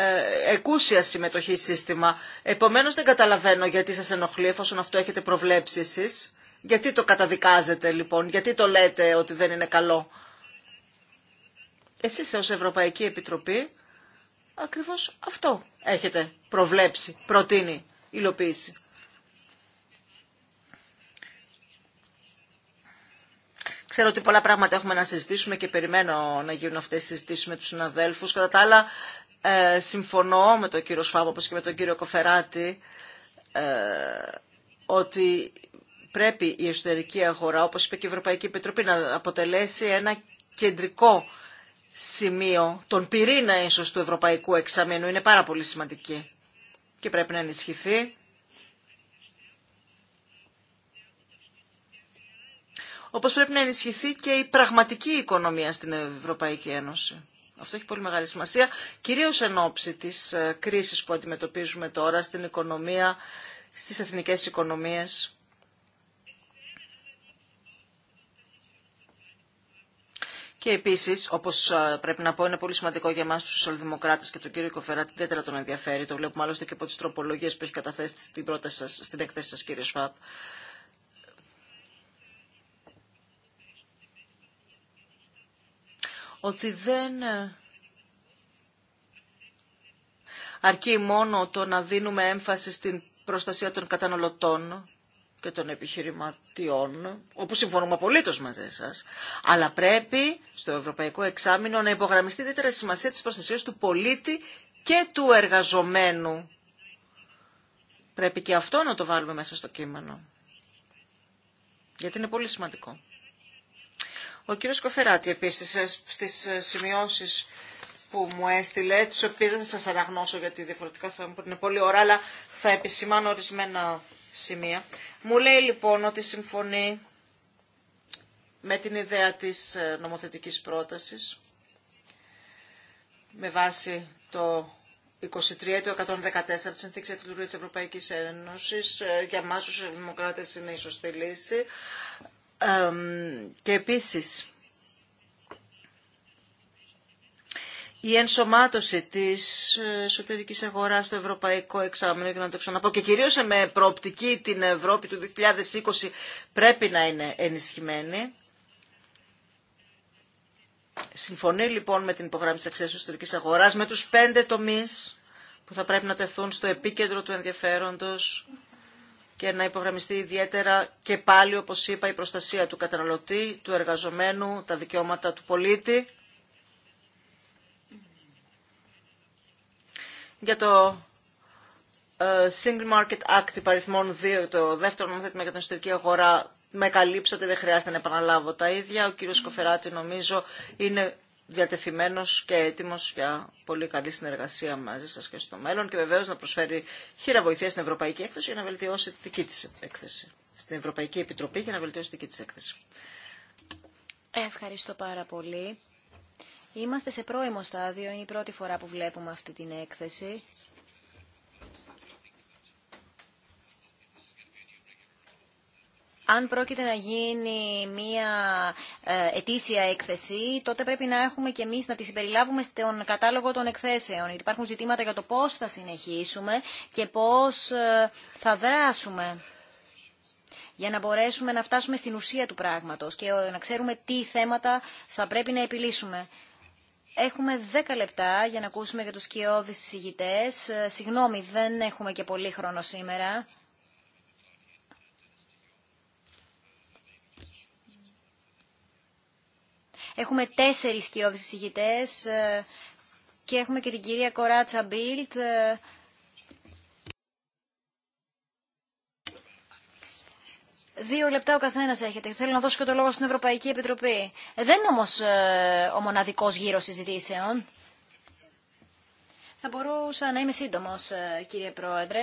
ε, εκούσια συμμετοχή σύστημα. Επομένως δεν καταλαβαίνω γιατί σας ενοχλεί εφόσον αυτό έχετε προβλέψει εσείς. Γιατί το καταδικάζετε λοιπόν, γιατί το λέτε ότι δεν είναι καλό. Εσείς ως Ευρωπαϊκή Επιτροπή ακριβώς αυτό έχετε προβλέψει, προτείνει, υλοποίηση. Ξέρω ότι πολλά πράγματα έχουμε να συζητήσουμε και περιμένω να γίνουν αυτές οι συζητήσεις με τους συναδέλφους. Κατά τα άλλα, ε, συμφωνώ με τον κύριο Σφάβο και με τον κύριο Κοφεράτη ε, ότι πρέπει η εσωτερική αγορά, όπως είπε και η Ευρωπαϊκή Επιτροπή, να αποτελέσει ένα κεντρικό σημείο, τον πυρήνα ίσως του Ευρωπαϊκού Εξαμήνου. Είναι πάρα πολύ σημαντική και πρέπει να ενισχυθεί. Όπως πρέπει να ενισχυθεί και η πραγματική οικονομία στην Ευρωπαϊκή Ένωση. Αυτό έχει πολύ μεγάλη σημασία, κυρίως εν ώψη της ε, κρίσης που αντιμετωπίζουμε τώρα στην οικονομία, στις εθνικές οικονομίες. Και επίση, όπω ε, πρέπει να πω, είναι πολύ σημαντικό για εμά του σοσιαλδημοκράτε και τον κύριο Κοφεράτη, ιδιαίτερα τον ενδιαφέρει. Το βλέπουμε άλλωστε και από τι τροπολογίε που έχει καταθέσει στην, πρόταση σας, στην έκθεση σα, κύριε Σφαπ. ότι δεν ε, αρκεί μόνο το να δίνουμε έμφαση στην προστασία των καταναλωτών και των επιχειρηματιών, όπου συμφωνούμε απολύτως μαζί σας, αλλά πρέπει στο Ευρωπαϊκό Εξάμεινο να υπογραμμιστεί η σημασία της προστασίας του πολίτη και του εργαζομένου. Πρέπει και αυτό να το βάλουμε μέσα στο κείμενο. Γιατί είναι πολύ σημαντικό. Ο κύριο Κοφεράτη επίση, ε, στι ε, σημειώσει που μου έστειλε, τι οποίε δεν θα σα αναγνώσω γιατί διαφορετικά θα μου είναι πολύ ώρα, αλλά θα επισημάνω ορισμένα σημεία. Μου λέει λοιπόν ότι συμφωνεί με την ιδέα της ε, νομοθετικής πρότασης με βάση το 23 του 114 της συνθήκη της Ευρωπαϊκής Ένωσης. Για εμά, τους δημοκράτε είναι η σωστή λύση και επίσης η ενσωμάτωση της εσωτερική αγοράς στο ευρωπαϊκό εξάμεινο και να το ξαναπώ και κυρίως με προοπτική την Ευρώπη του 2020 πρέπει να είναι ενισχυμένη. Συμφωνεί λοιπόν με την υπογράμμιση αξίας εσωτερικής αγοράς με τους πέντε τομείς που θα πρέπει να τεθούν στο επίκεντρο του ενδιαφέροντος και να υπογραμμιστεί ιδιαίτερα και πάλι, όπως είπα, η προστασία του καταναλωτή, του εργαζομένου, τα δικαιώματα του πολίτη. Για το ε, Single Market Act υπαριθμών 2, το δεύτερο νομοθέτημα για την εσωτερική αγορά, με καλύψατε, δεν χρειάζεται να επαναλάβω τα ίδια. Ο κύριος Σκοφεράτη νομίζω είναι διατεθειμένος και έτοιμος για πολύ καλή συνεργασία μαζί σας και στο μέλλον και βεβαίως να προσφέρει χείρα βοηθεία στην Ευρωπαϊκή Έκθεση για να βελτιώσει τη δική έκθεση. Στην Ευρωπαϊκή Επιτροπή για να βελτιώσει τη δική της έκθεση. Ευχαριστώ πάρα πολύ. Είμαστε σε πρώιμο στάδιο, είναι η πρώτη φορά που βλέπουμε αυτή την έκθεση. αν πρόκειται να γίνει μία ε, ετήσια έκθεση, τότε πρέπει να έχουμε και εμείς να τη συμπεριλάβουμε στον κατάλογο των εκθέσεων. υπάρχουν ζητήματα για το πώς θα συνεχίσουμε και πώς ε, θα δράσουμε για να μπορέσουμε να φτάσουμε στην ουσία του πράγματος και ε, να ξέρουμε τι θέματα θα πρέπει να επιλύσουμε. Έχουμε 10 λεπτά για να ακούσουμε για τους κοιόδης συζητητές. Συγγνώμη, δεν έχουμε και πολύ χρόνο σήμερα. Έχουμε τέσσερις σκιώδεις εισηγητές ε, και έχουμε και την κυρία Κοράτσα Μπίλτ. Ε. Δύο λεπτά ο καθένα έχετε. Θέλω να δώσω και το λόγο στην Ευρωπαϊκή Επιτροπή. Ε, δεν είναι όμω ο μοναδικό γύρο συζητήσεων. Θα μπορούσα να είμαι σύντομο, ε, κύριε Πρόεδρε.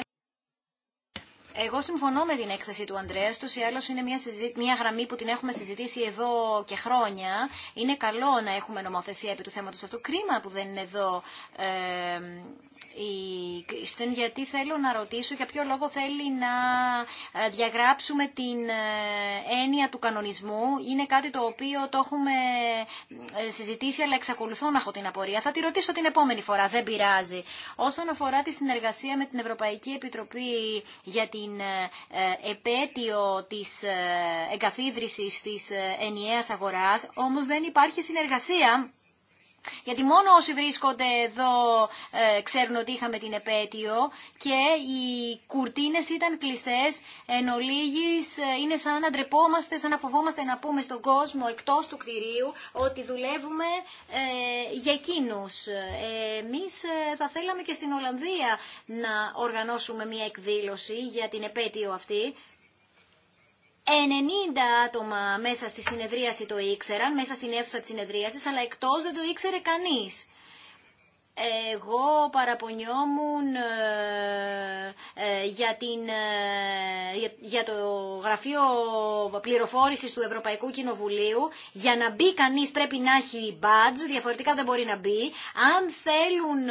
Εγώ συμφωνώ με την έκθεση του Αντρέα. Του ή άλλω είναι μια, συζη... μια γραμμή που την έχουμε συζητήσει εδώ και χρόνια. Είναι καλό να έχουμε νομοθεσία επί του θέματο αυτού. Κρίμα που δεν είναι εδώ. Ε, η Κρίστεν, γιατί θέλω να ρωτήσω για ποιο λόγο θέλει να ε, διαγράψουμε την ε, έννοια του κανονισμού. Είναι κάτι το οποίο το έχουμε ε, συζητήσει, αλλά εξακολουθώ να έχω την απορία. Θα τη ρωτήσω την επόμενη φορά, δεν πειράζει. Όσον αφορά τη συνεργασία με την Ευρωπαϊκή Επιτροπή για την επέτειο της εγκαθίδρυσης της ενιαίας αγοράς, όμως δεν υπάρχει συνεργασία γιατί μόνο όσοι βρίσκονται εδώ ε, ξέρουν ότι είχαμε την επέτειο και οι κουρτίνες ήταν κλειστές εν ολίγης, ε, είναι σαν να ντρεπόμαστε, σαν να φοβόμαστε να πούμε στον κόσμο εκτός του κτηρίου ότι δουλεύουμε ε, για εκείνους. Ε, εμείς θα θέλαμε και στην Ολλανδία να οργανώσουμε μια εκδήλωση για την επέτειο αυτή 90 άτομα μέσα στη συνεδρίαση το ήξεραν, μέσα στην αίθουσα της συνεδρίασης, αλλά εκτός δεν το ήξερε κανείς εγώ παραπονιόμουν ε, ε, για, την, ε, για, το γραφείο πληροφόρησης του Ευρωπαϊκού Κοινοβουλίου. Για να μπει κανείς πρέπει να έχει badge, διαφορετικά δεν μπορεί να μπει. Αν θέλουν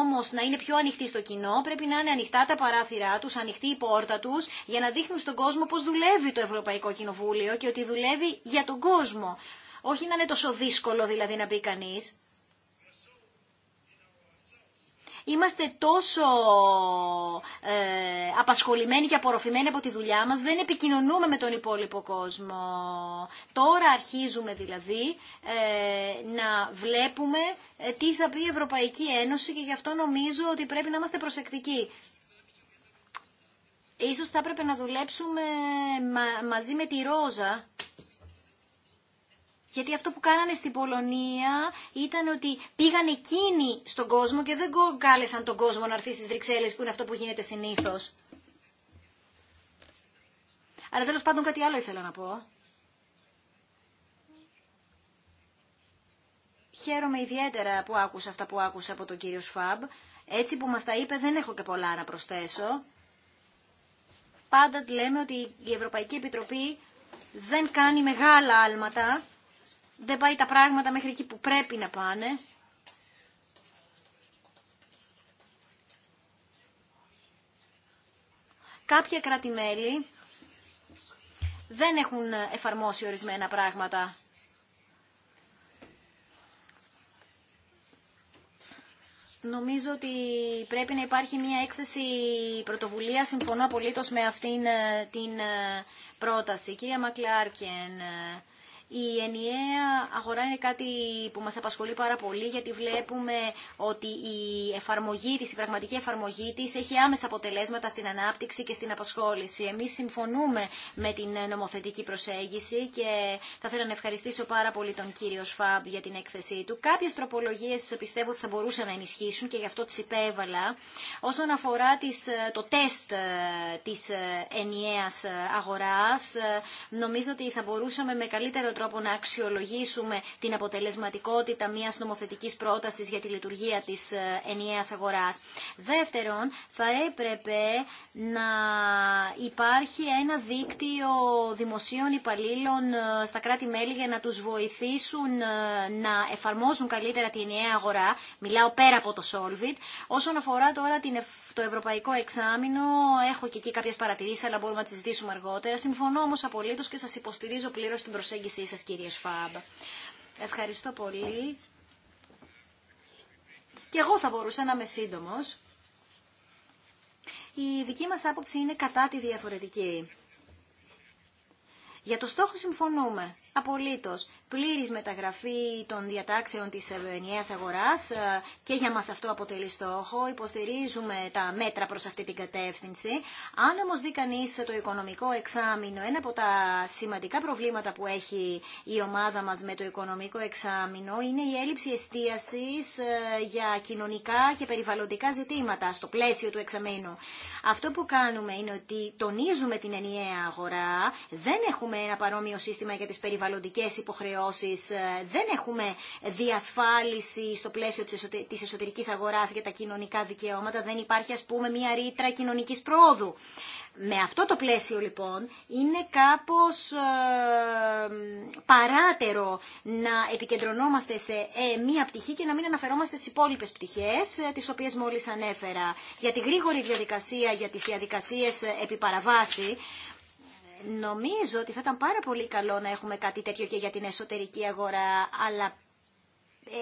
όμως να είναι πιο ανοιχτοί στο κοινό, πρέπει να είναι ανοιχτά τα παράθυρά τους, ανοιχτή η πόρτα τους, για να δείχνουν στον κόσμο πώς δουλεύει το Ευρωπαϊκό Κοινοβούλιο και ότι δουλεύει για τον κόσμο. Όχι να είναι τόσο δύσκολο δηλαδή να μπει κανείς. Είμαστε τόσο ε, απασχολημένοι και απορροφημένοι από τη δουλειά μας, δεν επικοινωνούμε με τον υπόλοιπο κόσμο. Τώρα αρχίζουμε δηλαδή ε, να βλέπουμε ε, τι θα πει η Ευρωπαϊκή Ένωση και γι' αυτό νομίζω ότι πρέπει να είμαστε προσεκτικοί. Ίσως θα έπρεπε να δουλέψουμε μαζί με τη Ρόζα γιατί αυτό που κάνανε στην Πολωνία ήταν ότι πήγαν εκείνοι στον κόσμο και δεν κάλεσαν τον κόσμο να έρθει στις Βρυξέλλες που είναι αυτό που γίνεται συνήθως. Αλλά τέλος πάντων κάτι άλλο ήθελα να πω. Χαίρομαι ιδιαίτερα που άκουσα αυτά που άκουσα από τον κύριο Σφαμπ. Έτσι που μας τα είπε δεν έχω και πολλά να προσθέσω. Πάντα λέμε ότι η Ευρωπαϊκή Επιτροπή δεν κάνει μεγάλα άλματα δεν πάει τα πράγματα μέχρι εκεί που πρέπει να πάνε. Κάποια κράτη-μέλη δεν έχουν εφαρμόσει ορισμένα πράγματα. Νομίζω ότι πρέπει να υπάρχει μια έκθεση πρωτοβουλία. Συμφωνώ απολύτως με αυτήν ε, την ε, πρόταση. Κυρία Μακλάρκεν, ε, η ενιαία αγορά είναι κάτι που μας απασχολεί πάρα πολύ γιατί βλέπουμε ότι η εφαρμογή της, η πραγματική εφαρμογή της έχει άμεσα αποτελέσματα στην ανάπτυξη και στην απασχόληση. Εμείς συμφωνούμε με την νομοθετική προσέγγιση και θα ήθελα να ευχαριστήσω πάρα πολύ τον κύριο Σφαμπ για την έκθεσή του. Κάποιες τροπολογίες πιστεύω ότι θα μπορούσαν να ενισχύσουν και γι' αυτό τις υπέβαλα. Όσον αφορά το τεστ ε, της ε, ενιαίας αγοράς, ε, νομίζω ότι θα μπορούσαμε με καλύτερο τρόπο να αξιολογήσουμε την αποτελεσματικότητα μιας νομοθετικής πρότασης για τη λειτουργία της ε, ενιαία αγοράς. Δεύτερον, θα έπρεπε να υπάρχει ένα δίκτυο δημοσίων υπαλλήλων ε, στα κράτη-μέλη για να τους βοηθήσουν ε, να εφαρμόζουν καλύτερα την ενιαία αγορά. Μιλάω πέρα από το Solvit. Όσον αφορά τώρα την εφαρμογή το Ευρωπαϊκό Εξάμεινο. Έχω και εκεί κάποιε παρατηρήσει, αλλά μπορούμε να τι συζητήσουμε αργότερα. Συμφωνώ όμω απολύτω και σα υποστηρίζω πλήρω την προσέγγιση σα, κύριε Σφαμπ. Ευχαριστώ πολύ. Και εγώ θα μπορούσα να είμαι σύντομο. Η δική μας άποψη είναι κατά τη διαφορετική. Για το στόχο συμφωνούμε. απολύτω πλήρης μεταγραφή των διατάξεων της ενιαίας αγοράς ε, και για μας αυτό αποτελεί στόχο. Υποστηρίζουμε τα μέτρα προς αυτή την κατεύθυνση. Αν όμως δει κανείς το οικονομικό εξάμεινο, ένα από τα σημαντικά προβλήματα που έχει η ομάδα μας με το οικονομικό εξάμεινο είναι η έλλειψη εστίασης ε, για κοινωνικά και περιβαλλοντικά ζητήματα στο πλαίσιο του εξαμεινού Αυτό που κάνουμε είναι ότι τονίζουμε την ενιαία αγορά, δεν έχουμε ένα παρόμοιο σύστημα για τις περιβαλλοντικές υποχρεώσεις υποχρεώσει. Ε, δεν έχουμε διασφάλιση στο πλαίσιο της εσωτερικής αγοράς για τα κοινωνικά δικαιώματα. Δεν υπάρχει, ας πούμε, μια ρήτρα κοινωνική πρόοδου. Με αυτό το πλαίσιο λοιπόν είναι κάπως ε, παράτερο να επικεντρωνόμαστε σε ε, μία πτυχή και να μην αναφερόμαστε στις υπόλοιπες πτυχές ε, τις οποίες μόλις ανέφερα. Για τη γρήγορη διαδικασία, για τις διαδικασίες επί νομίζω ότι θα ήταν πάρα πολύ καλό να έχουμε κάτι τέτοιο και για την εσωτερική αγορά, αλλά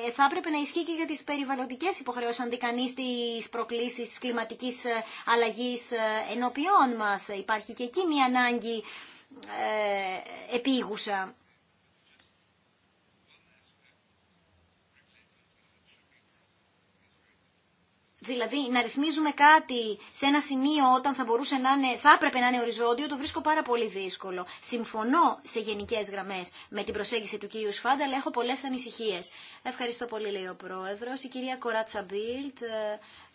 ε, θα έπρεπε να ισχύει και για τις περιβαλλοντικές υποχρεώσεις, αν δει κανείς τις προκλήσεις της κλιματικής ε, αλλαγής ε, ενώπιών μας. Υπάρχει και εκεί μια ανάγκη ε, επίγουσα. Δηλαδή να ρυθμίζουμε κάτι σε ένα σημείο όταν θα, μπορούσε να θα έπρεπε να είναι οριζόντιο, το βρίσκω πάρα πολύ δύσκολο. Συμφωνώ σε γενικέ γραμμέ με την προσέγγιση του κύριου Σφάντα, αλλά έχω πολλέ ανησυχίε. Ευχαριστώ πολύ, λέει ο πρόεδρο. Η κυρία Κοράτσα Μπίλτ, ε,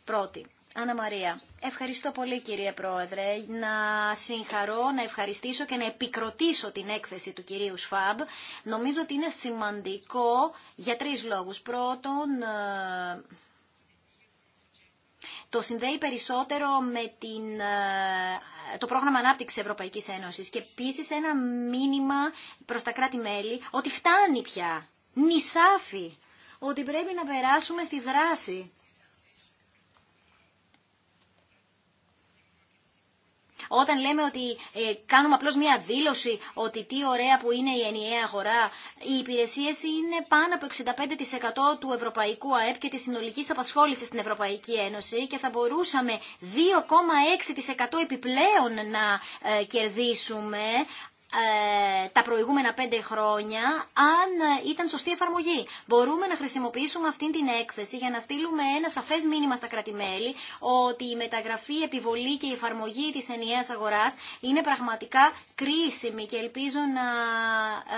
πρώτη. Άννα Μαρία, ευχαριστώ πολύ κυρία Πρόεδρε. Να συγχαρώ, να ευχαριστήσω και να επικροτήσω την έκθεση του κυρίου Σφαμπ. Νομίζω ότι είναι σημαντικό για τρεις λόγους. Πρώτον, ε, το συνδέει περισσότερο με την, ε, το πρόγραμμα ανάπτυξη Ευρωπαϊκή Ένωση και επίση ένα μήνυμα προ τα κράτη-μέλη ότι φτάνει πια. Νησάφι. Ότι πρέπει να περάσουμε στη δράση. Όταν λέμε ότι ε, κάνουμε απλώς μία δήλωση ότι τι ωραία που είναι η ενιαία αγορά, οι υπηρεσίες είναι πάνω από 65% του ευρωπαϊκού ΑΕΠ και της συνολικής απασχόλησης στην Ευρωπαϊκή Ένωση και θα μπορούσαμε 2,6% επιπλέον να ε, κερδίσουμε ε, τα προηγούμενα πέντε χρόνια αν ε, ήταν σωστή εφαρμογή. Μπορούμε να χρησιμοποιήσουμε αυτή την έκθεση για να στείλουμε ένα σαφές μήνυμα στα κρατημέλη ότι η μεταγραφή, η επιβολή και η εφαρμογή της ενιαίας αγοράς είναι πραγματικά κρίσιμη και ελπίζω να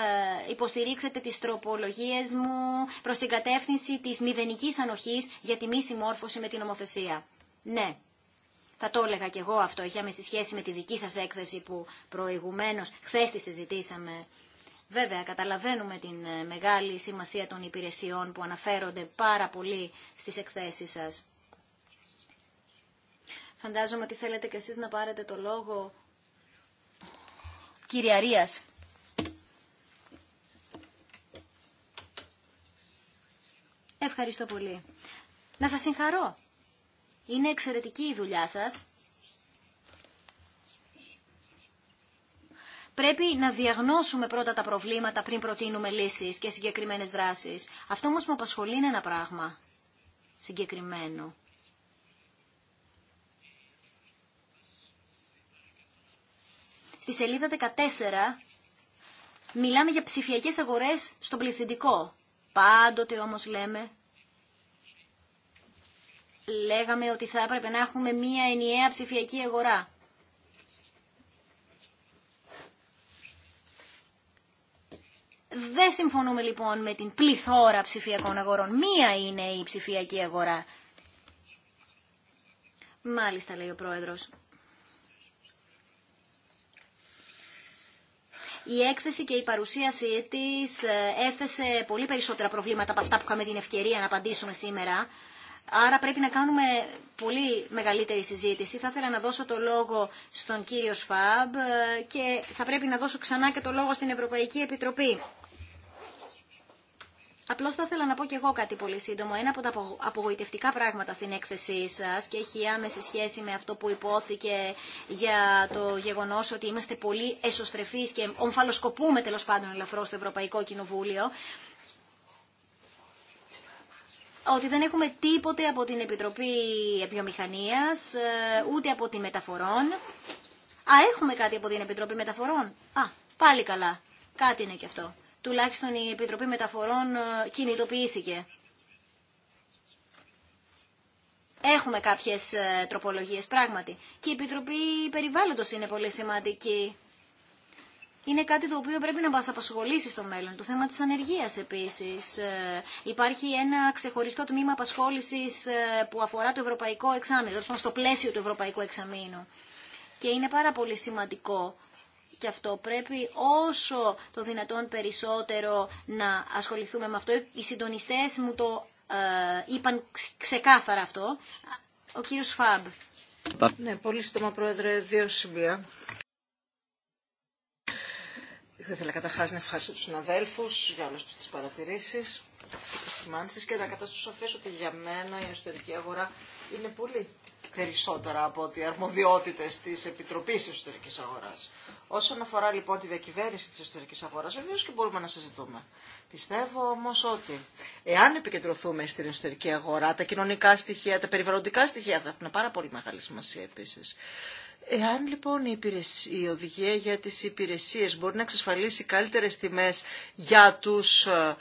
ε, υποστηρίξετε τις τροπολογίες μου προς την κατεύθυνση της μηδενικής ανοχής για τη μη συμμόρφωση με την νομοθεσία. Ναι. Θα το έλεγα και εγώ αυτό. Έχει άμεση σχέση με τη δική σας έκθεση που προηγουμένως χθες τη συζητήσαμε. Βέβαια, καταλαβαίνουμε την ε, μεγάλη σημασία των υπηρεσιών που αναφέρονται πάρα πολύ στις εκθέσεις σας. Φαντάζομαι ότι θέλετε κι εσείς να πάρετε το λόγο κυριαρίας. Ευχαριστώ πολύ. Να σας συγχαρώ είναι εξαιρετική η δουλειά σας. Πρέπει να διαγνώσουμε πρώτα τα προβλήματα πριν προτείνουμε λύσεις και συγκεκριμένες δράσεις. Αυτό όμως με απασχολεί είναι ένα πράγμα συγκεκριμένο. Στη σελίδα 14 μιλάμε για ψηφιακές αγορές στον πληθυντικό. Πάντοτε όμως λέμε λέγαμε ότι θα έπρεπε να έχουμε μία ενιαία ψηφιακή αγορά. Δεν συμφωνούμε λοιπόν με την πληθώρα ψηφιακών αγορών. Μία είναι η ψηφιακή αγορά. Μάλιστα λέει ο πρόεδρος. Η έκθεση και η παρουσίαση της ε, έθεσε πολύ περισσότερα προβλήματα από αυτά που είχαμε την ευκαιρία να απαντήσουμε σήμερα. Άρα πρέπει να κάνουμε πολύ μεγαλύτερη συζήτηση. Θα ήθελα να δώσω το λόγο στον κύριο Σφάμπ ε, και θα πρέπει να δώσω ξανά και το λόγο στην Ευρωπαϊκή Επιτροπή. Απλώ θα ήθελα να πω και εγώ κάτι πολύ σύντομο. Ένα από τα απογοητευτικά πράγματα στην έκθεσή σα και έχει άμεση σχέση με αυτό που υπόθηκε για το γεγονό ότι είμαστε πολύ εσωστρεφεί και ομφαλοσκοπούμε τέλο πάντων ελαφρώ στο Ευρωπαϊκό Κοινοβούλιο ότι δεν έχουμε τίποτε από την Επιτροπή Βιομηχανίας, ε, ούτε από τη Μεταφορών. Α, έχουμε κάτι από την Επιτροπή Μεταφορών. Α, πάλι καλά. Κάτι είναι και αυτό. Τουλάχιστον η Επιτροπή Μεταφορών ε, κινητοποιήθηκε. Έχουμε κάποιες ε, τροπολογίες πράγματι. Και η Επιτροπή Περιβάλλοντος είναι πολύ σημαντική είναι κάτι το οποίο πρέπει να μας απασχολήσει στο μέλλον. Το θέμα της ανεργίας επίσης. Ε, υπάρχει ένα ξεχωριστό τμήμα απασχόλησης ε, που αφορά το ευρωπαϊκό εξάμεινο, στο πλαίσιο του ευρωπαϊκού εξαμήνου. Και είναι πάρα πολύ σημαντικό και αυτό πρέπει όσο το δυνατόν περισσότερο να ασχοληθούμε με αυτό. Οι συντονιστές μου το ε, είπαν ξεκάθαρα αυτό. Ο κύριος Φαμπ. Ναι, πολύ σύντομα πρόεδρε, δύο σημεία. Θα ήθελα καταρχά να ευχαριστήσω του συναδέλφου για όλε τι παρατηρήσει, τι επισημάνσει και να καταστήσω σαφέ ότι για μένα η εσωτερική αγορά είναι πολύ περισσότερα από ότι αρμοδιότητε τη Επιτροπή Εσωτερική Αγορά. Όσον αφορά λοιπόν τη διακυβέρνηση τη εσωτερική αγορά, βεβαίω και μπορούμε να συζητούμε. Πιστεύω όμω ότι εάν επικεντρωθούμε στην εσωτερική αγορά, τα κοινωνικά στοιχεία, τα περιβαλλοντικά στοιχεία θα έχουν πάρα πολύ μεγάλη σημασία επίση. Εάν λοιπόν η, οδηγία για τις υπηρεσίες μπορεί να εξασφαλίσει καλύτερες τιμές για τους ε,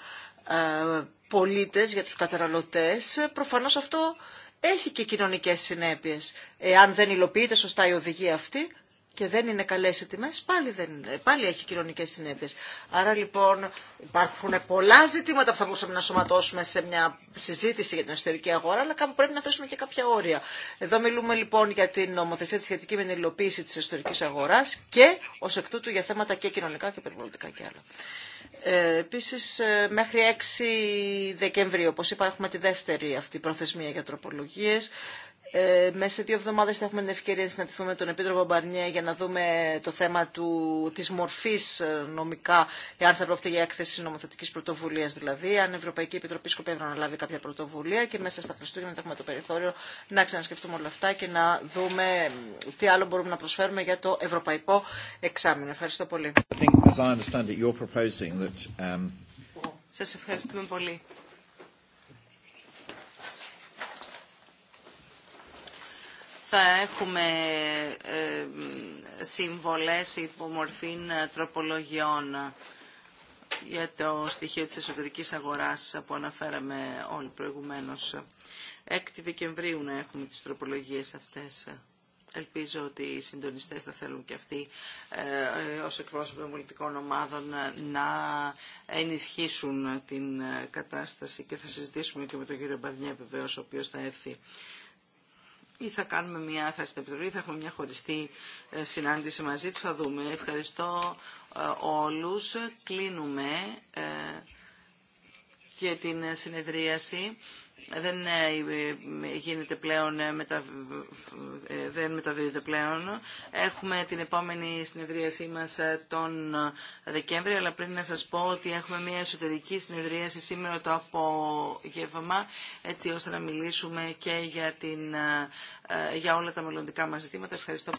ε, πολίτες, για τους καταναλωτές, προφανώς αυτό έχει και κοινωνικές συνέπειες. Εάν δεν υλοποιείται σωστά η οδηγία αυτή, και δεν είναι καλές οι τιμές, πάλι, δεν, πάλι έχει κοινωνικές συνέπειες. Άρα λοιπόν υπάρχουν πολλά ζητήματα που θα μπορούσαμε να σωματώσουμε σε μια συζήτηση για την εσωτερική αγορά, αλλά κάπου πρέπει να θέσουμε και κάποια όρια. Εδώ μιλούμε λοιπόν για την νομοθεσία της σχετική με την υλοποίηση της εσωτερικής αγοράς και ως εκ τούτου για θέματα και κοινωνικά και περιβαλλοντικά και άλλα. Ε, επίσης ε, μέχρι 6 Δεκεμβρίου, όπως είπα, έχουμε τη δεύτερη αυτή προθεσμία για τροπολογίες. Ε, μέσα σε δύο εβδομάδες θα έχουμε την ευκαιρία να συναντηθούμε με τον Επίτροπο Μπαρνιέ για να δούμε το θέμα του, της μορφής ε, νομικά, αν θα πρόκειται για έκθεση νομοθετικής πρωτοβουλίας δηλαδή, αν η Ευρωπαϊκή Επιτροπή σκοπεύει να λάβει κάποια πρωτοβουλία και μέσα στα Χριστούγεννα θα έχουμε το περιθώριο να ξανασκεφτούμε όλα αυτά και να δούμε τι άλλο μπορούμε να προσφέρουμε για το ευρωπαϊκό εξάμεινο. Ευχαριστώ πολύ. Um, Σας ευχαριστούμε πολύ. θα έχουμε ε, συμβολές υπομορφήν ε, τροπολογιών για το στοιχείο της εσωτερικής αγοράς που αναφέραμε όλοι προηγουμένως. 6 Δεκεμβρίου να έχουμε τις τροπολογίες αυτές. Ελπίζω ότι οι συντονιστές θα θέλουν και αυτοί ε, ως εκπρόσωποι των πολιτικών ομάδων να ενισχύσουν την κατάσταση και θα συζητήσουμε και με τον κύριο Μπαρνιέ βεβαίως ο οποίος θα έρθει ή θα κάνουμε μια, θα στην Επιτροπή, θα έχουμε μια χωριστή ε, συνάντηση μαζί του, θα δούμε. Ευχαριστώ ε, όλους. Κλείνουμε ε, και την συνεδρίαση δεν ε, ε, γίνεται πλέον, ε, δεν μεταδίδεται πλέον. Έχουμε την επόμενη συνεδρίασή μας τον Δεκέμβρη, αλλά πριν να σας πω ότι έχουμε μια εσωτερική συνεδρίαση σήμερα το απογεύμα, έτσι ώστε να μιλήσουμε και για, την... για όλα τα μελλοντικά μας ζητήματα. Ευχαριστώ.